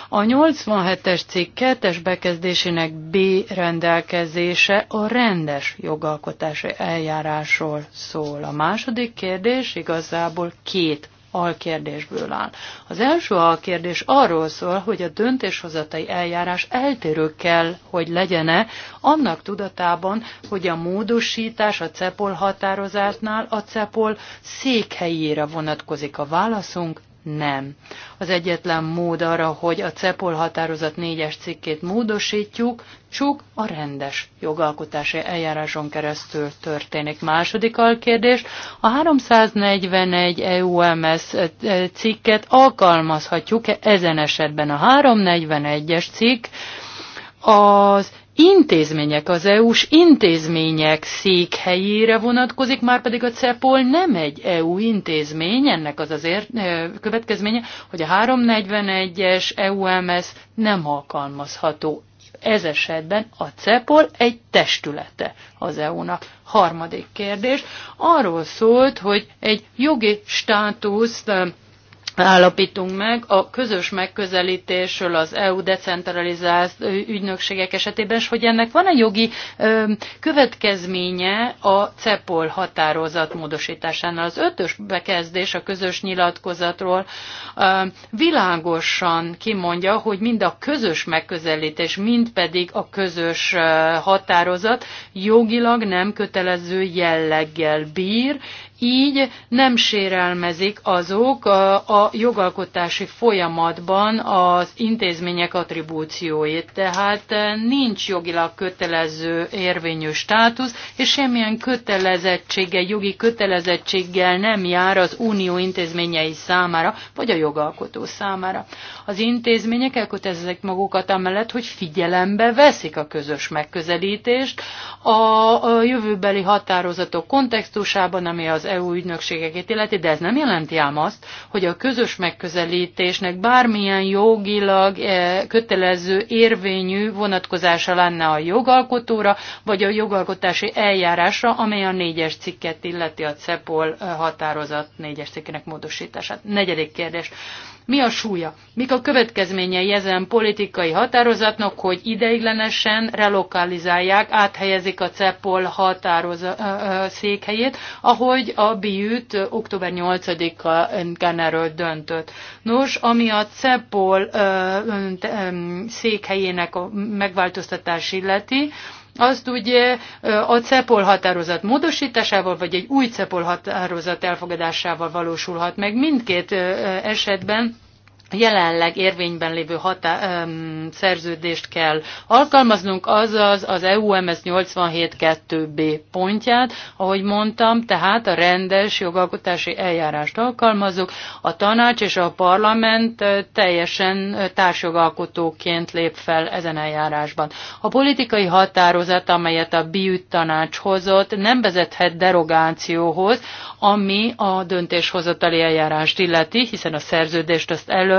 A 87-es cikk kettes bekezdésének B rendelkezése a rendes jogalkotási eljárásról szól. A második kérdés igazából két alkérdésből áll. Az első alkérdés arról szól, hogy a döntéshozatai eljárás eltérő kell, hogy legyene, annak tudatában, hogy a módosítás a CEPOL határozásnál a CEPOL székhelyére vonatkozik a válaszunk, nem. Az egyetlen mód arra, hogy a CEPOL határozat négyes cikkét módosítjuk, csak a rendes jogalkotási eljáráson keresztül történik. Második alkérdés, a 341 EUMS cikket alkalmazhatjuk-e ezen esetben? A 341-es cikk az intézmények, az EU-s intézmények székhelyére vonatkozik, már pedig a CEPOL nem egy EU intézmény, ennek az azért következménye, hogy a 341-es EUMS nem alkalmazható. Ez esetben a CEPOL egy testülete az EU-nak. Harmadik kérdés arról szólt, hogy egy jogi státuszt állapítunk meg. A közös megközelítésről az EU decentralizált ügynökségek esetében, és hogy ennek van-e jogi következménye a CEPOL határozat módosításánál. Az ötös bekezdés a közös nyilatkozatról világosan kimondja, hogy mind a közös megközelítés, mind pedig a közös határozat jogilag nem kötelező jelleggel bír, így nem sérelmezik azok a jogalkotási folyamatban az intézmények attribúcióit. Tehát eh, nincs jogilag kötelező érvényű státusz, és semmilyen kötelezettsége, jogi kötelezettséggel nem jár az unió intézményei számára, vagy a jogalkotó számára. Az intézmények elkötelezik magukat amellett, hogy figyelembe veszik a közös megközelítést a jövőbeli határozatok kontextusában, ami az EU ügynökségeket illeti, de ez nem jelenti ám azt, hogy a közös megközelítésnek bármilyen jogilag e, kötelező érvényű vonatkozása lenne a jogalkotóra, vagy a jogalkotási eljárásra, amely a négyes cikket illeti a CEPOL e, határozat négyes cikkének módosítását. Negyedik kérdés. Mi a súlya? Mik a következményei ezen politikai határozatnak, hogy ideiglenesen relokalizálják, áthelyezik a CEPOL határoz- székhelyét, ahogy a BIÜT október 8-án erről döntött. Nos, ami a CEPOL székhelyének a megváltoztatás illeti, azt ugye a CEPOL határozat módosításával, vagy egy új CEPOL határozat elfogadásával valósulhat meg mindkét esetben jelenleg érvényben lévő hatá, öm, szerződést kell alkalmaznunk, azaz az EUMS 87.2b pontját, ahogy mondtam, tehát a rendes jogalkotási eljárást alkalmazunk, a tanács és a parlament teljesen társjogalkotóként lép fel ezen eljárásban. A politikai határozat, amelyet a BIÜT tanács hozott, nem vezethet derogációhoz, ami a döntéshozatali eljárást illeti, hiszen a szerződést azt elő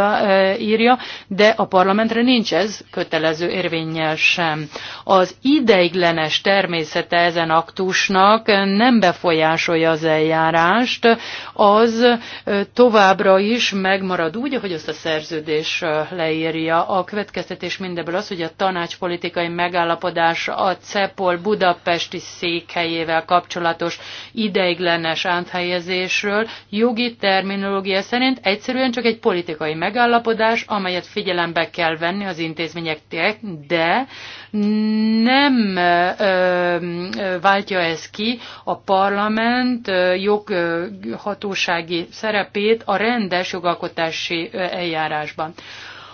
írja, de a parlamentre nincs ez kötelező érvényel sem. Az ideiglenes természete ezen aktusnak nem befolyásolja az eljárást, az továbbra is megmarad úgy, ahogy azt a szerződés leírja. A következtetés mindebből az, hogy a tanácspolitikai megállapodás a CEPOL budapesti székhelyével kapcsolatos ideiglenes áthelyezésről jogi terminológia szerint egyszerűen csak egy politikai megállapodás, amelyet figyelembe kell venni az intézményeknek, de nem ö, váltja ez ki a parlament joghatósági szerepét a rendes jogalkotási eljárásban.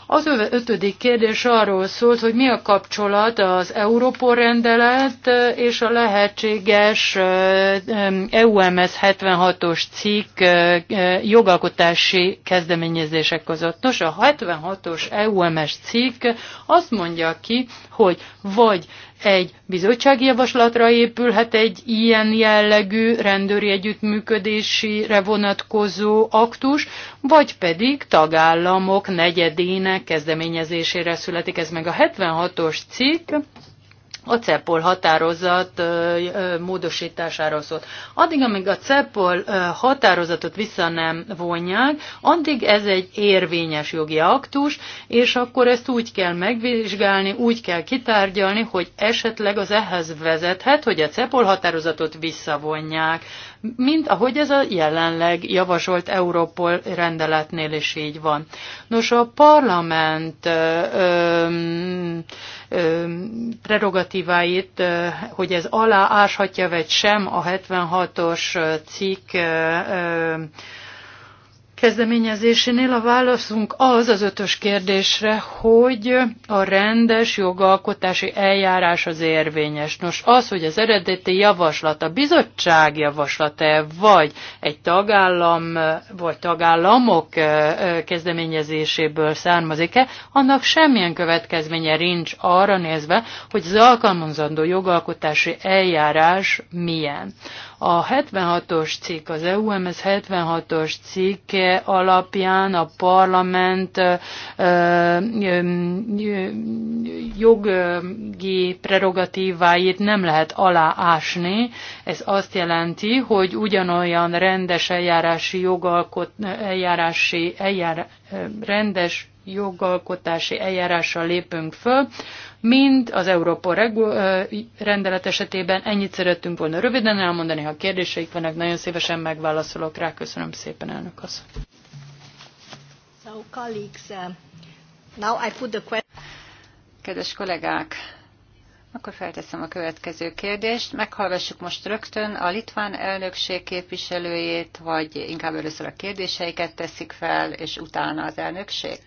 Az ötödik kérdés arról szólt, hogy mi a kapcsolat az Európol rendelet és a lehetséges EUMS e 76-os cikk jogalkotási kezdeményezések között. Nos, a 76-os EUMS cikk azt mondja ki, hogy vagy egy bizottsági javaslatra épülhet egy ilyen jellegű rendőri együttműködésére vonatkozó aktus, vagy pedig tagállamok negyedének kezdeményezésére születik ez meg a 76-os cikk, a CEPOL határozat módosításáról szólt. Addig, amíg a CEPOL határozatot vissza nem vonják, addig ez egy érvényes jogi aktus, és akkor ezt úgy kell megvizsgálni, úgy kell kitárgyalni, hogy esetleg az ehhez vezethet, hogy a CEPOL határozatot visszavonják mint ahogy ez a jelenleg javasolt Európol rendeletnél is így van. Nos, a parlament ö, ö, prerogatíváit, hogy ez alá áshatja vagy sem a 76-os cikk ö, ö, kezdeményezésénél a válaszunk az az ötös kérdésre, hogy a rendes jogalkotási eljárás az érvényes. Nos, az, hogy az eredeti javaslat a bizottság javaslata, vagy egy tagállam, vagy tagállamok kezdeményezéséből származik-e, annak semmilyen következménye nincs arra nézve, hogy az alkalmazandó jogalkotási eljárás milyen. A 76-os cikk, az EUMS 76-os cikke alapján a parlament jogi prerogatíváit nem lehet aláásni. Ez azt jelenti, hogy ugyanolyan rendes eljárási jogalkot, eljárási eljár, rendes jogalkotási eljárással lépünk föl, mind az Európa rendelet esetében. Ennyit szerettünk volna röviden elmondani, ha kérdéseik vannak, nagyon szívesen megválaszolok rá. Köszönöm szépen, elnök asszony. So, colleagues, uh, now I put the question. Kedves kollégák, akkor felteszem a következő kérdést. Meghallgassuk most rögtön a litván elnökség képviselőjét, vagy inkább először a kérdéseiket teszik fel, és utána az elnökség.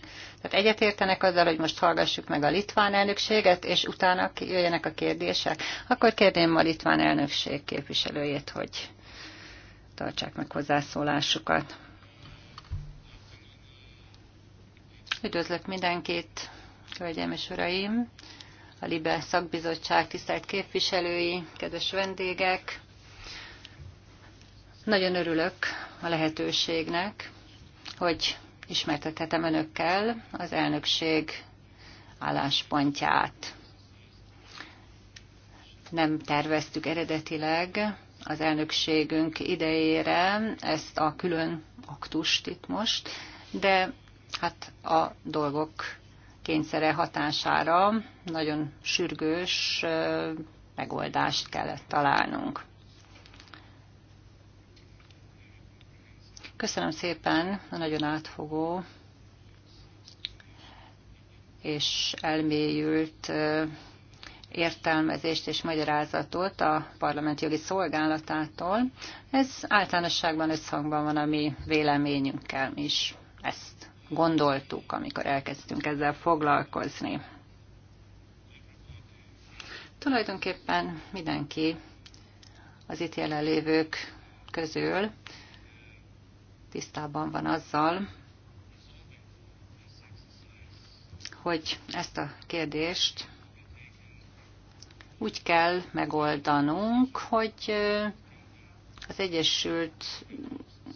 Tehát egyetértenek azzal, hogy most hallgassuk meg a litván elnökséget, és utána jöjjenek a kérdések. Akkor kérném a litván elnökség képviselőjét, hogy tartsák meg hozzászólásukat. Üdvözlök mindenkit, hölgyeim és uraim, a LIBE szakbizottság tisztelt képviselői, kedves vendégek. Nagyon örülök a lehetőségnek, hogy ismertethetem önökkel az elnökség álláspontját. Nem terveztük eredetileg az elnökségünk idejére ezt a külön aktust itt most, de hát a dolgok kényszere hatására nagyon sürgős megoldást kellett találnunk. Köszönöm szépen a nagyon átfogó és elmélyült értelmezést és magyarázatot a parlament jogi szolgálatától. Ez általánosságban összhangban van a mi véleményünkkel is. Ezt gondoltuk, amikor elkezdtünk ezzel foglalkozni. Tulajdonképpen mindenki az itt jelenlévők közül tisztában van azzal, hogy ezt a kérdést úgy kell megoldanunk, hogy az Egyesült,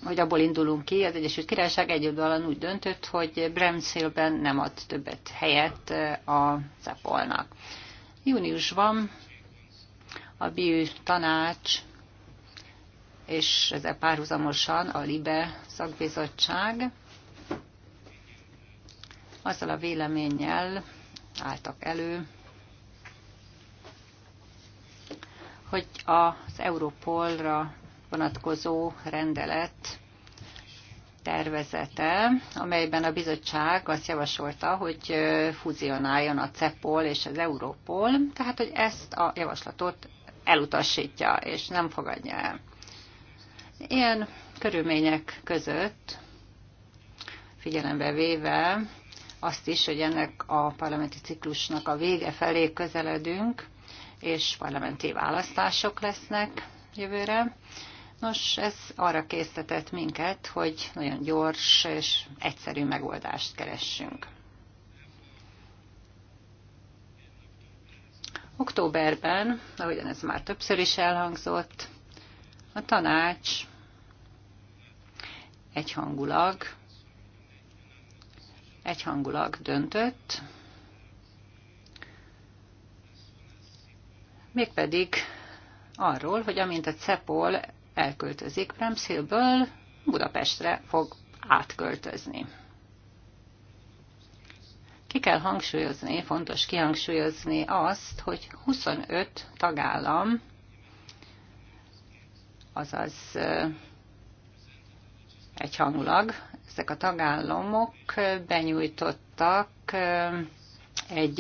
hogy abból indulunk ki, az Egyesült Királyság egyedülallan úgy döntött, hogy Bremszélben nem ad többet helyet a Cepolnak. van, a BIU tanács és ezzel párhuzamosan a LIBE szakbizottság azzal a véleménnyel álltak elő, hogy az Europolra vonatkozó rendelet tervezete, amelyben a bizottság azt javasolta, hogy fúzionáljon a CEPOL és az Europol, tehát hogy ezt a javaslatot elutasítja és nem fogadja el. Ilyen körülmények között, figyelembe véve azt is, hogy ennek a parlamenti ciklusnak a vége felé közeledünk, és parlamenti választások lesznek jövőre. Nos, ez arra késztetett minket, hogy nagyon gyors és egyszerű megoldást keressünk. Októberben, ahogyan ez már többször is elhangzott, a tanács egyhangulag, egyhangulag döntött, mégpedig arról, hogy amint a CEPOL elköltözik bremszilből, Budapestre fog átköltözni. Ki kell hangsúlyozni, fontos kihangsúlyozni azt, hogy 25 tagállam, azaz egyhangulag. ezek a tagállamok benyújtottak egy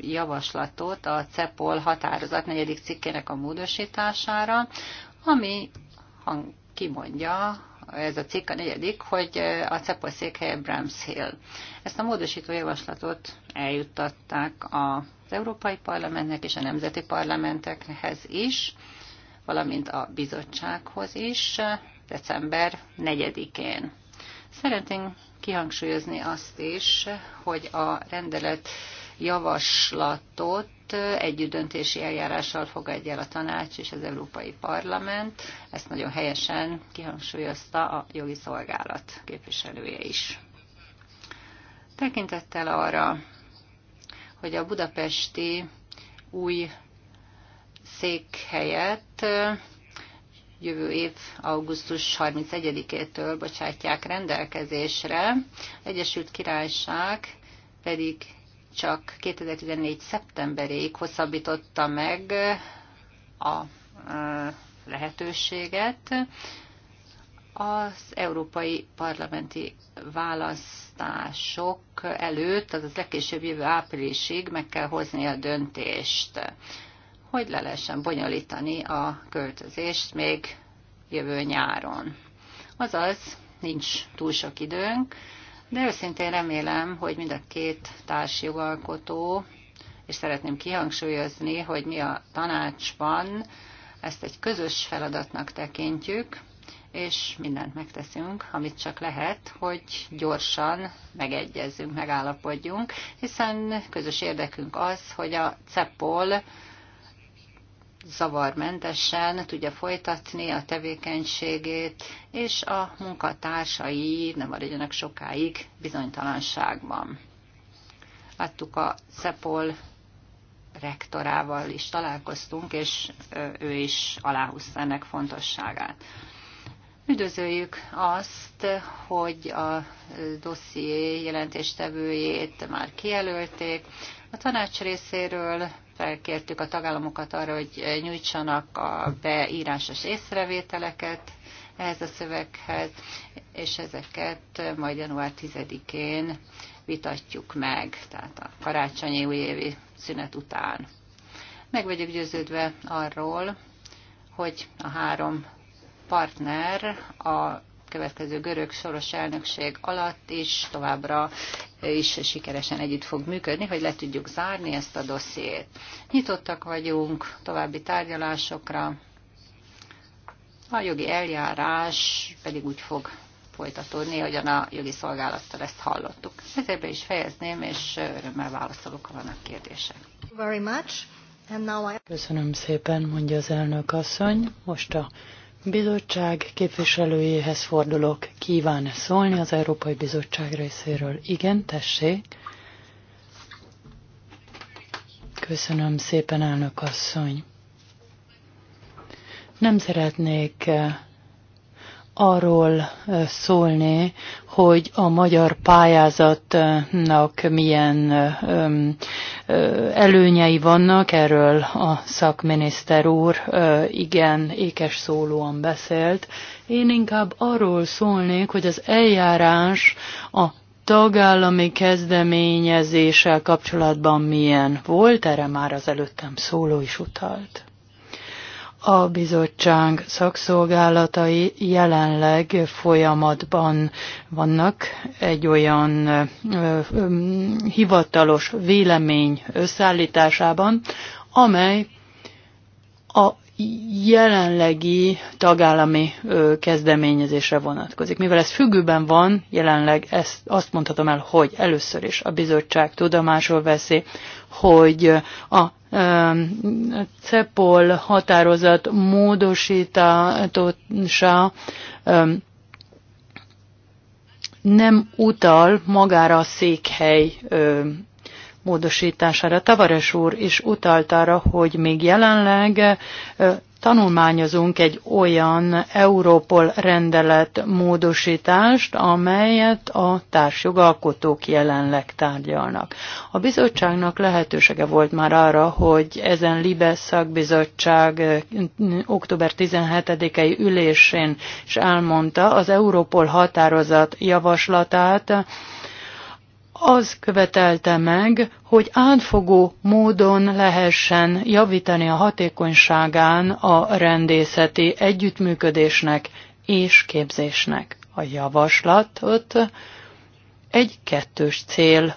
javaslatot a CEPOL határozat negyedik cikkének a módosítására, ami hang, kimondja, ez a cikk a negyedik, hogy a CEPOL székhelye Hill. Ezt a módosító javaslatot eljuttatták az Európai Parlamentnek és a Nemzeti Parlamentekhez is, valamint a bizottsághoz is, december 4-én. Szeretnénk kihangsúlyozni azt is, hogy a rendelet javaslatot együttdöntési eljárással fogadja el a tanács és az Európai Parlament. Ezt nagyon helyesen kihangsúlyozta a jogi szolgálat képviselője is. Tekintettel arra, hogy a budapesti új székhelyet jövő év augusztus 31-től bocsátják rendelkezésre, Egyesült Királyság pedig csak 2014. szeptemberéig hosszabbította meg a lehetőséget. Az európai parlamenti választások előtt, azaz legkésőbb jövő áprilisig meg kell hozni a döntést hogy le lehessen bonyolítani a költözést még jövő nyáron. Azaz, nincs túl sok időnk, de őszintén remélem, hogy mind a két társjogalkotó, és szeretném kihangsúlyozni, hogy mi a tanácsban ezt egy közös feladatnak tekintjük, és mindent megteszünk, amit csak lehet, hogy gyorsan megegyezzünk, megállapodjunk, hiszen közös érdekünk az, hogy a CEPOL zavarmentesen tudja folytatni a tevékenységét, és a munkatársai nem maradjanak sokáig bizonytalanságban. Láttuk a CEPOL rektorával is találkoztunk, és ő is aláhúzta ennek fontosságát. Üdvözöljük azt, hogy a dosszié jelentéstevőjét már kijelölték. A tanács részéről felkértük a tagállamokat arra, hogy nyújtsanak a beírásos észrevételeket ehhez a szöveghez, és ezeket majd január 10-én vitatjuk meg, tehát a karácsonyi újévi szünet után. Meg vagyok győződve arról, hogy a három partner a következő görög soros elnökség alatt is továbbra is sikeresen együtt fog működni, hogy le tudjuk zárni ezt a dossziét. Nyitottak vagyunk további tárgyalásokra, a jogi eljárás pedig úgy fog folytatódni, ahogyan a jogi szolgálattal ezt hallottuk. Ezért be is fejezném, és örömmel válaszolok, ha vannak kérdések. Köszönöm szépen, mondja az elnök asszony. Most a Bizottság képviselőjéhez fordulok. Kíván szólni az Európai Bizottság részéről? Igen, tessék. Köszönöm szépen, elnök asszony. Nem szeretnék eh, arról eh, szólni, hogy a magyar pályázatnak milyen eh, előnyei vannak, erről a szakminiszter úr igen ékes szólóan beszélt. Én inkább arról szólnék, hogy az eljárás a tagállami kezdeményezéssel kapcsolatban milyen volt, erre már az előttem szóló is utalt. A bizottság szakszolgálatai jelenleg folyamatban vannak egy olyan hivatalos vélemény összeállításában, amely a jelenlegi tagállami kezdeményezésre vonatkozik. Mivel ez függőben van, jelenleg ezt azt mondhatom el, hogy először is a bizottság tudomásul veszi, hogy a CEPOL határozat módosítása nem utal magára a székhely módosítására. Tavares úr is utalt arra, hogy még jelenleg tanulmányozunk egy olyan Európol rendelet módosítást, amelyet a társjogalkotók jelenleg tárgyalnak. A bizottságnak lehetősége volt már arra, hogy ezen Libes szakbizottság eh, október 17-i ülésén is elmondta az Európol határozat javaslatát, az követelte meg, hogy átfogó módon lehessen javítani a hatékonyságán a rendészeti együttműködésnek és képzésnek. A javaslatot egy kettős cél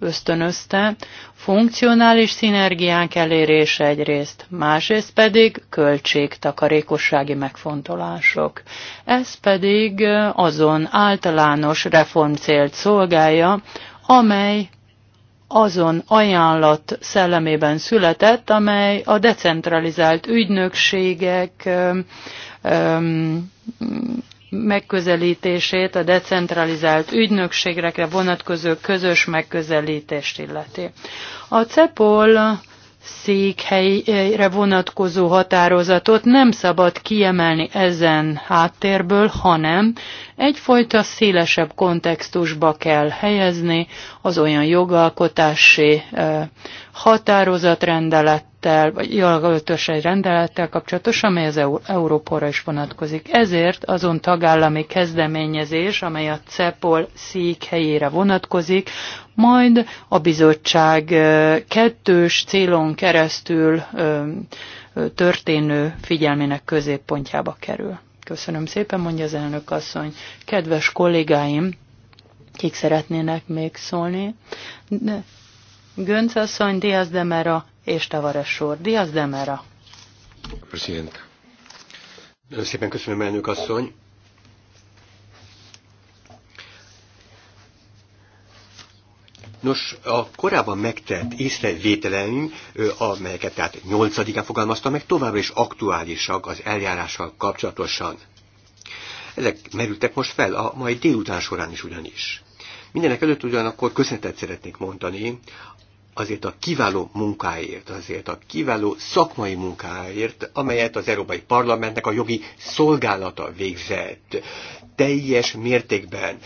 ösztönözte, funkcionális szinergiánk elérése egyrészt, másrészt pedig költségtakarékossági megfontolások. Ez pedig azon általános reformcélt szolgálja, amely azon ajánlat szellemében született, amely a decentralizált ügynökségek megközelítését a decentralizált ügynökségekre vonatkozó közös megközelítést illeti. A CEPOL székhelyre vonatkozó határozatot nem szabad kiemelni ezen háttérből, hanem egyfajta szélesebb kontextusba kell helyezni az olyan jogalkotási eh, határozatrendelet rendelettel, vagy jogalkotási egy rendelettel kapcsolatos, amely az Európóra is vonatkozik. Ezért azon tagállami kezdeményezés, amely a CEPOL helyére vonatkozik, majd a bizottság kettős célon keresztül történő figyelmének középpontjába kerül. Köszönöm szépen, mondja az elnök asszony. Kedves kollégáim, kik szeretnének még szólni? De Gönc asszony, Diaz de Mera és Tavares sor. Diaz Demera. President. Nagyon szépen köszönöm, elnök asszony. Nos, a korábban megtett észrevételeim, amelyeket tehát 8-án fogalmaztam meg, továbbra is aktuálisak az eljárással kapcsolatosan. Ezek merültek most fel a mai délután során is ugyanis. Mindenek előtt ugyanakkor köszönetet szeretnék mondani azért a kiváló munkáért, azért a kiváló szakmai munkáért, amelyet az Európai Parlamentnek a jogi szolgálata végzett. Teljes mértékben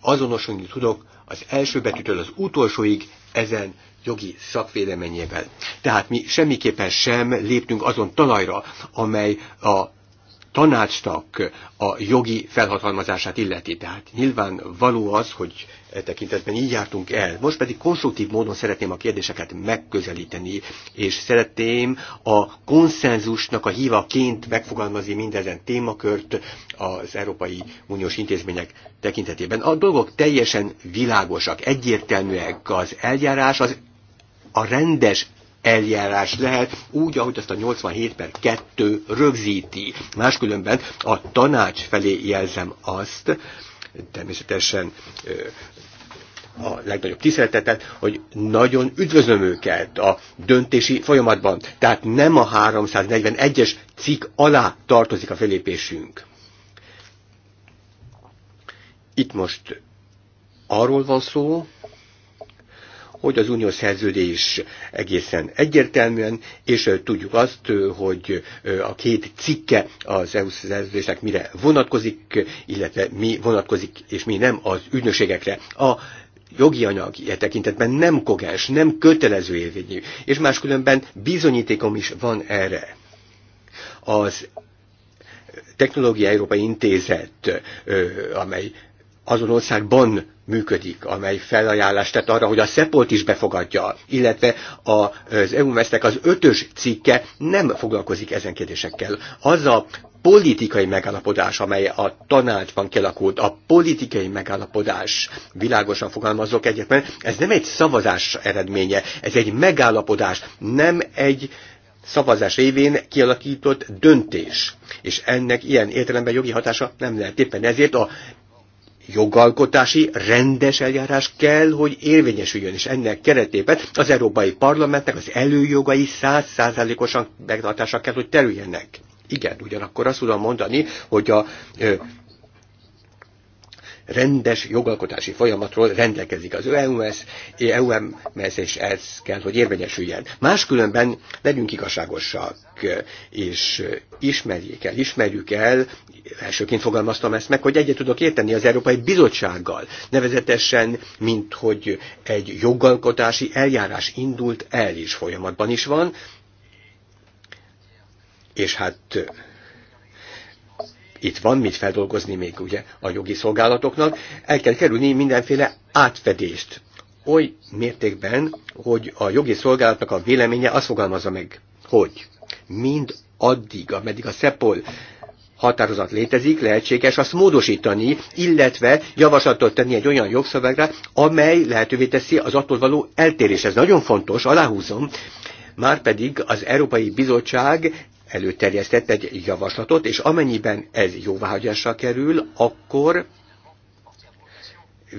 azonosulni tudok az első betűtől az utolsóig ezen jogi szakvéleményével. Tehát mi semmiképpen sem léptünk azon talajra, amely a tanácsnak a jogi felhatalmazását illeti. Tehát nyilván való az, hogy E tekintetben így jártunk el. Most pedig konstruktív módon szeretném a kérdéseket megközelíteni, és szeretném a konszenzusnak a hívaként megfogalmazni mindezen témakört az Európai Uniós intézmények tekintetében. A dolgok teljesen világosak, egyértelműek az eljárás, az a rendes eljárás lehet, úgy, ahogy azt a 87 per 2 rögzíti. Máskülönben a tanács felé jelzem azt, természetesen a legnagyobb tiszteletet, hogy nagyon üdvözlöm őket a döntési folyamatban. Tehát nem a 341-es cikk alá tartozik a felépésünk. Itt most arról van szó, hogy az uniós szerződés egészen egyértelműen, és tudjuk azt, hogy a két cikke az EU szerződésnek mire vonatkozik, illetve mi vonatkozik és mi nem az ügynökségekre. A jogi anyag ilyen tekintetben nem kogás, nem kötelező érvényű, és máskülönben bizonyítékom is van erre. Az Technológia Európai Intézet, amely azon országban működik, amely felajánlást tett arra, hogy a szepolt is befogadja, illetve az eu mesztek az ötös cikke nem foglalkozik ezen kérdésekkel. Az a politikai megállapodás, amely a tanácsban kialakult, a politikai megállapodás, világosan fogalmazok egyetlen, ez nem egy szavazás eredménye, ez egy megállapodás, nem egy szavazás révén kialakított döntés. És ennek ilyen értelemben jogi hatása nem lehet. Éppen ezért a jogalkotási rendes eljárás kell, hogy érvényesüljön, és ennek keretében az Európai Parlamentnek az előjogai százszázalékosan megtartásra kell, hogy terüljenek. Igen, ugyanakkor azt tudom mondani, hogy a rendes jogalkotási folyamatról rendelkezik az EUMS, EUMS és ez kell, hogy érvényesüljen. Máskülönben legyünk igazságosak, és ismerjék el, ismerjük el, elsőként fogalmaztam ezt meg, hogy egyet tudok érteni az Európai Bizottsággal, nevezetesen, mint hogy egy jogalkotási eljárás indult el is folyamatban is van, és hát itt van mit feldolgozni még ugye a jogi szolgálatoknak, el kell kerülni mindenféle átfedést, oly mértékben, hogy a jogi szolgálatnak a véleménye azt fogalmazza meg, hogy mind addig, ameddig a SZEPOL határozat létezik, lehetséges azt módosítani, illetve javaslatot tenni egy olyan jogszövegre, amely lehetővé teszi az attól való eltérés. Ez nagyon fontos, aláhúzom, már pedig az Európai Bizottság előterjesztett egy javaslatot, és amennyiben ez jóváhagyásra kerül, akkor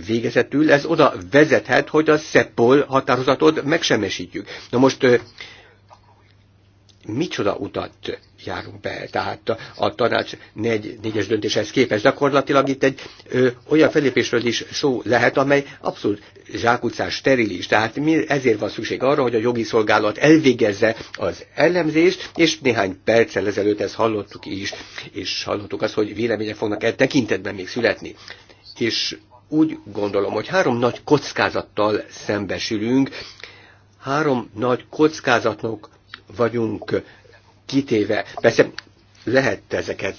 végezetül ez oda vezethet, hogy a SZEPOL határozatot megsemmisítjük. Na most micsoda utat járunk be. Tehát a tanács négy, négyes döntéshez képest gyakorlatilag itt egy ö, olyan felépésről is szó lehet, amely abszolút zsákutcás sterilis. Tehát mi, ezért van szükség arra, hogy a jogi szolgálat elvégezze az ellenzést, és néhány perccel ezelőtt ezt hallottuk is, és hallottuk azt, hogy vélemények fognak e tekintetben még születni. És úgy gondolom, hogy három nagy kockázattal szembesülünk, három nagy kockázatnak vagyunk kitéve. Persze lehet ezeket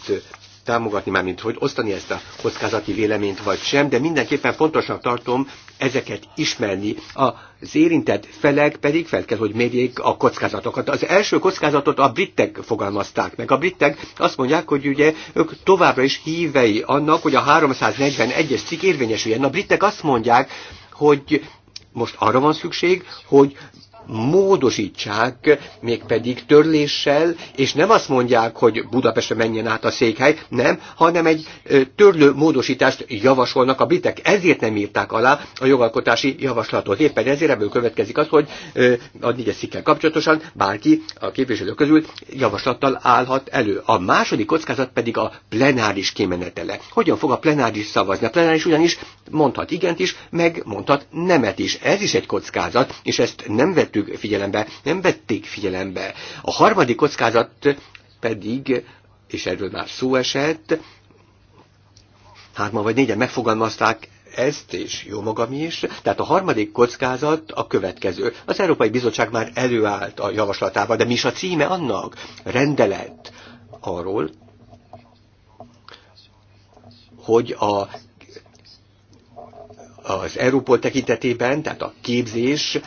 támogatni, mint hogy osztani ezt a kockázati véleményt vagy sem, de mindenképpen fontosan tartom ezeket ismerni. Az érintett felek pedig fel kell, hogy mérjék a kockázatokat. Az első kockázatot a britek fogalmazták meg. A britek azt mondják, hogy ugye ők továbbra is hívei annak, hogy a 341-es cikk érvényesüljen. A britek azt mondják, hogy most arra van szükség, hogy módosítsák, mégpedig törléssel, és nem azt mondják, hogy Budapestre menjen át a székhely, nem, hanem egy törlő módosítást javasolnak a britek. Ezért nem írták alá a jogalkotási javaslatot. Éppen ezért ebből következik az, hogy a négyes székkel kapcsolatosan bárki a képviselők közül javaslattal állhat elő. A második kockázat pedig a plenáris kimenetele. Hogyan fog a plenáris szavazni? A plenáris ugyanis mondhat igent is, meg mondhat nemet is. Ez is egy kockázat, és ezt nem vető vettük figyelembe, nem vették figyelembe. A harmadik kockázat pedig, és erről már szó esett, hárma vagy négyen megfogalmazták ezt, és jó magam is. Tehát a harmadik kockázat a következő. Az Európai Bizottság már előállt a javaslatával, de mi is a címe annak? Rendelet arról, hogy a az Európol tekintetében, tehát a képzés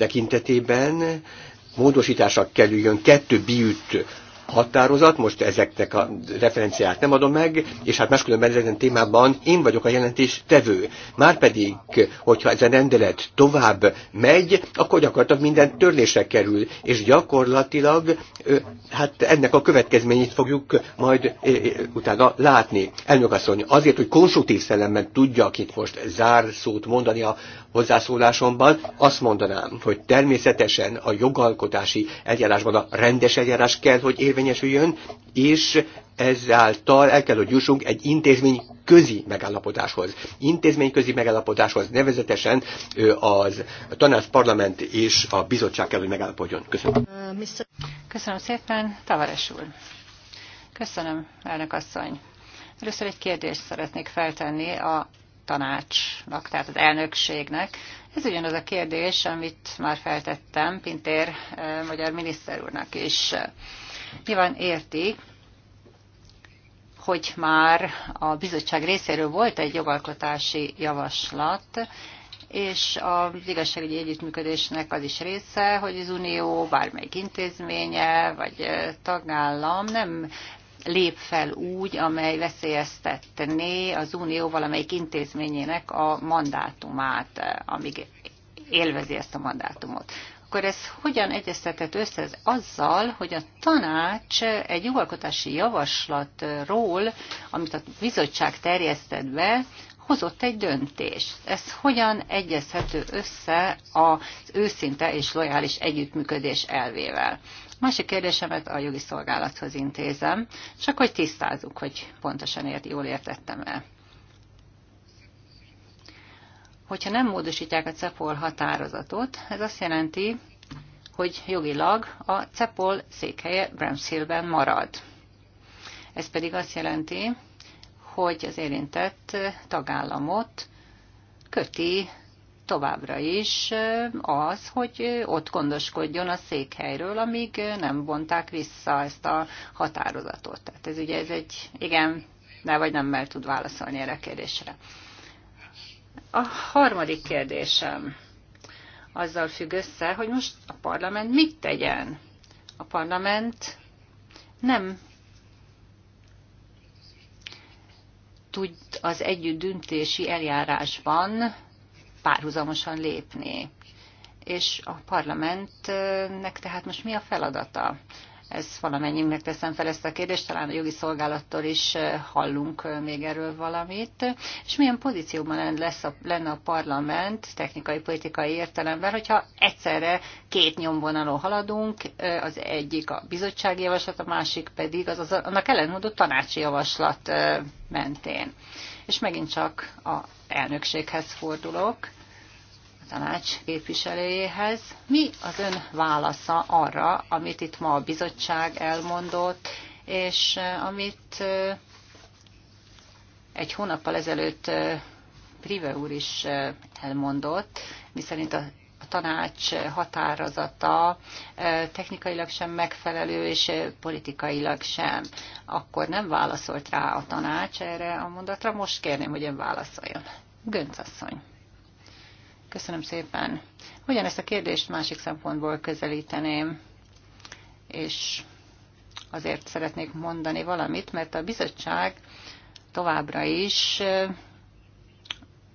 tekintetében módosításra kerüljön kettő biütt határozat, most ezeknek a referenciát nem adom meg, és hát máskülönben ezen témában én vagyok a jelentés tevő. Márpedig, hogyha ez a rendelet tovább megy, akkor gyakorlatilag minden törlésre kerül, és gyakorlatilag hát ennek a következményét fogjuk majd utána látni. Elnök asszony, azért, hogy konstruktív szellemben tudjak itt most zárszót mondani a hozzászólásomban, azt mondanám, hogy természetesen a jogalkotási eljárásban a rendes eljárás kell, hogy érve érvényesüljön, és ezáltal el kell, hogy jussunk egy intézmény közi megállapodáshoz. Intézmény közi megállapodáshoz nevezetesen az tanács, parlament és a bizottság kell, hogy megállapodjon. Köszönöm. Köszönöm szépen, Tavares úr. Köszönöm, elnök asszony. Először egy kérdést szeretnék feltenni a tanácsnak, tehát az elnökségnek. Ez ugyanaz a kérdés, amit már feltettem Pintér magyar miniszter úrnak is. Nyilván érti, hogy már a bizottság részéről volt egy jogalkotási javaslat, és az igazságügyi együttműködésnek az is része, hogy az Unió bármelyik intézménye vagy tagállam nem lép fel úgy, amely veszélyeztetné az Unió valamelyik intézményének a mandátumát, amíg élvezi ezt a mandátumot akkor ez hogyan egyeztetett össze ez azzal, hogy a tanács egy jogalkotási javaslatról, amit a bizottság terjesztett be, hozott egy döntést. Ez hogyan egyezhető össze az őszinte és lojális együttműködés elvével? Másik kérdésemet a jogi szolgálathoz intézem, csak hogy tisztázzuk, hogy pontosan ért, jól értettem el. Hogyha nem módosítják a CEPOL határozatot, ez azt jelenti, hogy jogilag a CEPOL székhelye Bramshillben marad. Ez pedig azt jelenti, hogy az érintett tagállamot köti továbbra is az, hogy ott gondoskodjon a székhelyről, amíg nem vonták vissza ezt a határozatot. Tehát ez ugye ez egy, igen, ne vagy nem mert tud válaszolni erre a kérdésre. A harmadik kérdésem azzal függ össze, hogy most a parlament mit tegyen. A parlament nem tud az együtt döntési eljárásban párhuzamosan lépni. És a parlamentnek tehát most mi a feladata? Ez valamennyinknek teszem fel ezt a kérdést, talán a jogi szolgálattól is hallunk még erről valamit. És milyen pozícióban lesz a, lenne a parlament technikai, politikai értelemben, hogyha egyszerre két nyomvonalon haladunk, az egyik a bizottsági javaslat, a másik pedig az, az annak ellenmondó tanácsi javaslat mentén. És megint csak a elnökséghez fordulok tanács képviselőjéhez. Mi az ön válasza arra, amit itt ma a bizottság elmondott, és amit egy hónappal ezelőtt Prive úr is elmondott, miszerint a a tanács határozata technikailag sem megfelelő, és politikailag sem. Akkor nem válaszolt rá a tanács erre a mondatra, most kérném, hogy ön válaszoljon. Gönc asszony. Köszönöm szépen. ezt a kérdést másik szempontból közelíteném, és azért szeretnék mondani valamit, mert a bizottság továbbra is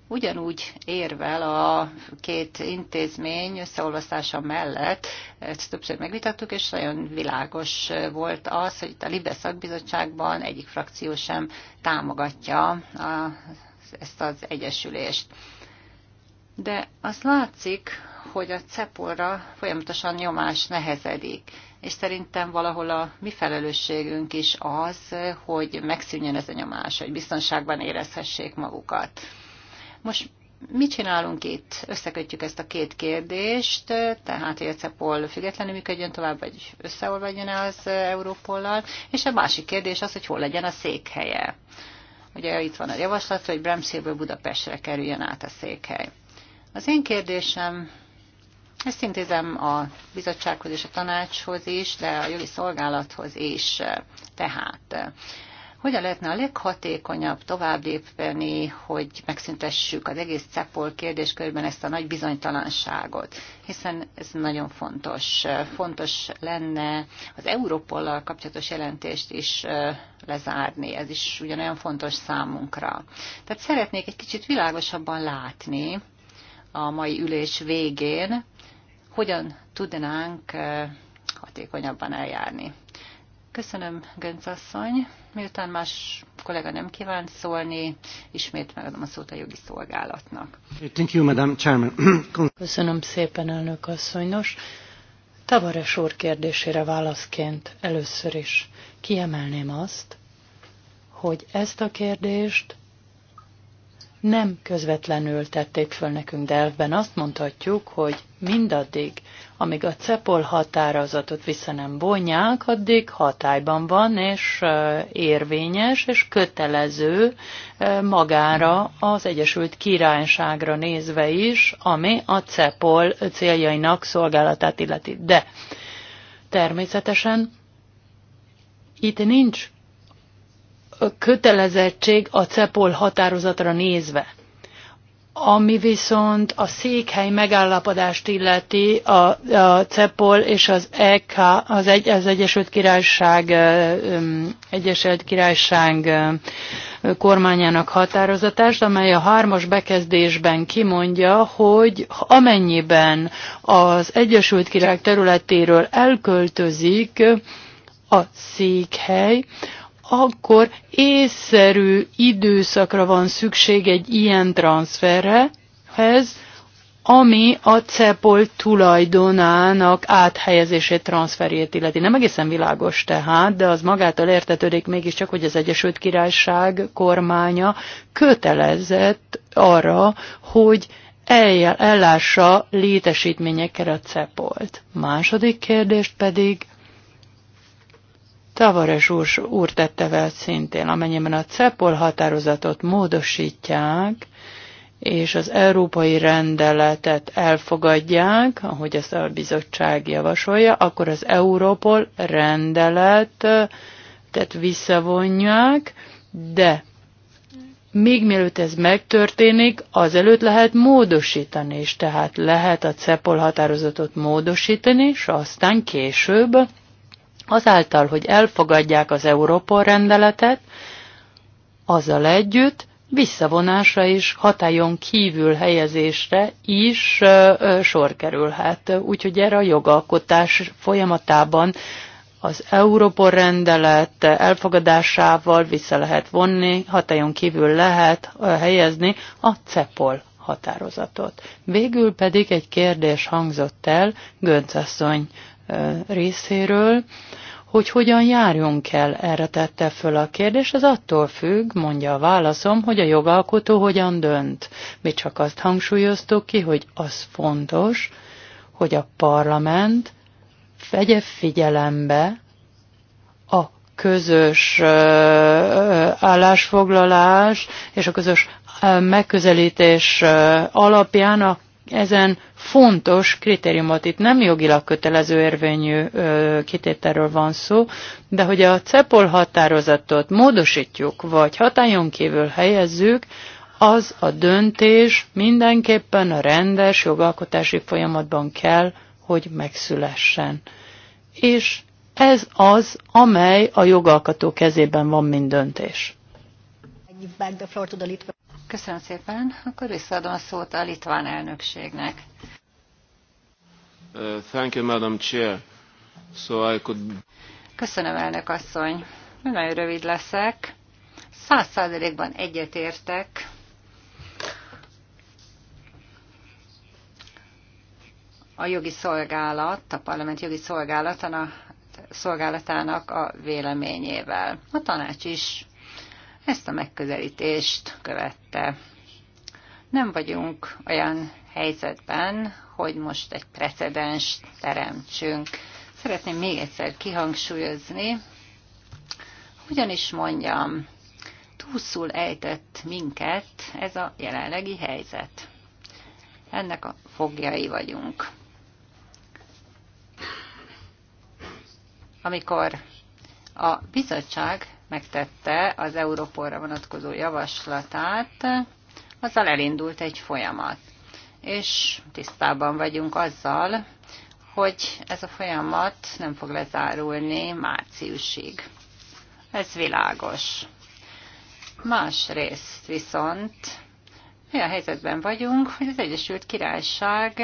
ugyanúgy érvel a két intézmény összeolvasztása mellett, ezt többször megvitattuk, és nagyon világos volt az, hogy itt a Libe szakbizottságban egyik frakció sem támogatja a, ezt az egyesülést de azt látszik, hogy a cepolra folyamatosan nyomás nehezedik, és szerintem valahol a mi felelősségünk is az, hogy megszűnjön ez a nyomás, hogy biztonságban érezhessék magukat. Most mit csinálunk itt? Összekötjük ezt a két kérdést, tehát hogy a CEPOL függetlenül működjön tovább, vagy összeolvadjon -e az Európollal, és a másik kérdés az, hogy hol legyen a székhelye. Ugye itt van a javaslat, hogy Bremszéből Budapestre kerüljön át a székhely. Az én kérdésem, ezt intézem a bizottsághoz és a tanácshoz is, de a jogi szolgálathoz is. Tehát hogyan lehetne a leghatékonyabb tovább lépni, hogy megszüntessük az egész CEPOL kérdéskörben ezt a nagy bizonytalanságot, hiszen ez nagyon fontos. Fontos lenne az Európollal kapcsolatos jelentést is lezárni, ez is ugyanolyan fontos számunkra. Tehát szeretnék egy kicsit világosabban látni, a mai ülés végén, hogyan tudnánk hatékonyabban eljárni. Köszönöm, Gönc asszony. Miután más kollega nem kíván szólni, ismét megadom a szót a jogi szolgálatnak. Thank you, Madam Chairman. Köszönöm szépen, elnök asszony. Nos, Tavares úr kérdésére válaszként először is kiemelném azt, hogy ezt a kérdést nem közvetlenül tették föl nekünk, Delfben. azt mondhatjuk, hogy mindaddig, amíg a CEPOL határozatot vissza nem vonják, addig hatályban van, és érvényes, és kötelező magára az Egyesült Királyságra nézve is, ami a CEPOL céljainak szolgálatát illeti. De természetesen itt nincs kötelezettség a CEPOL határozatra nézve. Ami viszont a székhely megállapodást illeti a, a CEPOL és az EK, az, egy, az Egyesült Királyság, Egyesült Királyság kormányának határozatást, amely a hármas bekezdésben kimondja, hogy amennyiben az Egyesült Király területéről elköltözik a székhely, akkor észszerű időszakra van szükség egy ilyen transferhez, ami a CEPOL tulajdonának áthelyezését, transferjét illeti. Nem egészen világos tehát, de az magától értetődik mégiscsak, hogy az Egyesült Királyság kormánya kötelezett arra, hogy ellássa létesítményekkel a CEPOL-t. Második kérdést pedig Tavares úr, úr tette vel szintén, amennyiben a CEPOL határozatot módosítják, és az európai rendeletet elfogadják, ahogy ezt a bizottság javasolja, akkor az Europol rendeletet visszavonják, de még mielőtt ez megtörténik, azelőtt lehet módosítani, és tehát lehet a CEPOL határozatot módosítani, és aztán később Azáltal, hogy elfogadják az Európol rendeletet, azzal együtt visszavonásra és hatályon kívül helyezésre is sor kerülhet. Úgyhogy erre a jogalkotás folyamatában az Európol rendelet elfogadásával vissza lehet vonni, hatályon kívül lehet helyezni a CEPOL határozatot. Végül pedig egy kérdés hangzott el Göncasszony. asszony részéről, hogy hogyan járjunk el, erre tette föl a kérdés, az attól függ, mondja a válaszom, hogy a jogalkotó hogyan dönt. Mi csak azt hangsúlyoztuk ki, hogy az fontos, hogy a parlament vegye figyelembe a közös állásfoglalás és a közös megközelítés alapján a ezen fontos kritériumot. Itt nem jogilag kötelező érvényű kitételről van szó, de hogy a CEPOL határozatot módosítjuk, vagy hatályon kívül helyezzük, az a döntés mindenképpen a rendes jogalkotási folyamatban kell, hogy megszülessen. És ez az, amely a jogalkotó kezében van, mint döntés. Köszönöm szépen. Akkor visszaadom a szót a litván elnökségnek. Uh, thank you, Madam Chair. So I could... Köszönöm, elnök asszony. Nagyon rövid leszek. Száz százalékban egyetértek. A jogi szolgálat, a parlament jogi szolgálatának a véleményével. A tanács is ezt a megközelítést követte. Nem vagyunk olyan helyzetben, hogy most egy precedens teremtsünk. Szeretném még egyszer kihangsúlyozni, ugyanis mondjam, túlszul ejtett minket ez a jelenlegi helyzet. Ennek a fogjai vagyunk. Amikor a bizottság megtette az Európorra vonatkozó javaslatát, azzal elindult egy folyamat. És tisztában vagyunk azzal, hogy ez a folyamat nem fog lezárulni márciusig. Ez világos. Másrészt viszont olyan helyzetben vagyunk, hogy az Egyesült Királyság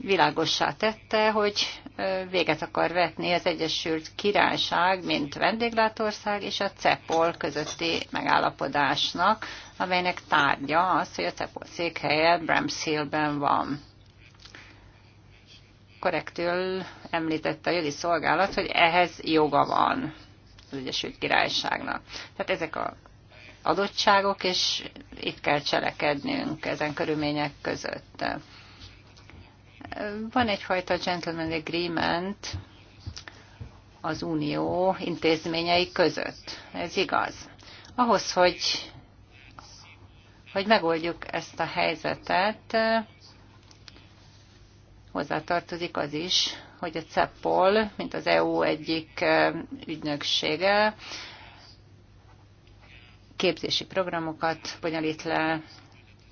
világossá tette, hogy véget akar vetni az Egyesült Királyság, mint vendéglátország és a CEPOL közötti megállapodásnak, amelynek tárgya az, hogy a CEPOL székhelye Bramshillben van. Korrektül említette a jogi szolgálat, hogy ehhez joga van az Egyesült Királyságnak. Tehát ezek a adottságok, és itt kell cselekednünk ezen körülmények között. Van egyfajta gentleman agreement az unió intézményei között. Ez igaz. Ahhoz, hogy, hogy megoldjuk ezt a helyzetet, hozzátartozik az is, hogy a CEPOL, mint az EU egyik ügynöksége, képzési programokat bonyolít le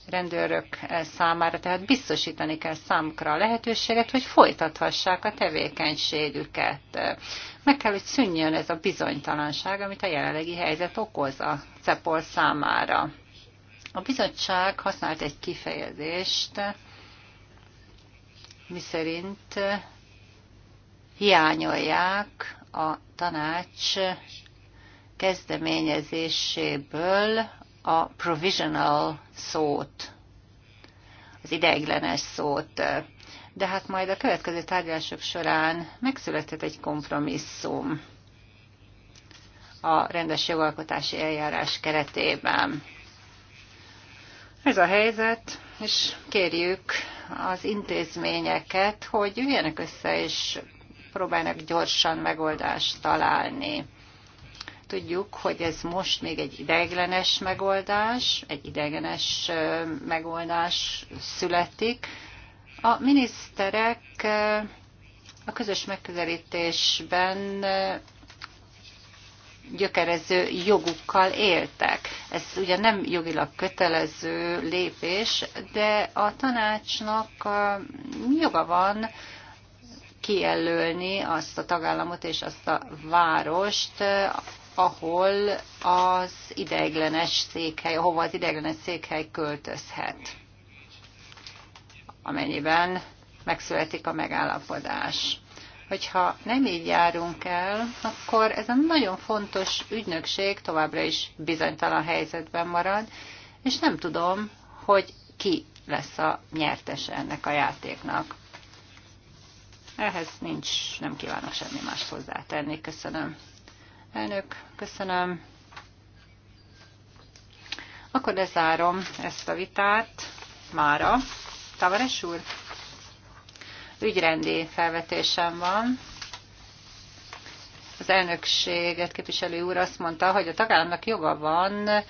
rendőrök számára, tehát biztosítani kell számukra a lehetőséget, hogy folytathassák a tevékenységüket. Meg kell, hogy szűnjön ez a bizonytalanság, amit a jelenlegi helyzet okoz a CEPOL számára. A bizottság használt egy kifejezést, miszerint hiányolják a tanács kezdeményezéséből a provisional szót, az ideiglenes szót, de hát majd a következő tárgyalások során megszületett egy kompromisszum a rendes jogalkotási eljárás keretében. Ez a helyzet, és kérjük az intézményeket, hogy üljenek össze és próbálnak gyorsan megoldást találni tudjuk, hogy ez most még egy ideiglenes megoldás, egy ideiglenes megoldás születik. A miniszterek a közös megközelítésben gyökerező jogukkal éltek. Ez ugye nem jogilag kötelező lépés, de a tanácsnak joga van kijelölni azt a tagállamot és azt a várost, ahol az ideiglenes székhely, ahova az ideiglenes székhely költözhet, amennyiben megszületik a megállapodás. Hogyha nem így járunk el, akkor ez a nagyon fontos ügynökség továbbra is bizonytalan helyzetben marad, és nem tudom, hogy ki lesz a nyertes ennek a játéknak. Ehhez nincs, nem kívánok semmi mást hozzátenni. Köszönöm. Elnök, köszönöm. Akkor lezárom ezt a vitát mára. Tavares úr? Ügyrendi felvetésem van. Az elnökséget képviselő úr azt mondta, hogy a tagállamnak joga van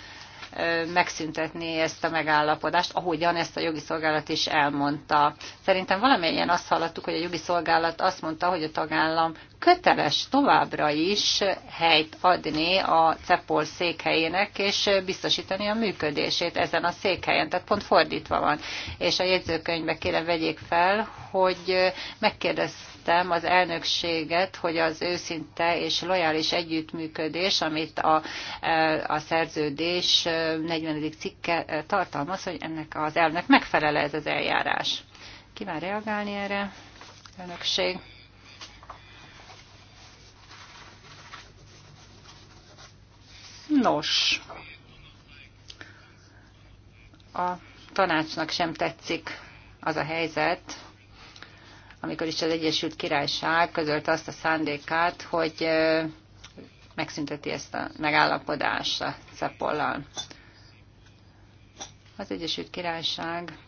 megszüntetni ezt a megállapodást, ahogyan ezt a jogi szolgálat is elmondta. Szerintem valamennyien azt hallottuk, hogy a jogi szolgálat azt mondta, hogy a tagállam köteles továbbra is helyt adni a CEPOL székhelyének, és biztosítani a működését ezen a székhelyen. Tehát pont fordítva van. És a jegyzőkönyvbe kérem vegyék fel, hogy megkérdez kértem az elnökséget, hogy az őszinte és lojális együttműködés, amit a, e, a szerződés 40. E, cikke tartalmaz, hogy ennek az elnök megfelele ez az eljárás. Kíván reagálni erre, elnökség? Nos, a tanácsnak sem tetszik az a helyzet, amikor is az Egyesült Királyság közölt azt a szándékát, hogy megszünteti ezt a megállapodást a cepollal. Az Egyesült Királyság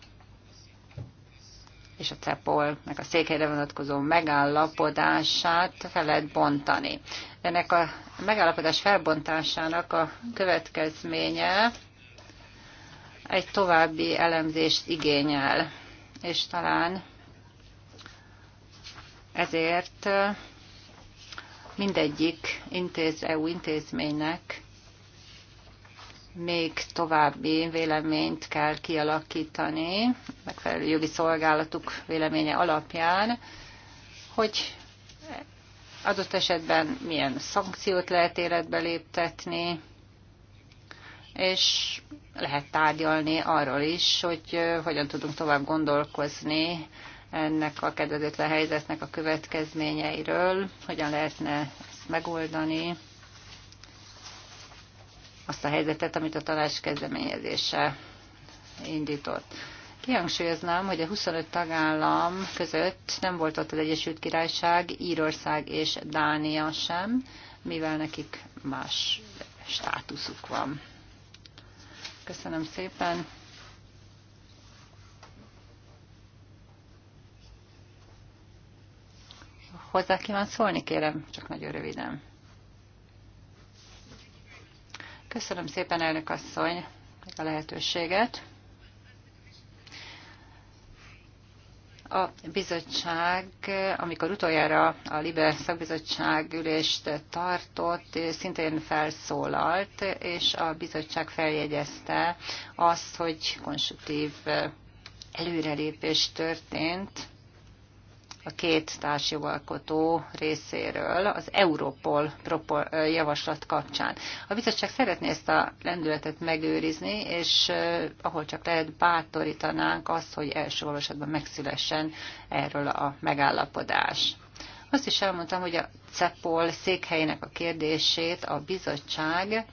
és a CEPOL, meg a székhelyre vonatkozó megállapodását fel lehet bontani. Ennek a megállapodás felbontásának a következménye egy további elemzést igényel, és talán ezért mindegyik intéz, EU intézménynek még további véleményt kell kialakítani, megfelelő jogi szolgálatuk véleménye alapján, hogy adott esetben milyen szankciót lehet életbe léptetni, és lehet tárgyalni arról is, hogy hogyan tudunk tovább gondolkozni ennek a kedvezőtlen helyzetnek a következményeiről, hogyan lehetne ezt megoldani, azt a helyzetet, amit a tanács kezdeményezése indított. Kihangsúlyoznám, hogy a 25 tagállam között nem volt ott az Egyesült Királyság, Írország és Dánia sem, mivel nekik más státuszuk van. Köszönöm szépen! hozzá kíván szólni, kérem, csak nagyon röviden. Köszönöm szépen, elnök asszony, a lehetőséget. A bizottság, amikor utoljára a Libe szakbizottság ülést tartott, szintén felszólalt, és a bizottság feljegyezte azt, hogy konstruktív előrelépés történt a két társjogalkotó részéről az Europol javaslat kapcsán. A bizottság szeretné ezt a lendületet megőrizni, és ahol csak lehet bátorítanánk azt, hogy első valósatban megszülessen erről a megállapodás. Azt is elmondtam, hogy a CEPOL székhelyének a kérdését a bizottság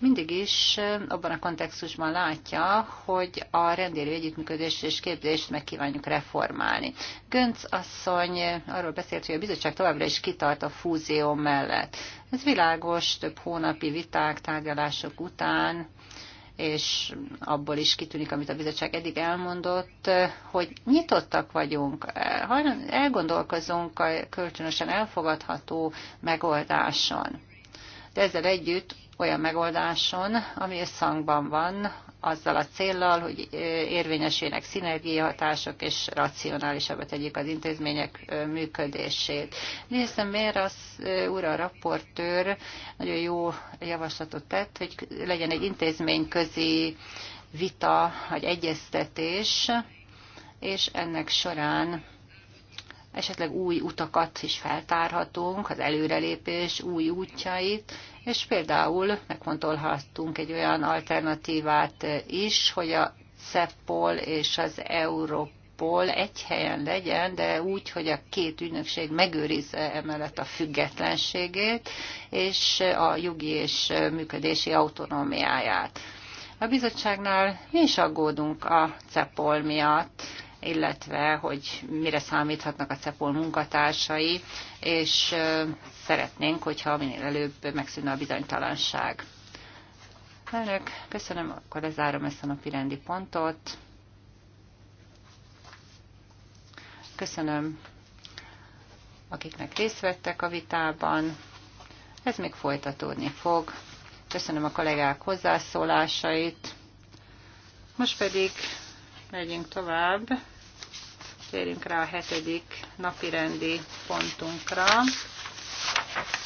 mindig is abban a kontextusban látja, hogy a rendérő együttműködést és képzést meg kívánjuk reformálni. Gönc asszony arról beszélt, hogy a bizottság továbbra is kitart a fúzió mellett. Ez világos, több hónapi viták, tárgyalások után és abból is kitűnik, amit a bizottság eddig elmondott, hogy nyitottak vagyunk, elgondolkozunk a kölcsönösen elfogadható megoldáson. De ezzel együtt olyan megoldáson, ami összhangban van azzal a céllal, hogy érvényesének szinergiahatások és racionálisabbat tegyék az intézmények működését. Nézzem, miért az úr a raportőr nagyon jó javaslatot tett, hogy legyen egy intézményközi vita, vagy egyeztetés, és ennek során esetleg új utakat is feltárhatunk, az előrelépés új útjait, és például megfontolhattunk egy olyan alternatívát is, hogy a CEPOL és az Európa egy helyen legyen, de úgy, hogy a két ügynökség megőrizze emellett a függetlenségét és a jogi és működési autonómiáját. A bizottságnál mi is aggódunk a CEPOL miatt, illetve hogy mire számíthatnak a CEPOL munkatársai, és szeretnénk, hogyha minél előbb megszűnne a bizonytalanság. Elnök, köszönöm, akkor lezárom ezt a napi rendi pontot. Köszönöm, akiknek részt vettek a vitában. Ez még folytatódni fog. Köszönöm a kollégák hozzászólásait. Most pedig megyünk tovább térjünk rá a hetedik napi rendi pontunkra.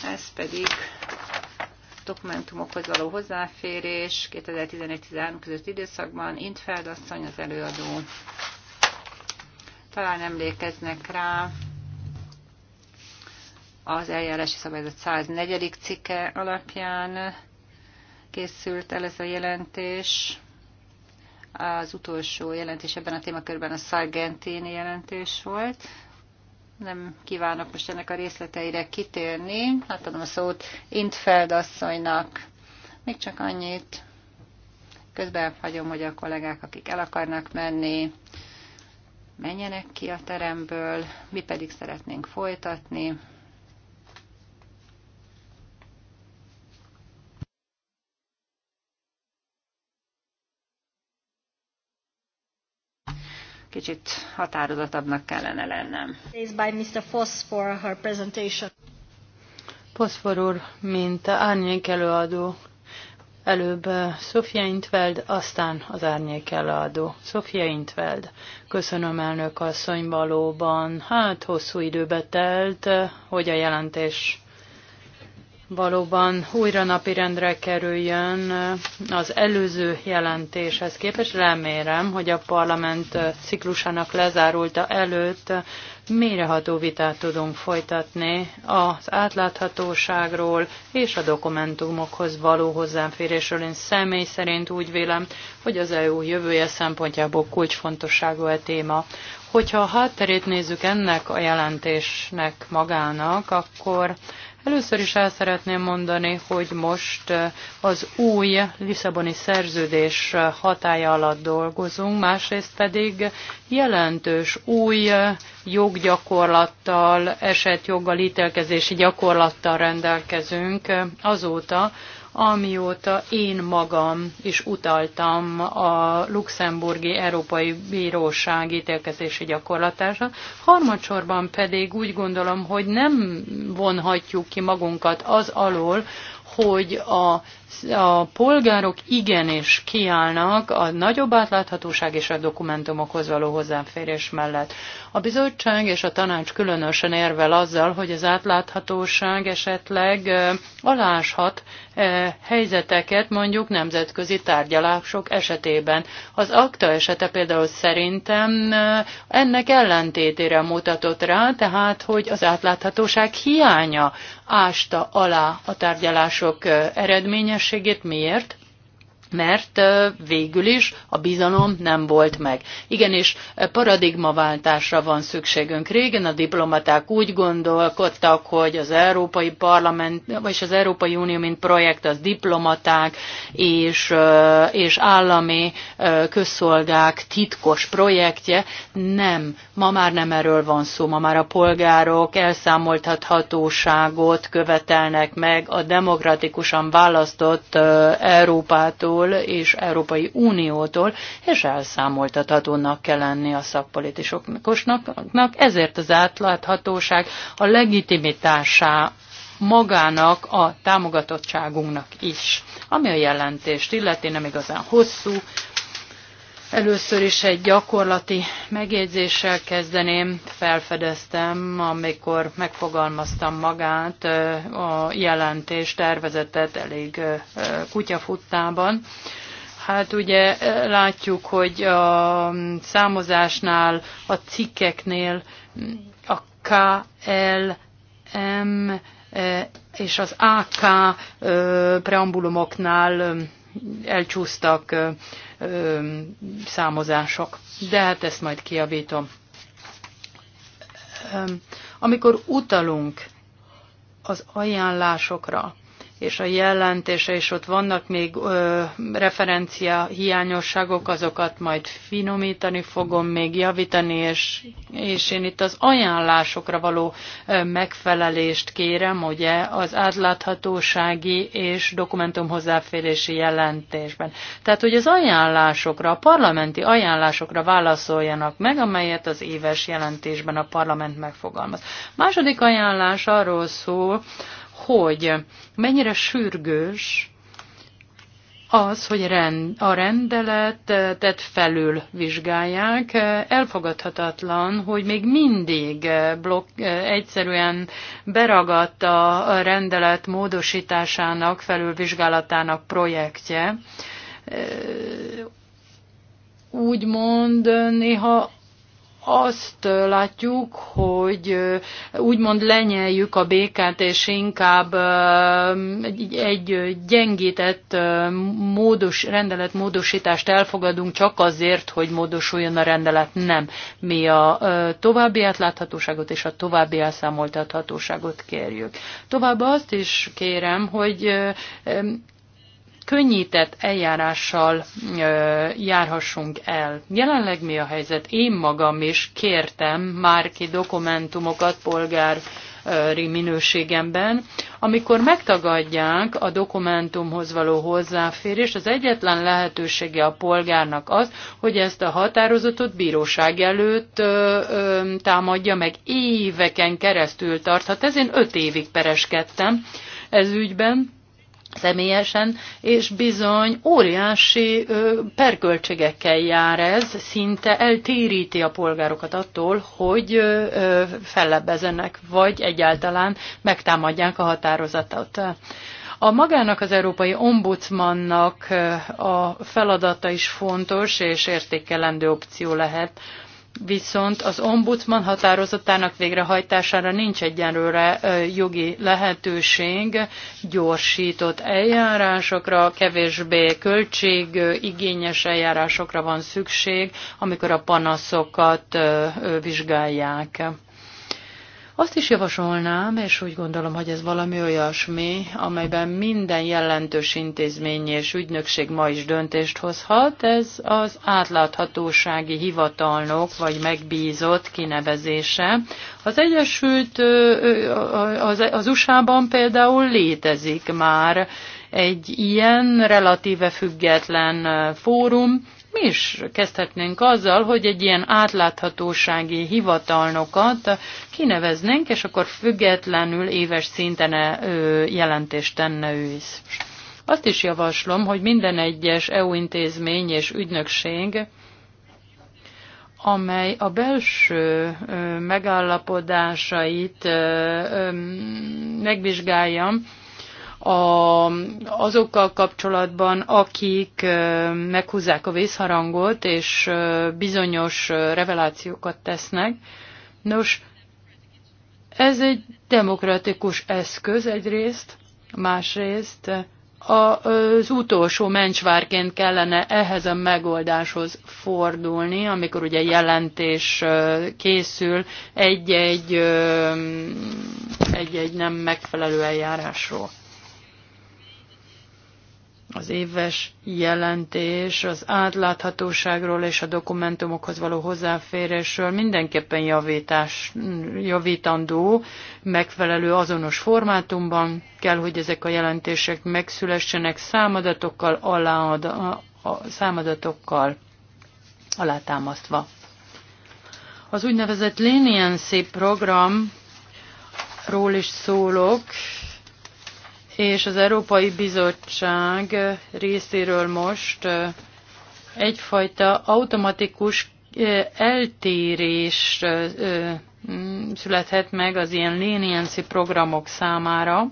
Ez pedig dokumentumokhoz való hozzáférés 2011-13 között időszakban. Intfeld asszony az előadó. Talán emlékeznek rá az eljárási szabályzat 104. cikke alapján készült el ez a jelentés az utolsó jelentés ebben a témakörben a Sargentini jelentés volt. Nem kívánok most ennek a részleteire kitérni. Átadom a szót Intfeld asszonynak. Még csak annyit. Közben hagyom, hogy a kollégák, akik el akarnak menni, menjenek ki a teremből, mi pedig szeretnénk folytatni. Kicsit határozatabbnak kellene lennem. By Mr. Foss her presentation. Foszfor úr, mint árnyék előadó, előbb eh, Sofia Intveld, aztán az árnyék előadó. Sofia Intveld. Köszönöm elnök asszony valóban. Hát hosszú időbe telt, eh, hogy a jelentés valóban újra napirendre kerüljön az előző jelentéshez képest. Remélem, hogy a parlament ciklusának lezárulta előtt méreható vitát tudunk folytatni az átláthatóságról és a dokumentumokhoz való hozzáférésről. Én személy szerint úgy vélem, hogy az EU jövője szempontjából kulcsfontosságú a e téma. Hogyha a hátterét nézzük ennek a jelentésnek magának, akkor Először is el szeretném mondani, hogy most eh, az új Lisszaboni szerződés eh, hatája alatt dolgozunk, másrészt pedig jelentős új eh, joggyakorlattal, esetjoggal, ítélkezési gyakorlattal rendelkezünk azóta, amióta én magam is utaltam a luxemburgi Európai Bíróság ítélkezési gyakorlatára. Harmadsorban pedig úgy gondolom, hogy nem vonhatjuk ki magunkat az alól, hogy a a polgárok igenis kiállnak a nagyobb átláthatóság és a dokumentumokhoz való hozzáférés mellett. A bizottság és a tanács különösen érvel azzal, hogy az átláthatóság esetleg aláshat helyzeteket mondjuk nemzetközi tárgyalások esetében. Az akta esete például szerintem ennek ellentétére mutatott rá, tehát hogy az átláthatóság hiánya ásta alá a tárgyalások eredménye tevékenységét. Miért? mert végül is a bizalom nem volt meg. Igenis, paradigmaváltásra van szükségünk. Régen a diplomaták úgy gondolkodtak, hogy az Európai Parlament, vagyis az Európai Unió, mint projekt, az diplomaták és, és állami közszolgák titkos projektje. Nem, ma már nem erről van szó, ma már a polgárok elszámoltathatóságot követelnek meg a demokratikusan választott Európától, Bizottságtól és Európai Uniótól, és elszámoltathatónak kell lenni a szakpolitikusoknak, ezért az átláthatóság a legitimitásá magának a támogatottságunknak is. Ami a jelentést illeti, nem igazán hosszú, Először is egy gyakorlati megjegyzéssel kezdeném. Felfedeztem, amikor megfogalmaztam magát a jelentés tervezetet elég kutyafuttában. Hát ugye látjuk, hogy a számozásnál, a cikkeknél a KLM és az AK preambulumoknál elcsúsztak számozások. De hát ezt majd kiavítom. Amikor utalunk az ajánlásokra, és a jelentése, és ott vannak még ö, referencia hiányosságok, azokat majd finomítani fogom, még javítani, és, és én itt az ajánlásokra való ö, megfelelést kérem, ugye az átláthatósági és dokumentum hozzáférési jelentésben. Tehát, hogy az ajánlásokra, a parlamenti ajánlásokra válaszoljanak meg, amelyet az éves jelentésben a parlament megfogalmaz. Második ajánlás arról szól, hogy mennyire sürgős az, hogy a rendeletet felül vizsgálják, elfogadhatatlan, hogy még mindig blokk, egyszerűen beragadt a rendelet módosításának, felülvizsgálatának projektje. Úgymond néha azt látjuk, hogy úgymond lenyeljük a békát, és inkább egy gyengített módos, rendeletmódosítást elfogadunk csak azért, hogy módosuljon a rendelet. Nem. Mi a további átláthatóságot és a további elszámoltathatóságot kérjük. Továbbá azt is kérem, hogy könnyített eljárással járhassunk el. Jelenleg mi a helyzet? Én magam is kértem már ki dokumentumokat polgár minőségemben, amikor megtagadják a dokumentumhoz való hozzáférést, az egyetlen lehetősége a polgárnak az, hogy ezt a határozatot bíróság előtt ö, ö, támadja meg. Éveken keresztül tarthat, Ezért én öt évig pereskedtem ez ügyben, személyesen, és bizony óriási perköltségekkel jár ez, szinte eltéríti a polgárokat attól, hogy fellebbezenek, vagy egyáltalán megtámadják a határozatot. A magának az Európai Ombudsmannak a feladata is fontos és értékelendő opció lehet viszont az ombudsman határozatának végrehajtására nincs egyenlőre jogi lehetőség, gyorsított eljárásokra, kevésbé költségigényes eljárásokra van szükség, amikor a panaszokat vizsgálják. Azt is javasolnám, és úgy gondolom, hogy ez valami olyasmi, amelyben minden jelentős intézmény és ügynökség ma is döntést hozhat, ez az átláthatósági hivatalnok vagy megbízott kinevezése. Az Egyesült, az USA-ban például létezik már egy ilyen relatíve független fórum, mi is kezdhetnénk azzal, hogy egy ilyen átláthatósági hivatalnokat kineveznénk, és akkor függetlenül éves szinten jelentést tenne ő is. Azt is javaslom, hogy minden egyes EU intézmény és ügynökség, amely a belső megállapodásait megvizsgálja, a, azokkal kapcsolatban, akik meghúzzák a vészharangot, és bizonyos revelációkat tesznek. Nos, ez egy demokratikus eszköz egyrészt, másrészt az utolsó mencsvárként kellene ehhez a megoldáshoz fordulni, amikor ugye jelentés készül egy-egy, egy-egy nem megfelelő eljárásról az éves jelentés az átláthatóságról és a dokumentumokhoz való hozzáférésről mindenképpen javítás, javítandó, megfelelő azonos formátumban kell, hogy ezek a jelentések megszülessenek számadatokkal, aláad, a, a, számadatokkal alátámasztva. Az úgynevezett leniency programról is szólok, és az Európai Bizottság részéről most egyfajta automatikus eltérés születhet meg az ilyen leniency programok számára.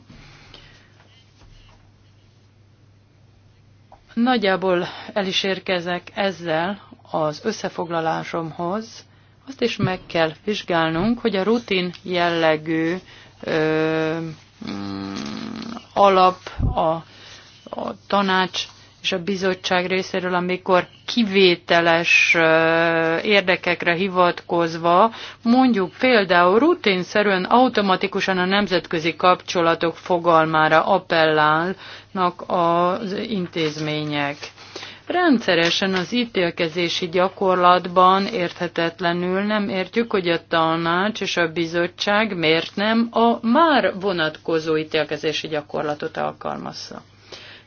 Nagyjából el is érkezek ezzel az összefoglalásomhoz. Azt is meg kell vizsgálnunk, hogy a rutin jellegű ö, alap, a, a tanács és a bizottság részéről, amikor kivételes érdekekre hivatkozva, mondjuk például rutinszerűen automatikusan a nemzetközi kapcsolatok fogalmára appellálnak az intézmények Rendszeresen az ítélkezési gyakorlatban érthetetlenül nem értjük, hogy a tanács és a bizottság miért nem a már vonatkozó ítélkezési gyakorlatot alkalmazza.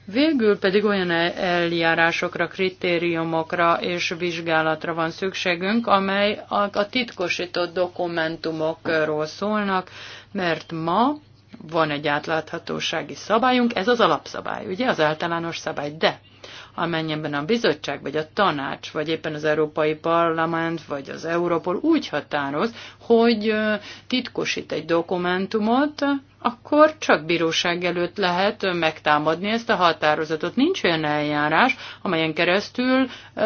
Végül pedig olyan eljárásokra, kritériumokra és vizsgálatra van szükségünk, amely a titkosított dokumentumokról szólnak, mert ma van egy átláthatósági szabályunk, ez az alapszabály, ugye, az általános szabály, de amennyiben a bizottság, vagy a tanács, vagy éppen az Európai Parlament, vagy az Európol úgy határoz, hogy titkosít egy dokumentumot, akkor csak bíróság előtt lehet megtámadni ezt a határozatot. Nincs olyan eljárás, amelyen keresztül ö,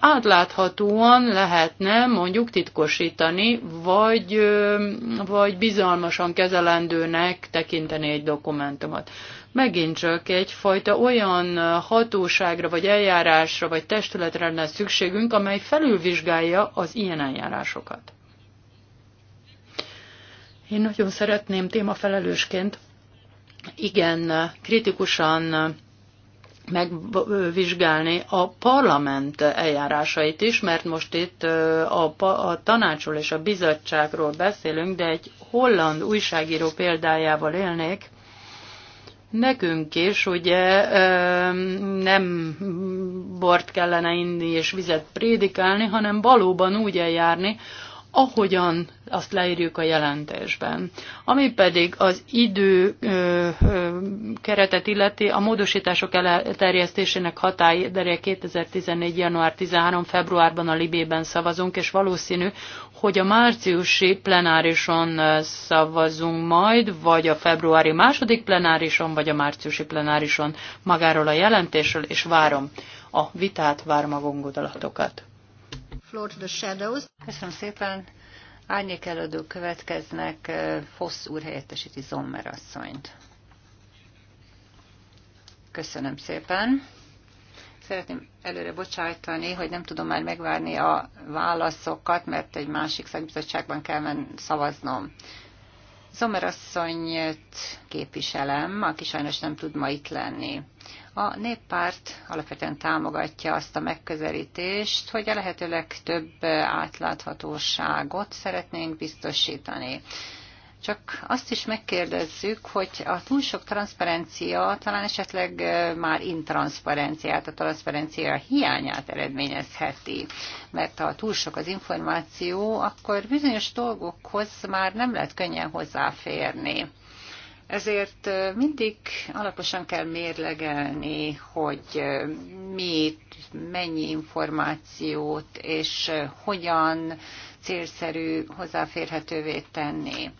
átláthatóan lehetne mondjuk titkosítani, vagy, ö, vagy bizalmasan kezelendőnek tekinteni egy dokumentumot megint csak egyfajta olyan hatóságra, vagy eljárásra, vagy testületre lenne szükségünk, amely felülvizsgálja az ilyen eljárásokat. Én nagyon szeretném témafelelősként igen kritikusan megvizsgálni a parlament eljárásait is, mert most itt a, a tanácsról és a bizottságról beszélünk, de egy holland újságíró példájával élnék, Nekünk is ugye nem bort kellene inni és vizet prédikálni, hanem valóban úgy eljárni, ahogyan azt leírjuk a jelentésben. Ami pedig az idő ö, ö, keretet illeti, a módosítások elterjesztésének határideje 2014. január 13. februárban a Libében szavazunk, és valószínű, hogy a márciusi plenárison szavazunk majd, vagy a februári második plenárison, vagy a márciusi plenárison magáról a jelentésről, és várom a vitát, várom a gondolatokat to the shadows. Köszönöm szépen. Árnyék előadók következnek. Eh, Fosz úr helyettesíti Zommer asszonyt. Köszönöm szépen. Szeretném előre bocsájtani, hogy nem tudom már megvárni a válaszokat, mert egy másik szakbizottságban kell men szavaznom. Zomer asszonyt képviselem, aki sajnos nem tud ma itt lenni. A néppárt alapvetően támogatja azt a megközelítést, hogy a lehető legtöbb átláthatóságot szeretnénk biztosítani. Csak azt is megkérdezzük, hogy a túl sok transzparencia talán esetleg már intranszparenciát, a transzparencia hiányát eredményezheti. Mert ha túl sok az információ, akkor bizonyos dolgokhoz már nem lehet könnyen hozzáférni. Ezért mindig alaposan kell mérlegelni, hogy mit, mennyi információt és hogyan célszerű hozzáférhetővé tenni.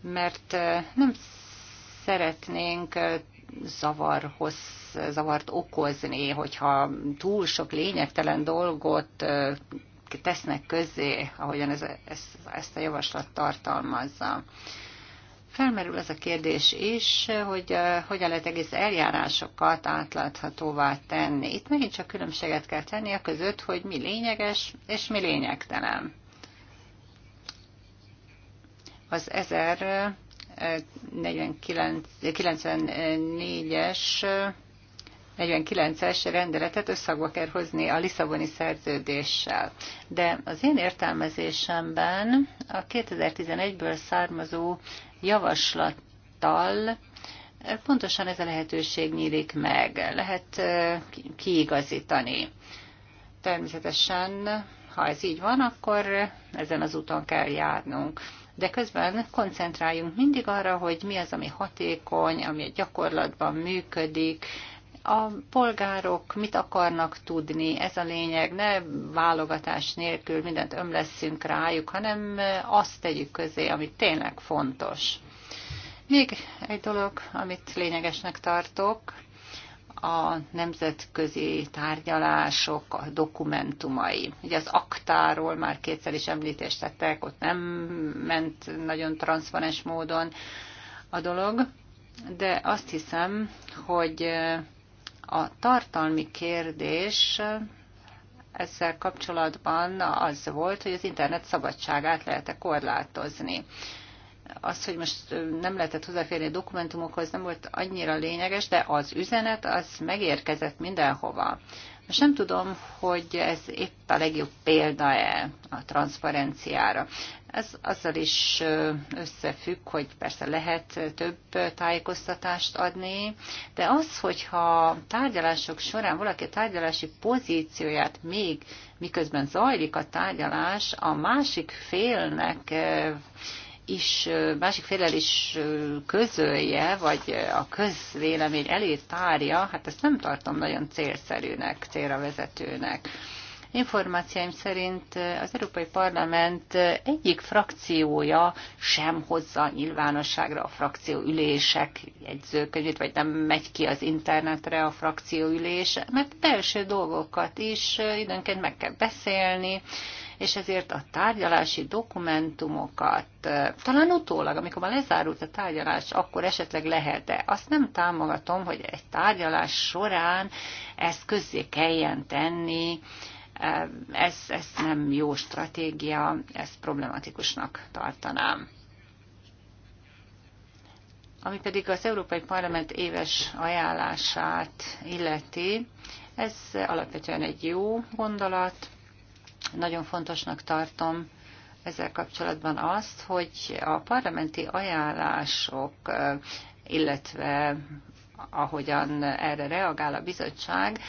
Mert nem szeretnénk zavarhoz, zavart okozni, hogyha túl sok lényegtelen dolgot tesznek közzé, ahogyan ez, ez, ezt a javaslat tartalmazza. Felmerül az a kérdés is, hogy eh, hogyan lehet egész eljárásokat átláthatóvá tenni. Itt megint csak különbséget kell tenni a között, hogy mi lényeges és mi lényegtelen. Az 1994 es 49-es rendeletet összhangba kell hozni a Lisszaboni szerződéssel. De az én értelmezésemben a 2011-ből származó javaslattal pontosan ez a lehetőség nyílik meg, lehet kiigazítani. Természetesen, ha ez így van, akkor ezen az úton kell járnunk. De közben koncentráljunk mindig arra, hogy mi az, ami hatékony, ami a gyakorlatban működik, a polgárok mit akarnak tudni, ez a lényeg, ne válogatás nélkül mindent ömleszünk rájuk, hanem azt tegyük közé, ami tényleg fontos. Még egy dolog, amit lényegesnek tartok, a nemzetközi tárgyalások a dokumentumai. Ugye az aktáról már kétszer is említést tettek, ott nem ment nagyon transzparens módon a dolog, de azt hiszem, hogy a tartalmi kérdés ezzel kapcsolatban az volt, hogy az internet szabadságát lehet-e korlátozni az, hogy most nem lehetett hozzáférni a dokumentumokhoz, nem volt annyira lényeges, de az üzenet az megérkezett mindenhova. Most nem tudom, hogy ez épp a legjobb példa-e a transzparenciára. Ez azzal is összefügg, hogy persze lehet több tájékoztatást adni, de az, hogyha tárgyalások során valaki a tárgyalási pozícióját még miközben zajlik a tárgyalás, a másik félnek is, másik félel is közölje, vagy a közvélemény elé tárja, hát ezt nem tartom nagyon célszerűnek, célra vezetőnek. Információim szerint az Európai Parlament egyik frakciója sem hozza nyilvánosságra a frakcióülések jegyzőkönyvét, vagy nem megy ki az internetre a frakcióülés, mert belső dolgokat is időnként meg kell beszélni, és ezért a tárgyalási dokumentumokat talán utólag, amikor már lezárult a tárgyalás, akkor esetleg lehet, de azt nem támogatom, hogy egy tárgyalás során ezt közzé kelljen tenni ez, ez nem jó stratégia, ezt problematikusnak tartanám. Ami pedig az Európai Parlament éves ajánlását illeti, ez alapvetően egy jó gondolat, nagyon fontosnak tartom ezzel kapcsolatban azt, hogy a parlamenti ajánlások, illetve ahogyan erre reagál a bizottság,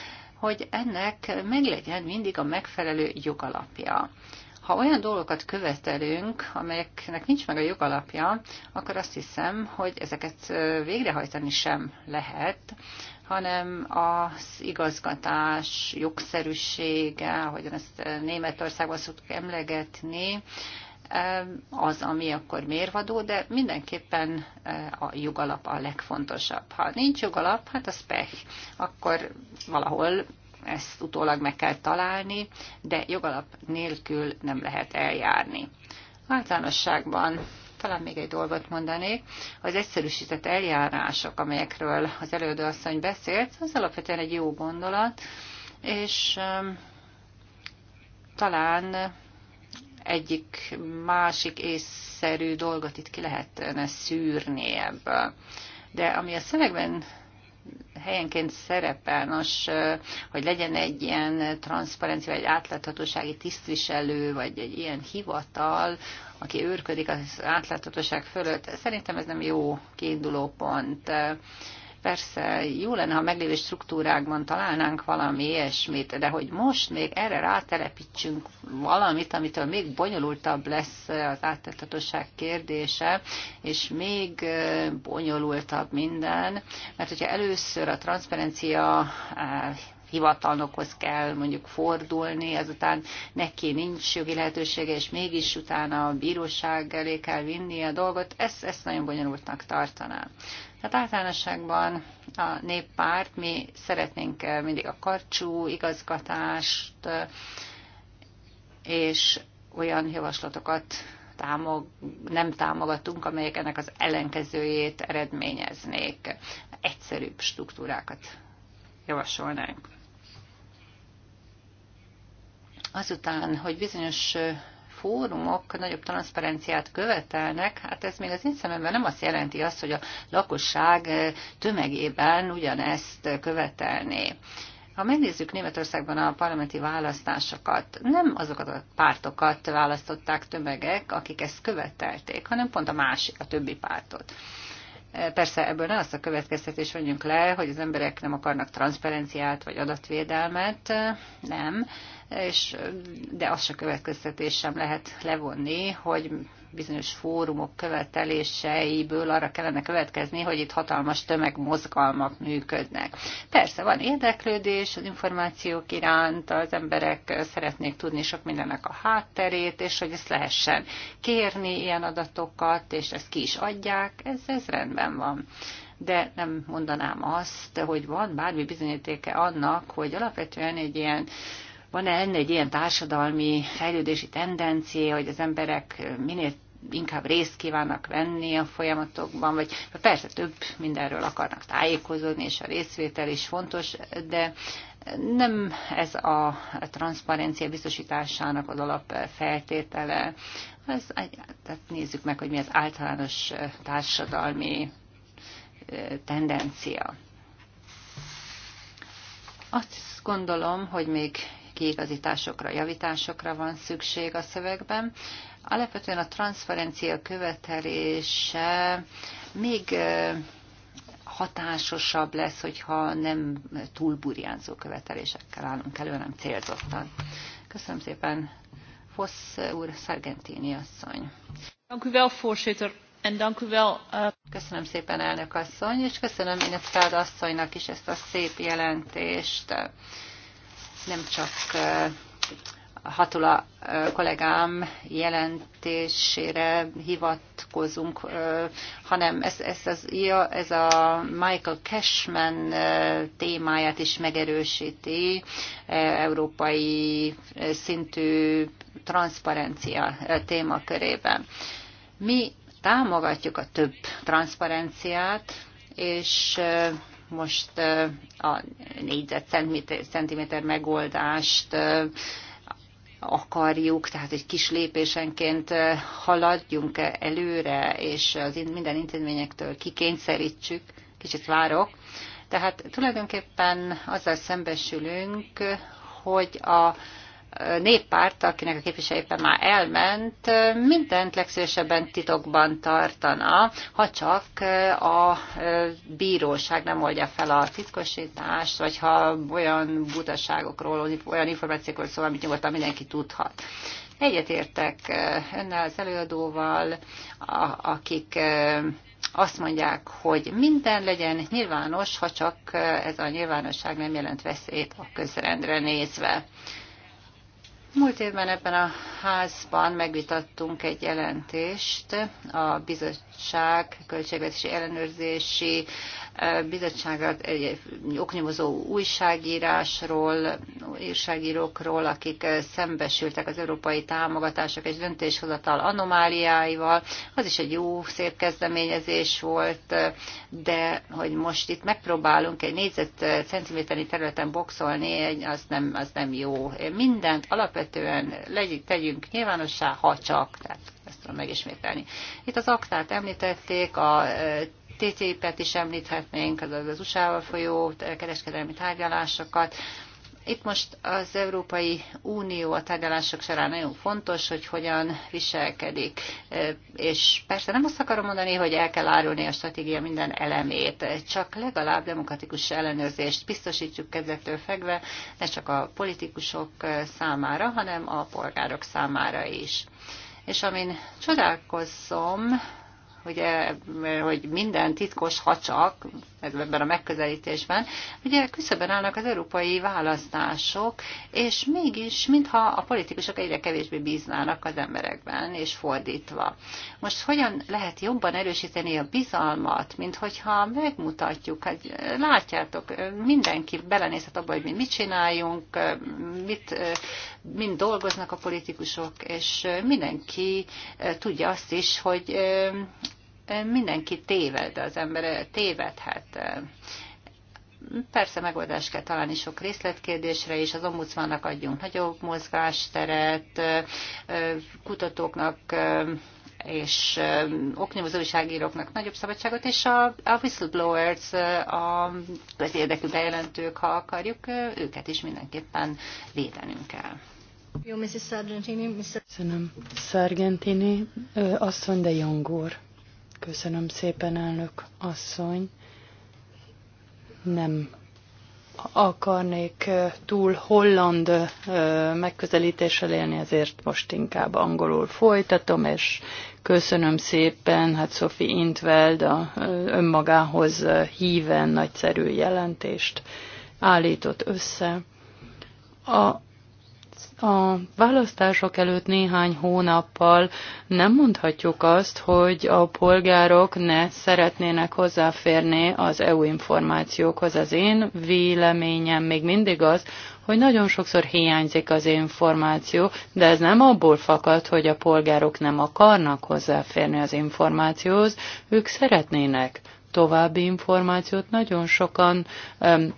hogy ennek meglegyen mindig a megfelelő jogalapja. Ha olyan dolgokat követelünk, amelyeknek nincs meg a jogalapja, akkor azt hiszem, hogy ezeket végrehajtani sem lehet, hanem az igazgatás jogszerűsége, ahogyan ezt Németországban szoktuk emlegetni, az, ami akkor mérvadó, de mindenképpen a jogalap a legfontosabb. Ha nincs jogalap, hát az pech, akkor valahol ezt utólag meg kell találni, de jogalap nélkül nem lehet eljárni. Általánosságban talán még egy dolgot mondanék. Az egyszerűsített eljárások, amelyekről az előadóasszony beszélt, az alapvetően egy jó gondolat, és talán egyik másik észszerű dolgot itt ki lehetne szűrni ebből. De ami a szövegben helyenként szerepel, nos, hogy legyen egy ilyen transzparencia, egy átláthatósági tisztviselő, vagy egy ilyen hivatal, aki őrködik az átláthatóság fölött, szerintem ez nem jó kiinduló pont Persze jó lenne, ha meglévő struktúrákban találnánk valami ilyesmit, de hogy most még erre rátelepítsünk valamit, amitől még bonyolultabb lesz az áttettatosság kérdése, és még bonyolultabb minden, mert hogyha először a transzparencia hivatalnokhoz kell mondjuk fordulni, azután neki nincs jogi lehetősége, és mégis utána a bíróság elé kell vinni a dolgot, ezt, ezt nagyon bonyolultnak tartanám. Hát általánosságban a néppárt, mi szeretnénk eh, mindig a karcsú igazgatást eh, és olyan javaslatokat támog, nem támogatunk, amelyek ennek az ellenkezőjét eredményeznék. Egyszerűbb struktúrákat javasolnánk. Azután, hogy bizonyos eh, fórumok nagyobb transzparenciát követelnek, hát ez még az én szememben nem azt jelenti azt, hogy a lakosság eh, tömegében ugyanezt követelné. Ha megnézzük Németországban a parlamenti választásokat, nem azokat a pártokat választották tömegek, akik ezt követelték, hanem pont a másik, a többi pártot. Persze ebből ne azt a következtetés vonjunk le, hogy az emberek nem akarnak transzparenciát vagy adatvédelmet, nem, és, de azt a következtetés sem lehet levonni, hogy bizonyos fórumok követeléseiből arra kellene következni, hogy itt hatalmas tömegmozgalmak működnek. Persze van érdeklődés az információk iránt, az emberek szeretnék tudni sok mindennek a hátterét, és hogy ezt lehessen kérni ilyen adatokat, és ezt ki is adják, ez, ez rendben van de nem mondanám azt, hogy van bármi bizonyítéke annak, hogy alapvetően egy ilyen van-e egy ilyen társadalmi fejlődési tendencia, hogy az emberek minél inkább részt kívánnak venni a folyamatokban, vagy persze több mindenről akarnak tájékozódni, és a részvétel is fontos, de nem ez a transzparencia biztosításának az alapfeltétele. Ez, tehát nézzük meg, hogy mi az általános társadalmi tendencia. Azt gondolom, hogy még kiigazításokra, javításokra van szükség a szövegben. Alapvetően a transzferencia követelése még hatásosabb lesz, hogyha nem túl burjánzó követelésekkel állunk elő, hanem célzottan. Köszönöm szépen, Fosz úr, Sargentini asszony. Eh, köszönöm szépen, elnök asszony, és köszönöm Inetfeld asszonynak is ezt a szép jelentést. Nem csak uh, Hatula kollégám jelentésére hivatkozunk, hanem ez, ez, az, ez a Michael Cashman témáját is megerősíti, európai szintű transzparencia témakörében. Mi támogatjuk a több transzparenciát, és most a négyzet centiméter megoldást akarjuk, tehát egy kis lépésenként haladjunk előre, és az minden intézményektől kikényszerítsük, kicsit várok. Tehát tulajdonképpen azzal szembesülünk, hogy a néppárt, akinek a képviselője már elment, mindent legszívesebben titokban tartana, ha csak a bíróság nem oldja fel a titkosítást, vagy ha olyan butaságokról, olyan információkról szól, amit nyugodtan mindenki tudhat. Egyetértek eh, önnel, az előadóval, akik eh, azt mondják, hogy minden legyen nyilvános, ha csak eh, ez a nyilvánosság nem jelent veszélyt a közrendre nézve. Múlt évben ebben a házban megvitattunk egy jelentést a bizottság költségvetési ellenőrzési bizottságát, egy oknyomozó újságírásról, újságírókról, akik szembesültek az európai támogatások és döntéshozatal anomáliáival. Az is egy jó, szép kezdeményezés volt, de hogy most itt megpróbálunk egy centiméteri területen boxolni, az nem, az nem jó. Mindent alapvetően legyünk, tegyünk nyilvánossá, ha csak. Tehát ezt tudom megismételni. Itt az aktát említették, a TTIP-et is említhetnénk, az, az USA-val folyó kereskedelmi tárgyalásokat. Itt most az Európai Unió a tárgyalások során nagyon fontos, hogy hogyan viselkedik. És persze nem azt akarom mondani, hogy el kell árulni a stratégia minden elemét, csak legalább demokratikus ellenőrzést biztosítjuk kezdettől fegve, ne csak a politikusok számára, hanem a polgárok számára is. És amin csodálkozom, hogy, e, hogy minden titkos, ha csak ebben a megközelítésben. Ugye küszöben állnak az európai választások, és mégis, mintha a politikusok egyre kevésbé bíznának az emberekben, és fordítva. Most hogyan lehet jobban erősíteni a bizalmat, mint hogyha megmutatjuk, hát látjátok, mindenki belenézhet abba, hogy mi mit csináljunk, mit, mind dolgoznak a politikusok, és mindenki tudja azt is, hogy mindenki téved, az ember tévedhet. Persze megoldást kell találni sok részletkérdésre, és az ombudsmannak adjunk nagyobb mozgásteret, kutatóknak és oknyomozó újságíróknak nagyobb szabadságot, és a, a whistleblowers, a közérdekű bejelentők, ha akarjuk, őket is mindenképpen védenünk kell. Jó, Mrs. Sargentini, Mr. Sargentini, asszony de Jongór. Köszönöm szépen, elnök asszony. Nem akarnék túl holland megközelítéssel élni, ezért most inkább angolul folytatom, és köszönöm szépen, hát Sophie Intveld a önmagához híven nagyszerű jelentést állított össze. A a választások előtt néhány hónappal nem mondhatjuk azt, hogy a polgárok ne szeretnének hozzáférni az EU információkhoz. Az én véleményem még mindig az, hogy nagyon sokszor hiányzik az információ, de ez nem abból fakad, hogy a polgárok nem akarnak hozzáférni az információhoz, ők szeretnének további információt. Nagyon sokan um,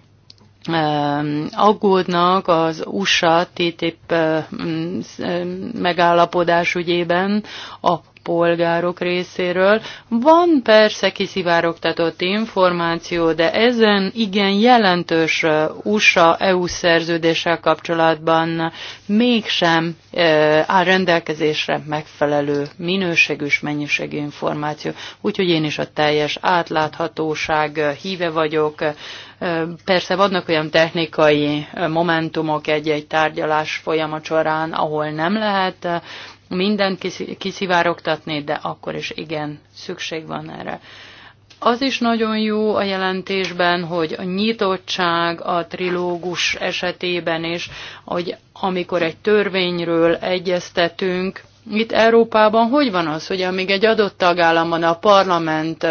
aggódnak az USA TTIP megállapodás ügyében a polgárok részéről. Van persze kiszivárogtatott információ, de ezen igen jelentős USA-EU e szerződéssel kapcsolatban mégsem áll rendelkezésre megfelelő minőségűs mennyiségű információ. Úgyhogy én is a teljes átláthatóság híve vagyok, Persze vannak olyan technikai momentumok egy-egy tárgyalás folyamat során, ahol nem lehet mindent kiszivárogtatni, de akkor is igen, szükség van erre. Az is nagyon jó a jelentésben, hogy a nyitottság a trilógus esetében is, hogy amikor egy törvényről egyeztetünk, itt Európában hogy van az, hogy amíg egy adott tagállamban a parlament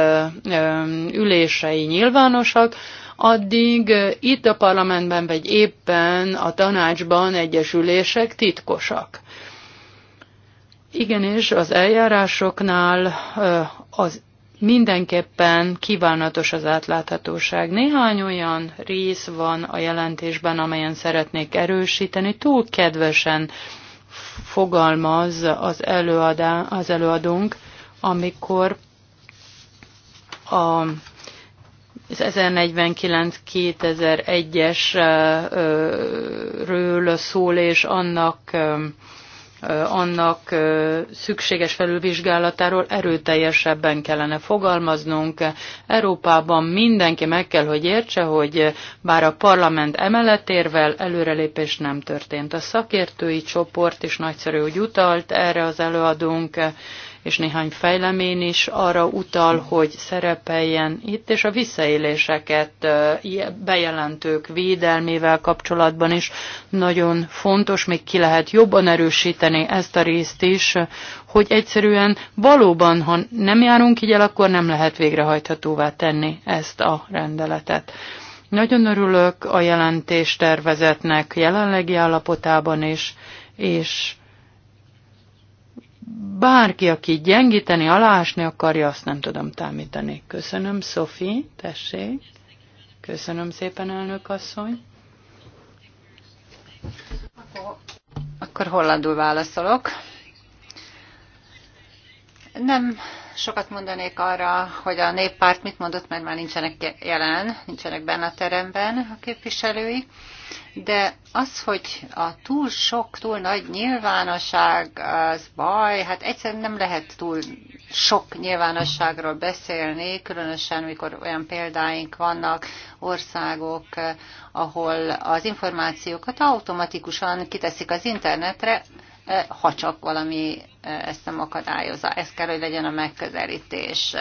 ülései nyilvánosak, addig itt a parlamentben vagy éppen a tanácsban egyesülések titkosak. Igenis, az eljárásoknál az mindenképpen kívánatos az átláthatóság. Néhány olyan rész van a jelentésben, amelyen szeretnék erősíteni. Túl kedvesen fogalmaz az, előadá, az előadónk, amikor a az 1049-2001-esről szól, és annak annak szükséges felülvizsgálatáról erőteljesebben kellene fogalmaznunk. Európában mindenki meg kell, hogy értse, hogy bár a parlament emeletérvel érvel, előrelépés nem történt. A szakértői csoport is nagyszerű, hogy utalt erre az előadónk, és néhány fejlemény is arra utal, hogy szerepeljen itt, és a visszaéléseket bejelentők védelmével kapcsolatban is nagyon fontos, még ki lehet jobban erősíteni ezt a részt is, hogy egyszerűen valóban, ha nem járunk így el, akkor nem lehet végrehajthatóvá tenni ezt a rendeletet. Nagyon örülök a jelentéstervezetnek jelenlegi állapotában is, és bárki, aki gyengíteni, alásni akarja, azt nem tudom támítani. Köszönöm, Szofi, tessék. Köszönöm szépen, elnök asszony. Akkor hollandul válaszolok. Nem sokat mondanék arra, hogy a néppárt mit mondott, mert már nincsenek jelen, nincsenek benne a teremben a képviselői de az, hogy a túl sok, túl nagy nyilvánosság, az baj, hát egyszerűen nem lehet túl sok nyilvánosságról beszélni, különösen, mikor olyan példáink vannak, országok, ahol az információkat automatikusan kiteszik az internetre, eh, ha csak valami eh, ezt nem akadályozza. Ez kell, hogy legyen a megközelítés.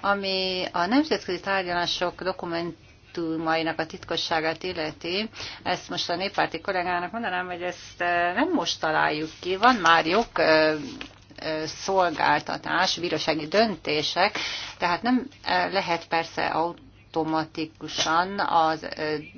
Ami a nemzetközi tárgyalások dokument dokumentumainak a titkosságát illeti, ezt most a néppárti kollégának mondanám, hogy ezt eh, nem most találjuk ki, van már jog eh, eh, szolgáltatás, bírósági döntések, tehát nem lehet persze automatikusan az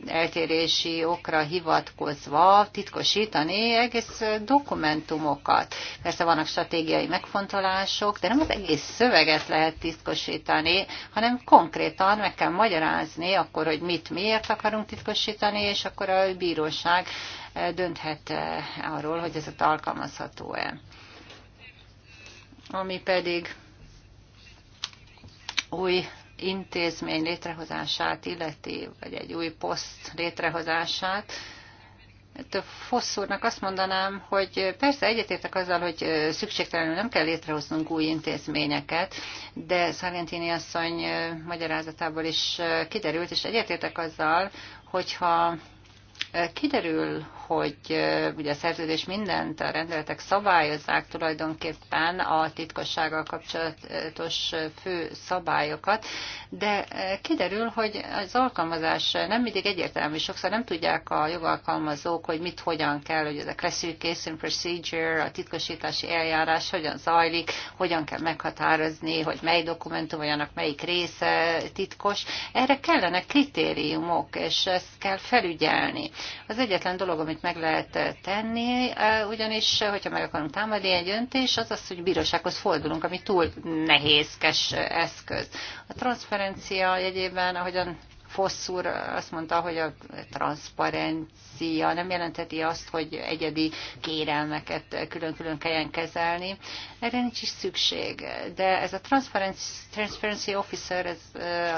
eltérési okra hivatkozva titkosítani egész dokumentumokat. Persze vannak stratégiai megfontolások, de nem az egész szöveget lehet titkosítani, hanem konkrétan meg kell magyarázni akkor, hogy mit miért akarunk titkosítani, és akkor a bíróság dönthet arról, hogy ez alkalmazható-e. Ami pedig új intézmény létrehozását illeti, vagy egy új poszt létrehozását, Fosszúrnak azt mondanám, hogy persze egyetértek azzal, hogy szükségtelenül nem kell létrehoznunk új intézményeket, de Szargentini asszony magyarázatából is kiderült, és egyetértek azzal, hogyha kiderül, hogy ugye a szerződés mindent, a rendeletek szabályozzák tulajdonképpen a titkossággal kapcsolatos fő szabályokat, de kiderül, hogy az alkalmazás nem mindig egyértelmű, sokszor nem tudják a jogalkalmazók, hogy mit hogyan kell, hogy ez a classification procedure, a titkosítási eljárás hogyan zajlik, hogyan kell meghatározni, hogy mely dokumentum vagy annak melyik része titkos. Erre kellene kritériumok, és ezt kell felügyelni. Az egyetlen dolog, amit meg lehet eh, tenni, eh, ugyanis, eh, hogyha meg akarunk támadni egy döntés, az az, hogy bírósághoz fordulunk, ami túl nehézkes eszköz. A transzferencia jegyében, ahogyan Fosszúr azt mondta, hogy a transzparencia nem jelenteti azt, hogy egyedi kérelmeket külön-külön kelljen kezelni. Erre nincs is szükség. De ez a Transparency Officer, ez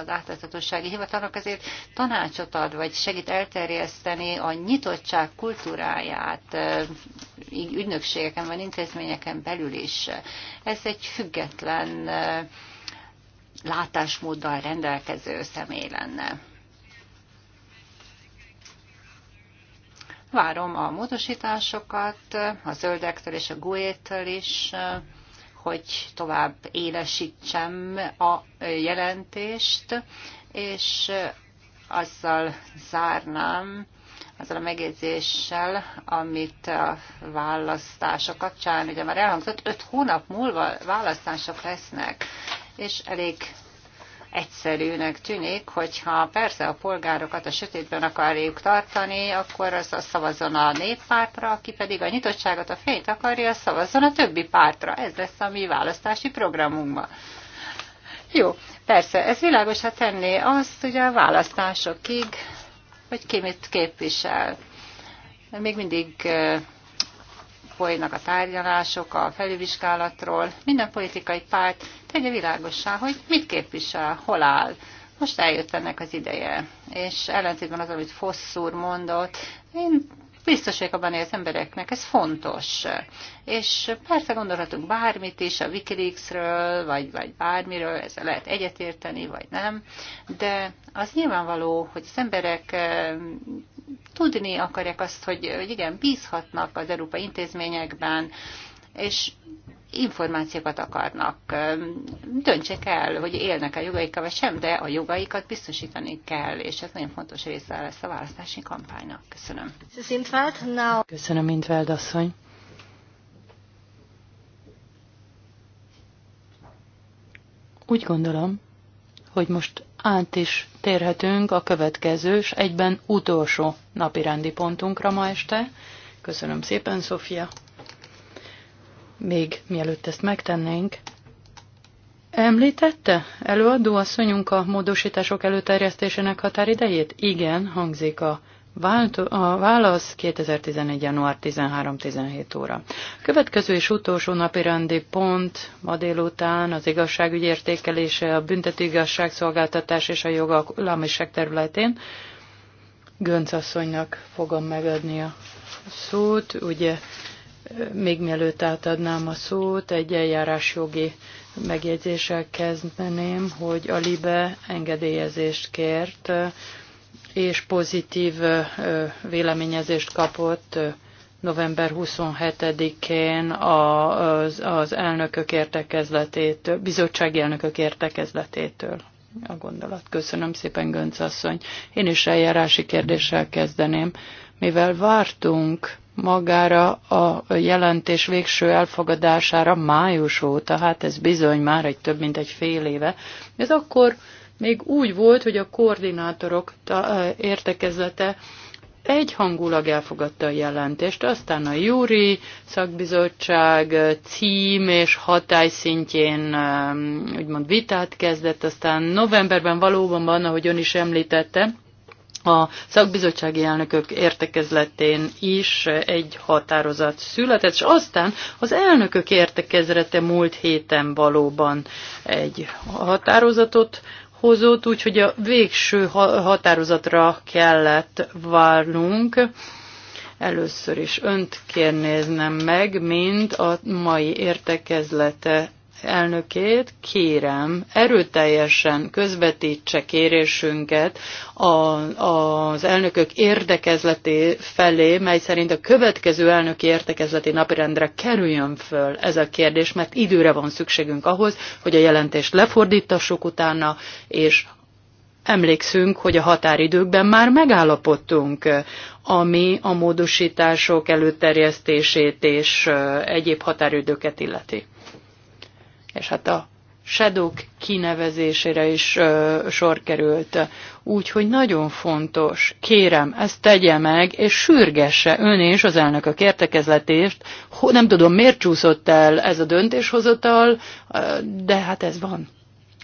az átláthatósági hivatalnak azért tanácsot ad, vagy segít elterjeszteni a nyitottság kultúráját ügynökségeken, vagy intézményeken belül is. Ez egy független látásmóddal rendelkező személy lenne. Várom a módosításokat, a zöldektől és a guétől is, hogy tovább élesítsem a jelentést, és azzal zárnám, azzal a megjegyzéssel, amit a választások kapcsán, ugye már elhangzott, öt hónap múlva választások lesznek és elég egyszerűnek tűnik, hogyha persze a polgárokat a sötétben akarjuk tartani, akkor az, a szavazon a néppártra, aki pedig a nyitottságot, a fényt akarja, az szavazon a többi pártra. Ez lesz a mi választási programunkban. Jó, persze, ez világos, ha tenné azt ugye a választásokig, hogy ki mit képvisel. Még mindig folynak a tárgyalások a felülvizsgálatról. Minden politikai párt tegye világossá, hogy mit képvisel, hol áll. Most eljött ennek az ideje. És ellentétben az, amit Fosszúr mondott, én biztos vagyok abban, hogy az embereknek ez fontos. És persze gondolhatunk bármit is, a Wikileaksről, vagy, vagy bármiről, ezzel lehet egyetérteni, vagy nem, de az nyilvánvaló, hogy az emberek tudni akarják azt, hogy, hogy igen, bízhatnak az európai intézményekben, és információkat akarnak. Döntsék el, hogy élnek a jogaikkal, vagy sem, de a jogaikat biztosítani kell, és ez nagyon fontos része lesz a választási kampánynak. Köszönöm. Köszönöm, Intveld asszony. Úgy gondolom, hogy most át is térhetünk a következő, és egyben utolsó rendi pontunkra ma este. Köszönöm szépen, Szofia. Még mielőtt ezt megtennénk, Említette előadó asszonyunk a módosítások előterjesztésének határidejét? Igen, hangzik a a válasz 2011. január 13-17 óra. Következő és utolsó napi rendi pont ma délután az igazságügy értékelése, a büntető igazságszolgáltatás és a jogalamiság területén. Gönc asszonynak fogom megadni a szót. Ugye még mielőtt átadnám a szót, egy eljárás jogi megjegyzéssel kezdeném, hogy a LIBE engedélyezést kért és pozitív véleményezést kapott november 27-én az, az elnökök értekezletétől, bizottsági elnökök értekezletétől a gondolat. Köszönöm szépen, Gönc asszony. Én is eljárási kérdéssel kezdeném, mivel vártunk magára a jelentés végső elfogadására május óta, hát ez bizony már egy több mint egy fél éve, ez akkor még úgy volt, hogy a koordinátorok értekezlete egyhangulag elfogadta a jelentést, aztán a júri szakbizottság cím és hatály szintjén úgymond vitát kezdett, aztán novemberben valóban van, ahogy ön is említette, a szakbizottsági elnökök értekezletén is egy határozat született, és aztán az elnökök értekezlete múlt héten valóban egy határozatot hozott, úgyhogy a végső határozatra kellett várnunk. Először is önt kérnéznem meg, mint a mai értekezlete elnökét, kérem, erőteljesen közvetítse kérésünket a, az elnökök érdekezleti felé, mely szerint a következő elnöki értekezleti napirendre kerüljön föl ez a kérdés, mert időre van szükségünk ahhoz, hogy a jelentést lefordítassuk utána, és Emlékszünk, hogy a határidőkben már megállapodtunk, ami a módosítások előterjesztését és egyéb határidőket illeti és hát a sedok kinevezésére is ö, sor került. Úgyhogy nagyon fontos, kérem, ezt tegye meg, és sürgesse ön és az elnökök értekezletést. Nem tudom, miért csúszott el ez a döntéshozatal, de hát ez van.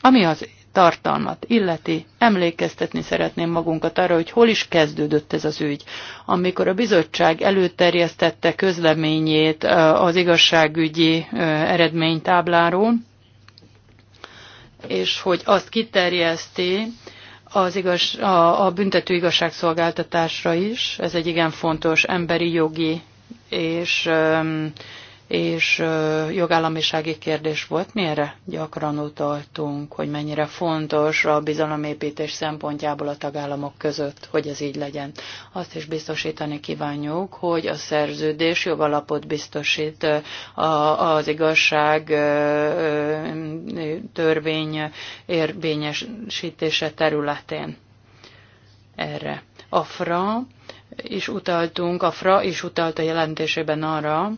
Ami az tartalmat illeti, emlékeztetni szeretném magunkat arra, hogy hol is kezdődött ez az ügy. Amikor a bizottság előterjesztette közleményét az igazságügyi eredménytábláról, és hogy azt kiterjeszti az igaz, a, a büntető igazságszolgáltatásra is, ez egy igen fontos emberi jogi és és jogállamisági kérdés volt, mi erre gyakran utaltunk, hogy mennyire fontos a bizalomépítés szempontjából a tagállamok között, hogy ez így legyen. Azt is biztosítani kívánjuk, hogy a szerződés jogalapot biztosít az igazság törvény érvényesítése területén erre. A FRA is utaltunk, a FRA is utalt a jelentésében arra,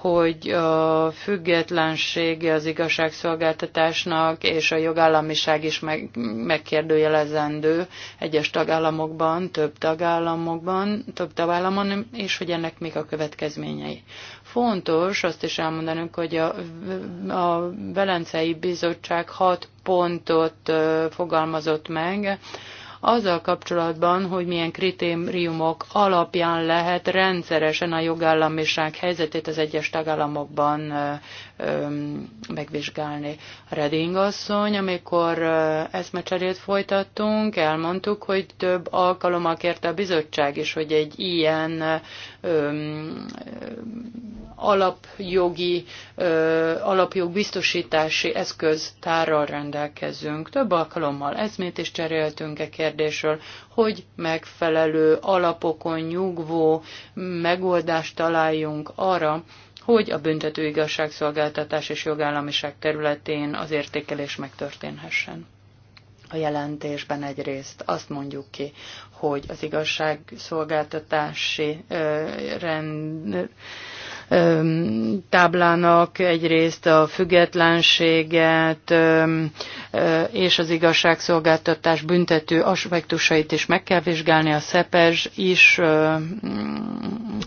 hogy a függetlenség az igazságszolgáltatásnak és a jogállamiság is meg, megkérdőjelezendő egyes tagállamokban, több tagállamokban, több tagállamon, és hogy ennek még a következményei. Fontos azt is elmondanunk, hogy a, a Velencei Bizottság hat pontot fogalmazott meg, azzal kapcsolatban, hogy milyen kritériumok alapján lehet rendszeresen a jogállamiság helyzetét az egyes tagállamokban megvizsgálni. Reding asszony, amikor eszmecserét folytattunk, elmondtuk, hogy több alkalommal kérte a bizottság is, hogy egy ilyen alapjogi, alapjog biztosítási eszköztárral rendelkezünk. Több alkalommal ezmét is cseréltünk e kérdésről, hogy megfelelő alapokon nyugvó megoldást találjunk arra, hogy a büntető igazságszolgáltatás és jogállamiság területén az értékelés megtörténhessen. A jelentésben egyrészt azt mondjuk ki, hogy az igazságszolgáltatási rend, táblának egyrészt a függetlenséget, és az igazságszolgáltatás büntető aspektusait is meg kell vizsgálni. A Szepes is mm,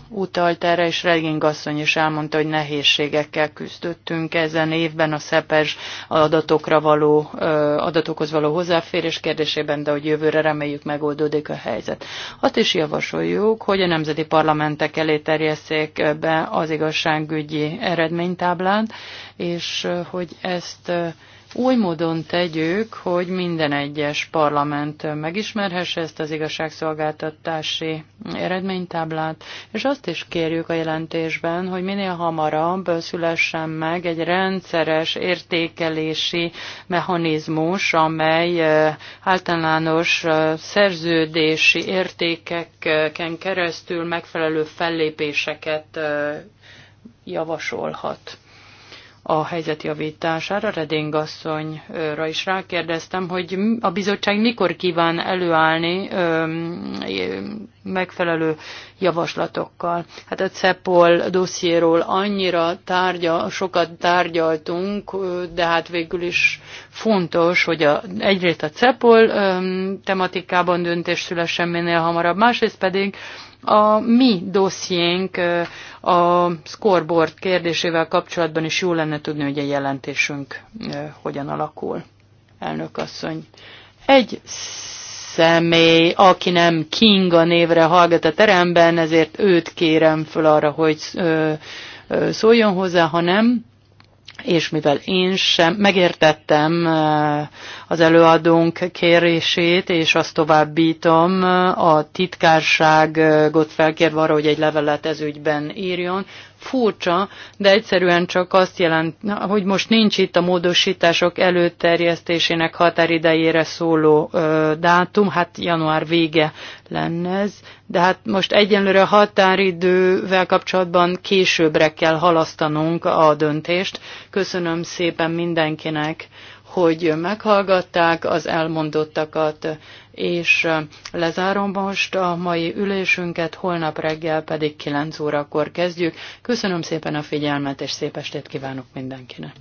utalt erre, és Reging asszony is elmondta, hogy nehézségekkel küzdöttünk ezen évben a Szepes adatokra való, adatokhoz való hozzáférés kérdésében, de hogy jövőre reméljük megoldódik a helyzet. Azt is javasoljuk, hogy a nemzeti parlamentek elé terjesszék be az igazságügyi eredménytáblát, és hogy ezt új módon tegyük, hogy minden egyes parlament megismerhesse ezt az igazságszolgáltatási eredménytáblát, és azt is kérjük a jelentésben, hogy minél hamarabb szülessen meg egy rendszeres értékelési mechanizmus, amely eh, általános eh, szerződési értékeken keresztül megfelelő fellépéseket eh, javasolhat a helyzet javítására. Redény asszonyra is rákérdeztem, hogy a bizottság mikor kíván előállni megfelelő javaslatokkal. Hát a CEPOL dossziéról annyira tárgya, sokat tárgyaltunk, de hát végül is fontos, hogy a, egyrészt a CEPOL tematikában döntés szülessen minél hamarabb, másrészt pedig a mi dossziénk a scoreboard kérdésével kapcsolatban is jó lenne tudni, hogy a jelentésünk hogyan alakul. Elnök asszony. Egy személy, aki nem Kinga névre hallgat a teremben, ezért őt kérem föl arra, hogy szóljon hozzá, ha nem, és mivel én sem megértettem az előadónk kérését, és azt továbbítom a titkárságot felkérve arra, hogy egy levelet ez ügyben írjon, furcsa, de egyszerűen csak azt jelent, hogy most nincs itt a módosítások előterjesztésének határidejére szóló ö, dátum, hát január vége lenne ez, de hát most egyenlőre a határidővel kapcsolatban későbbre kell halasztanunk a döntést. Köszönöm szépen mindenkinek, hogy meghallgatták az elmondottakat és lezárom most a mai ülésünket, holnap reggel pedig 9 órakor kezdjük. Köszönöm szépen a figyelmet, és szép estét kívánok mindenkinek!